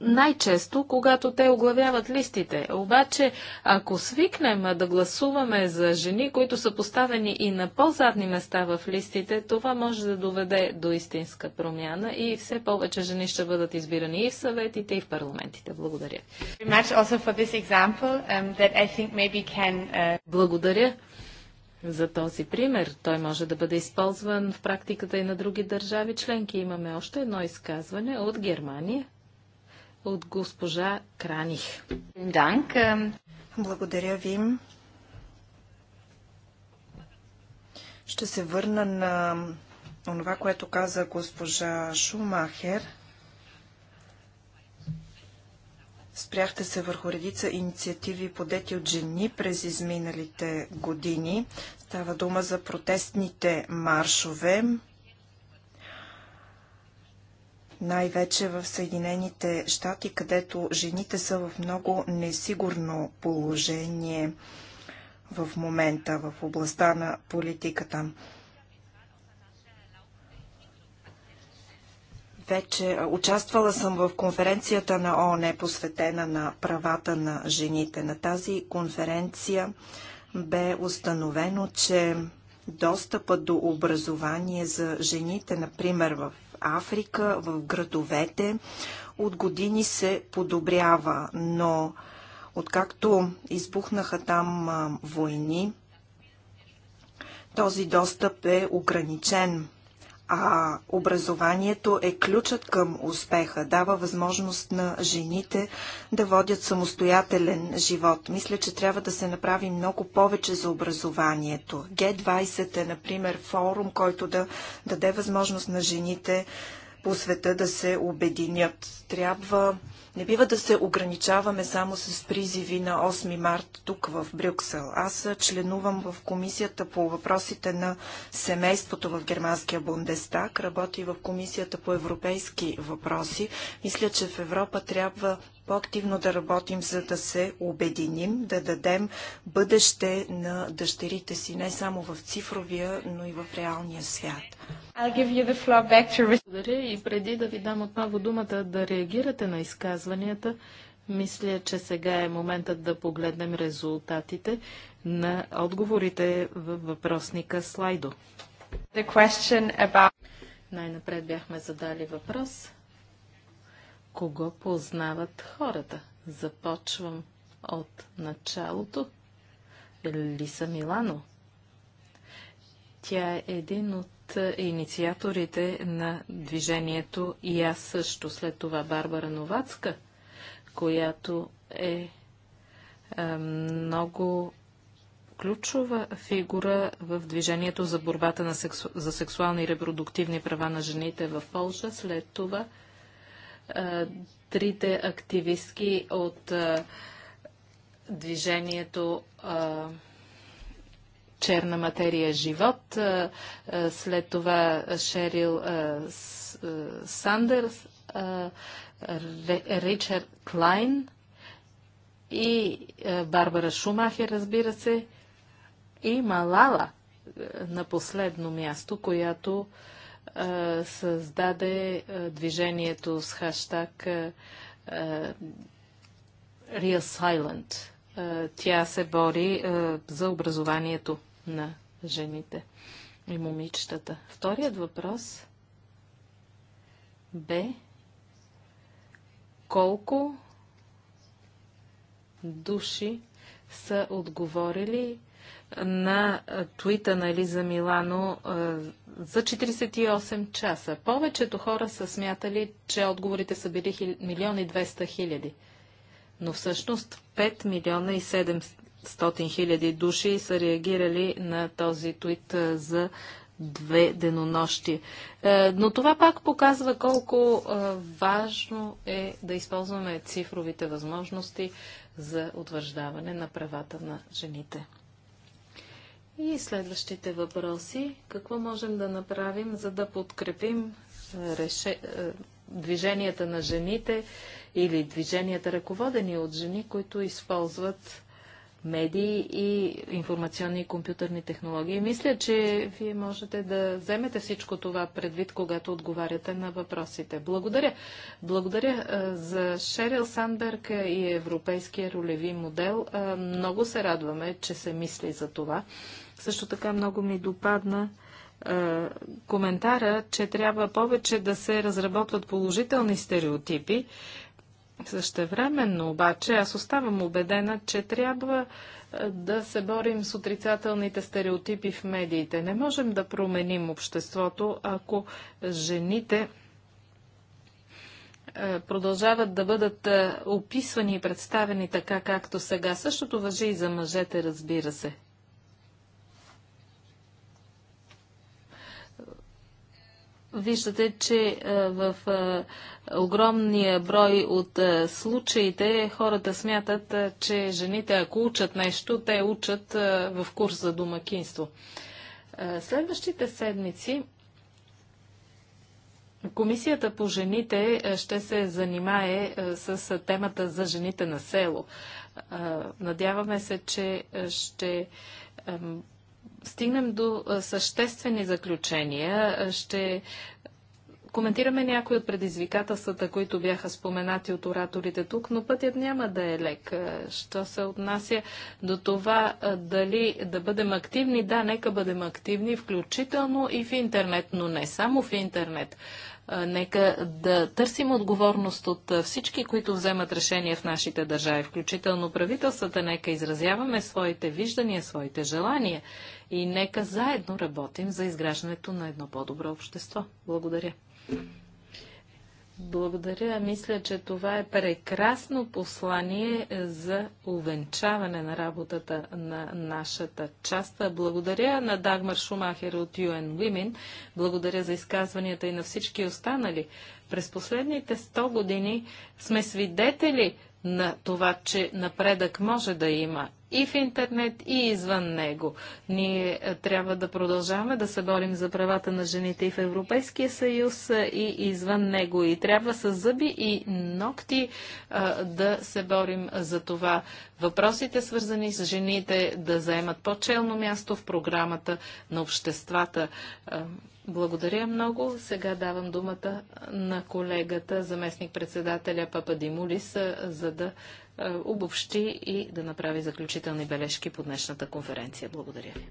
най-често, когато те оглавяват листите. Обаче, ако свикнем да гласуваме за жени, които са поставени и на по-задни места в листите, това може да доведе до истинска промяна и все повече жени ще бъдат избирани и в съветите, и в парламентите. Благодаря. Благодаря за този пример. Той може да бъде използван в практиката и на други държави членки. Имаме още едно изказване от Германия от госпожа Краних. Благодаря ви. Ще се върна на това, което каза госпожа Шумахер. Спряхте се върху редица инициативи, подети от жени през изминалите години. Става дума за протестните маршове, най-вече в Съединените щати, където жените са в много несигурно положение в момента в областта на политиката. Вече участвала съм в конференцията на ООН, посветена на правата на жените. На тази конференция бе установено, че достъпът до образование за жените, например в Африка, в градовете, от години се подобрява, но откакто избухнаха там войни, този достъп е ограничен а образованието е ключът към успеха, дава възможност на жените да водят самостоятелен живот. Мисля, че трябва да се направи много повече за образованието. Г20 е, например, форум, който да даде възможност на жените по света да се обединят. Трябва не бива да се ограничаваме само с призиви на 8 март тук в Брюксел. Аз членувам в комисията по въпросите на семейството в германския Бундестаг, работи в комисията по европейски въпроси. Мисля, че в Европа трябва по-активно да работим, за да се обединим, да дадем бъдеще на дъщерите си, не само в цифровия, но и в реалния свят. Благодаря и преди да ви дам отново думата да реагирате на изказването, изказванията. Мисля, че сега е моментът да погледнем резултатите на отговорите в въпросника слайдо. About... Най-напред бяхме задали въпрос. Кого познават хората? Започвам от началото. Лиса Милано. Тя е един от е, инициаторите на движението и аз също. След това Барбара Новацка, която е, е много ключова фигура в движението за борбата на сексу... за сексуални и репродуктивни права на жените в Польша. След това е, трите активистки от движението черна материя живот, след това Шерил Сандърс, Ричард Клайн и Барбара Шумахер, разбира се, и Малала на последно място, която създаде движението с хаштаг Real Silent. Е, тя се бори е, за образованието на жените и момичетата. Вторият въпрос бе колко души са отговорили на твита на Лиза Милано е, за 48 часа. Повечето хора са смятали, че отговорите са били 1 милион и 200 хиляди но всъщност 5 милиона и 700 хиляди души са реагирали на този твит за две денонощи. Е, но това пак показва колко важно е да използваме цифровите възможности за утвърждаване на правата на жените. И следващите въпроси. Какво можем да направим, за да подкрепим реше движенията на жените или движенията ръководени от жени, които използват медии и информационни и компютърни технологии. Мисля, че вие можете да вземете всичко това предвид, когато отговаряте на въпросите. Благодаря. Благодаря за Шерил Сандберг и европейския ролеви модел. много се радваме, че се мисли за това. Също така много ми допадна е, коментара, че трябва повече да се разработват положителни стереотипи. Същевременно обаче аз оставам убедена, че трябва е, да се борим с отрицателните стереотипи в медиите. Не можем да променим обществото, ако жените е, продължават да бъдат описвани и представени така, както сега. Същото въжи и за мъжете, разбира се. Виждате, че е, в е, огромния брой от е, случаите хората смятат, че жените, ако учат нещо, те учат в курс за домакинство. Следващите седмици Комисията по жените ще се занимае с темата за жените на село. Надяваме се, че ще стигнем до съществени заключения, ще коментираме някои от предизвикателствата, които бяха споменати от ораторите тук, но пътят няма да е лек. Що се отнася до това дали да бъдем активни, да, нека бъдем активни, включително и в интернет, но не само в интернет. Нека да търсим отговорност от всички, които вземат решения в нашите държави, включително правителствата. Нека изразяваме своите виждания, своите желания и нека заедно работим за изграждането на едно по-добро общество. Благодаря. Благодаря. Мисля, че това е прекрасно послание за увенчаване на работата на нашата част. Благодаря на Дагмар Шумахер от UN Women. Благодаря за изказванията и на всички останали. През последните 100 години сме свидетели на това, че напредък може да има и в интернет, и извън него. Ние е, трябва да продължаваме да се борим за правата на жените и в Европейския съюз, е, и извън него. И трябва с зъби и ногти а, е, да се борим за това. Въпросите, свързани с жените, да заемат по-челно място в програмата на обществата. А, благодаря много. Сега давам думата на колегата, заместник-председателя Папа Димулис, за да обобщи и да направи заключителни бележки по днешната конференция. Благодаря ви.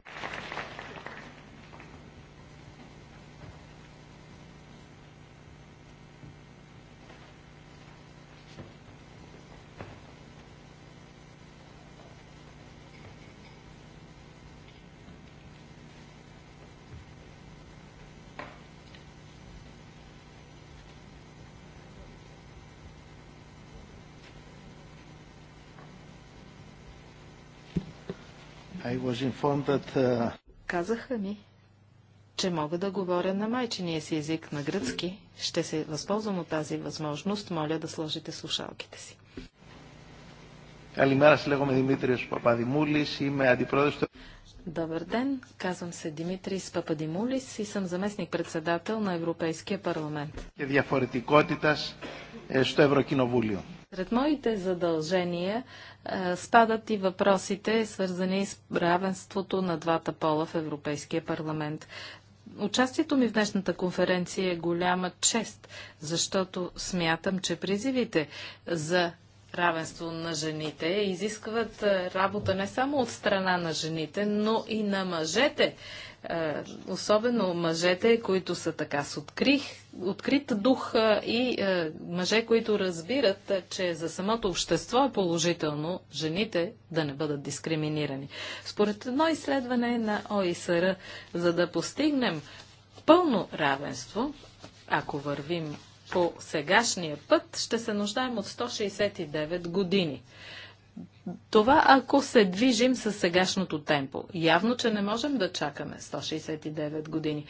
Uh, Казаха ми, че мога да говоря на майчиния си език, на гръцки. Ще се възползвам от тази възможност. Моля да сложите слушалките си. Добър ден, казвам се Димитрис Пападимулис и съм заместник-председател на Европейския парламент. Сред моите задължения спадат и въпросите, свързани с равенството на двата пола в Европейския парламент. Участието ми в днешната конференция е голяма чест, защото смятам, че призивите за равенство на жените изискват работа не само от страна на жените, но и на мъжете. Особено мъжете, които са така с открих, открит дух и мъже, които разбират, че за самото общество е положително жените да не бъдат дискриминирани. Според едно изследване на ОИСР, за да постигнем пълно равенство, ако вървим по сегашния път, ще се нуждаем от 169 години. Това ако се движим с сегашното темпо. Явно, че не можем да чакаме 169 години.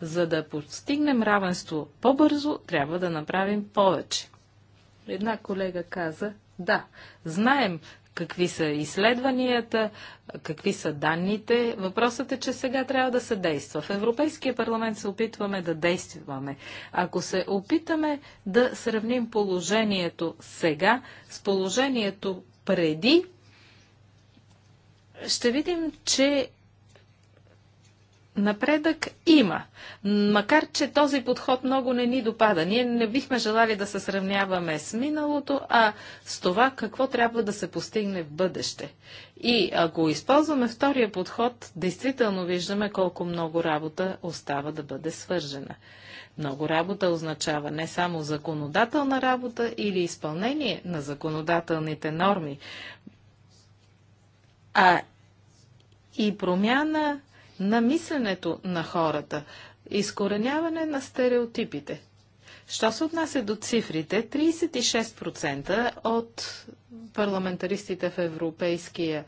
За да постигнем равенство по-бързо, трябва да направим повече. Една колега каза, да, знаем какви са изследванията, какви са данните. Въпросът е, че сега трябва да се действа. В Европейския парламент се опитваме да действаме. Ако се опитаме да сравним положението сега с положението преди, ще видим, че Напредък има, макар че този подход много не ни допада. Ние не бихме желали да се сравняваме с миналото, а с това какво трябва да се постигне в бъдеще. И ако използваме втория подход, действително виждаме колко много работа остава да бъде свържена. Много работа означава не само законодателна работа или изпълнение на законодателните норми, а и промяна на мисленето на хората, изкореняване на стереотипите. Що се отнася до цифрите, 36% от парламентаристите в Европейския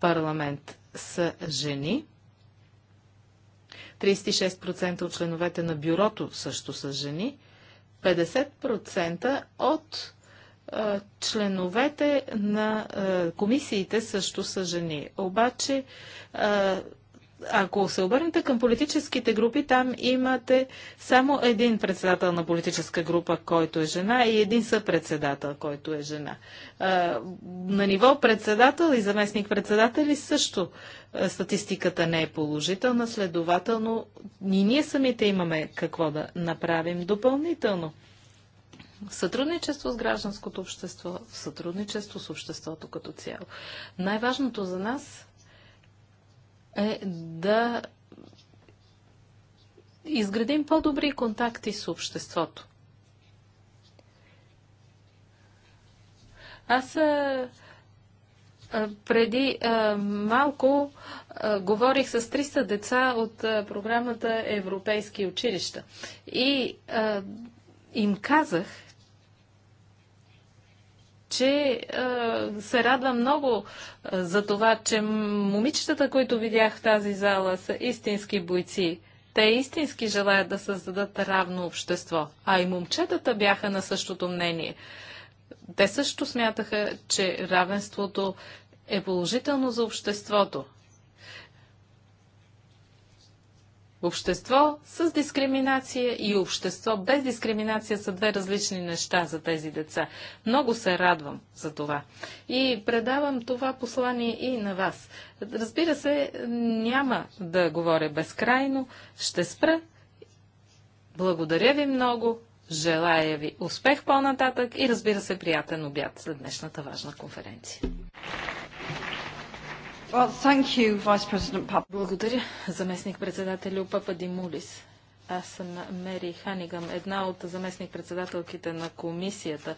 парламент са жени. 36% от членовете на бюрото също са жени. 50% от членовете на е, комисиите също са жени. Обаче ако се обърнете към политическите групи, там имате само един председател на политическа група, който е жена, и един съпредседател, който е жена. На ниво председател и заместник председатели също статистиката не е положителна, следователно и ние самите имаме какво да направим допълнително. сътрудничество с гражданското общество, сътрудничество с обществото като цяло. Най-важното за нас е да изградим по-добри контакти с обществото. Аз а, преди а, малко а, говорих с 300 деца от а, програмата Европейски училища и а, им казах, че се радва много за това, че момичетата, които видях в тази зала, са истински бойци. Те истински желаят да създадат равно общество. А и момчетата бяха на същото мнение. Те също смятаха, че равенството е положително за обществото. Общество с дискриминация и общество без дискриминация са две различни неща за тези деца. Много се радвам за това. И предавам това послание и на вас. Разбира се, няма да говоря безкрайно. Ще спра. Благодаря ви много. Желая ви успех по-нататък и разбира се приятен обяд след днешната важна конференция. Благодаря, заместник председателю Папа Димулис. Аз съм Мери Ханигам, една от заместник-председателките на комисията.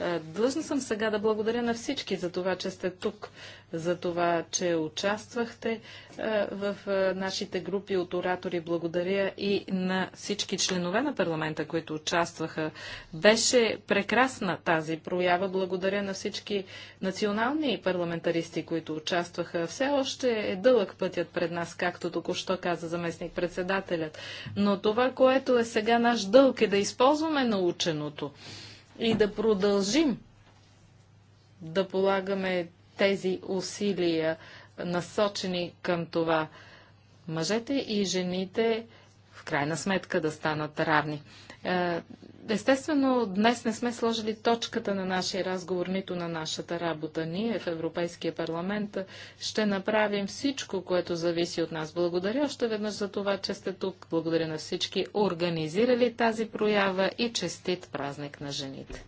Е, длъжна съм сега да благодаря на всички за това, че сте тук за това, че участвахте е, в е, нашите групи от оратори. Благодаря и на всички членове на парламента, които участваха. Беше прекрасна тази проява. Благодаря на всички национални парламентаристи, които участваха. Все още е дълъг пътят пред нас, както току-що каза заместник председателят. Но това, което е сега наш дълг е да използваме наученото и да продължим да полагаме тези усилия, насочени към това мъжете и жените в крайна сметка да станат равни. Е, естествено, днес не сме сложили точката на нашия разговор, нито на нашата работа. Ние в Европейския парламент ще направим всичко, което зависи от нас. Благодаря още веднъж за това, че сте тук. Благодаря на всички, организирали тази проява и честит празник на жените.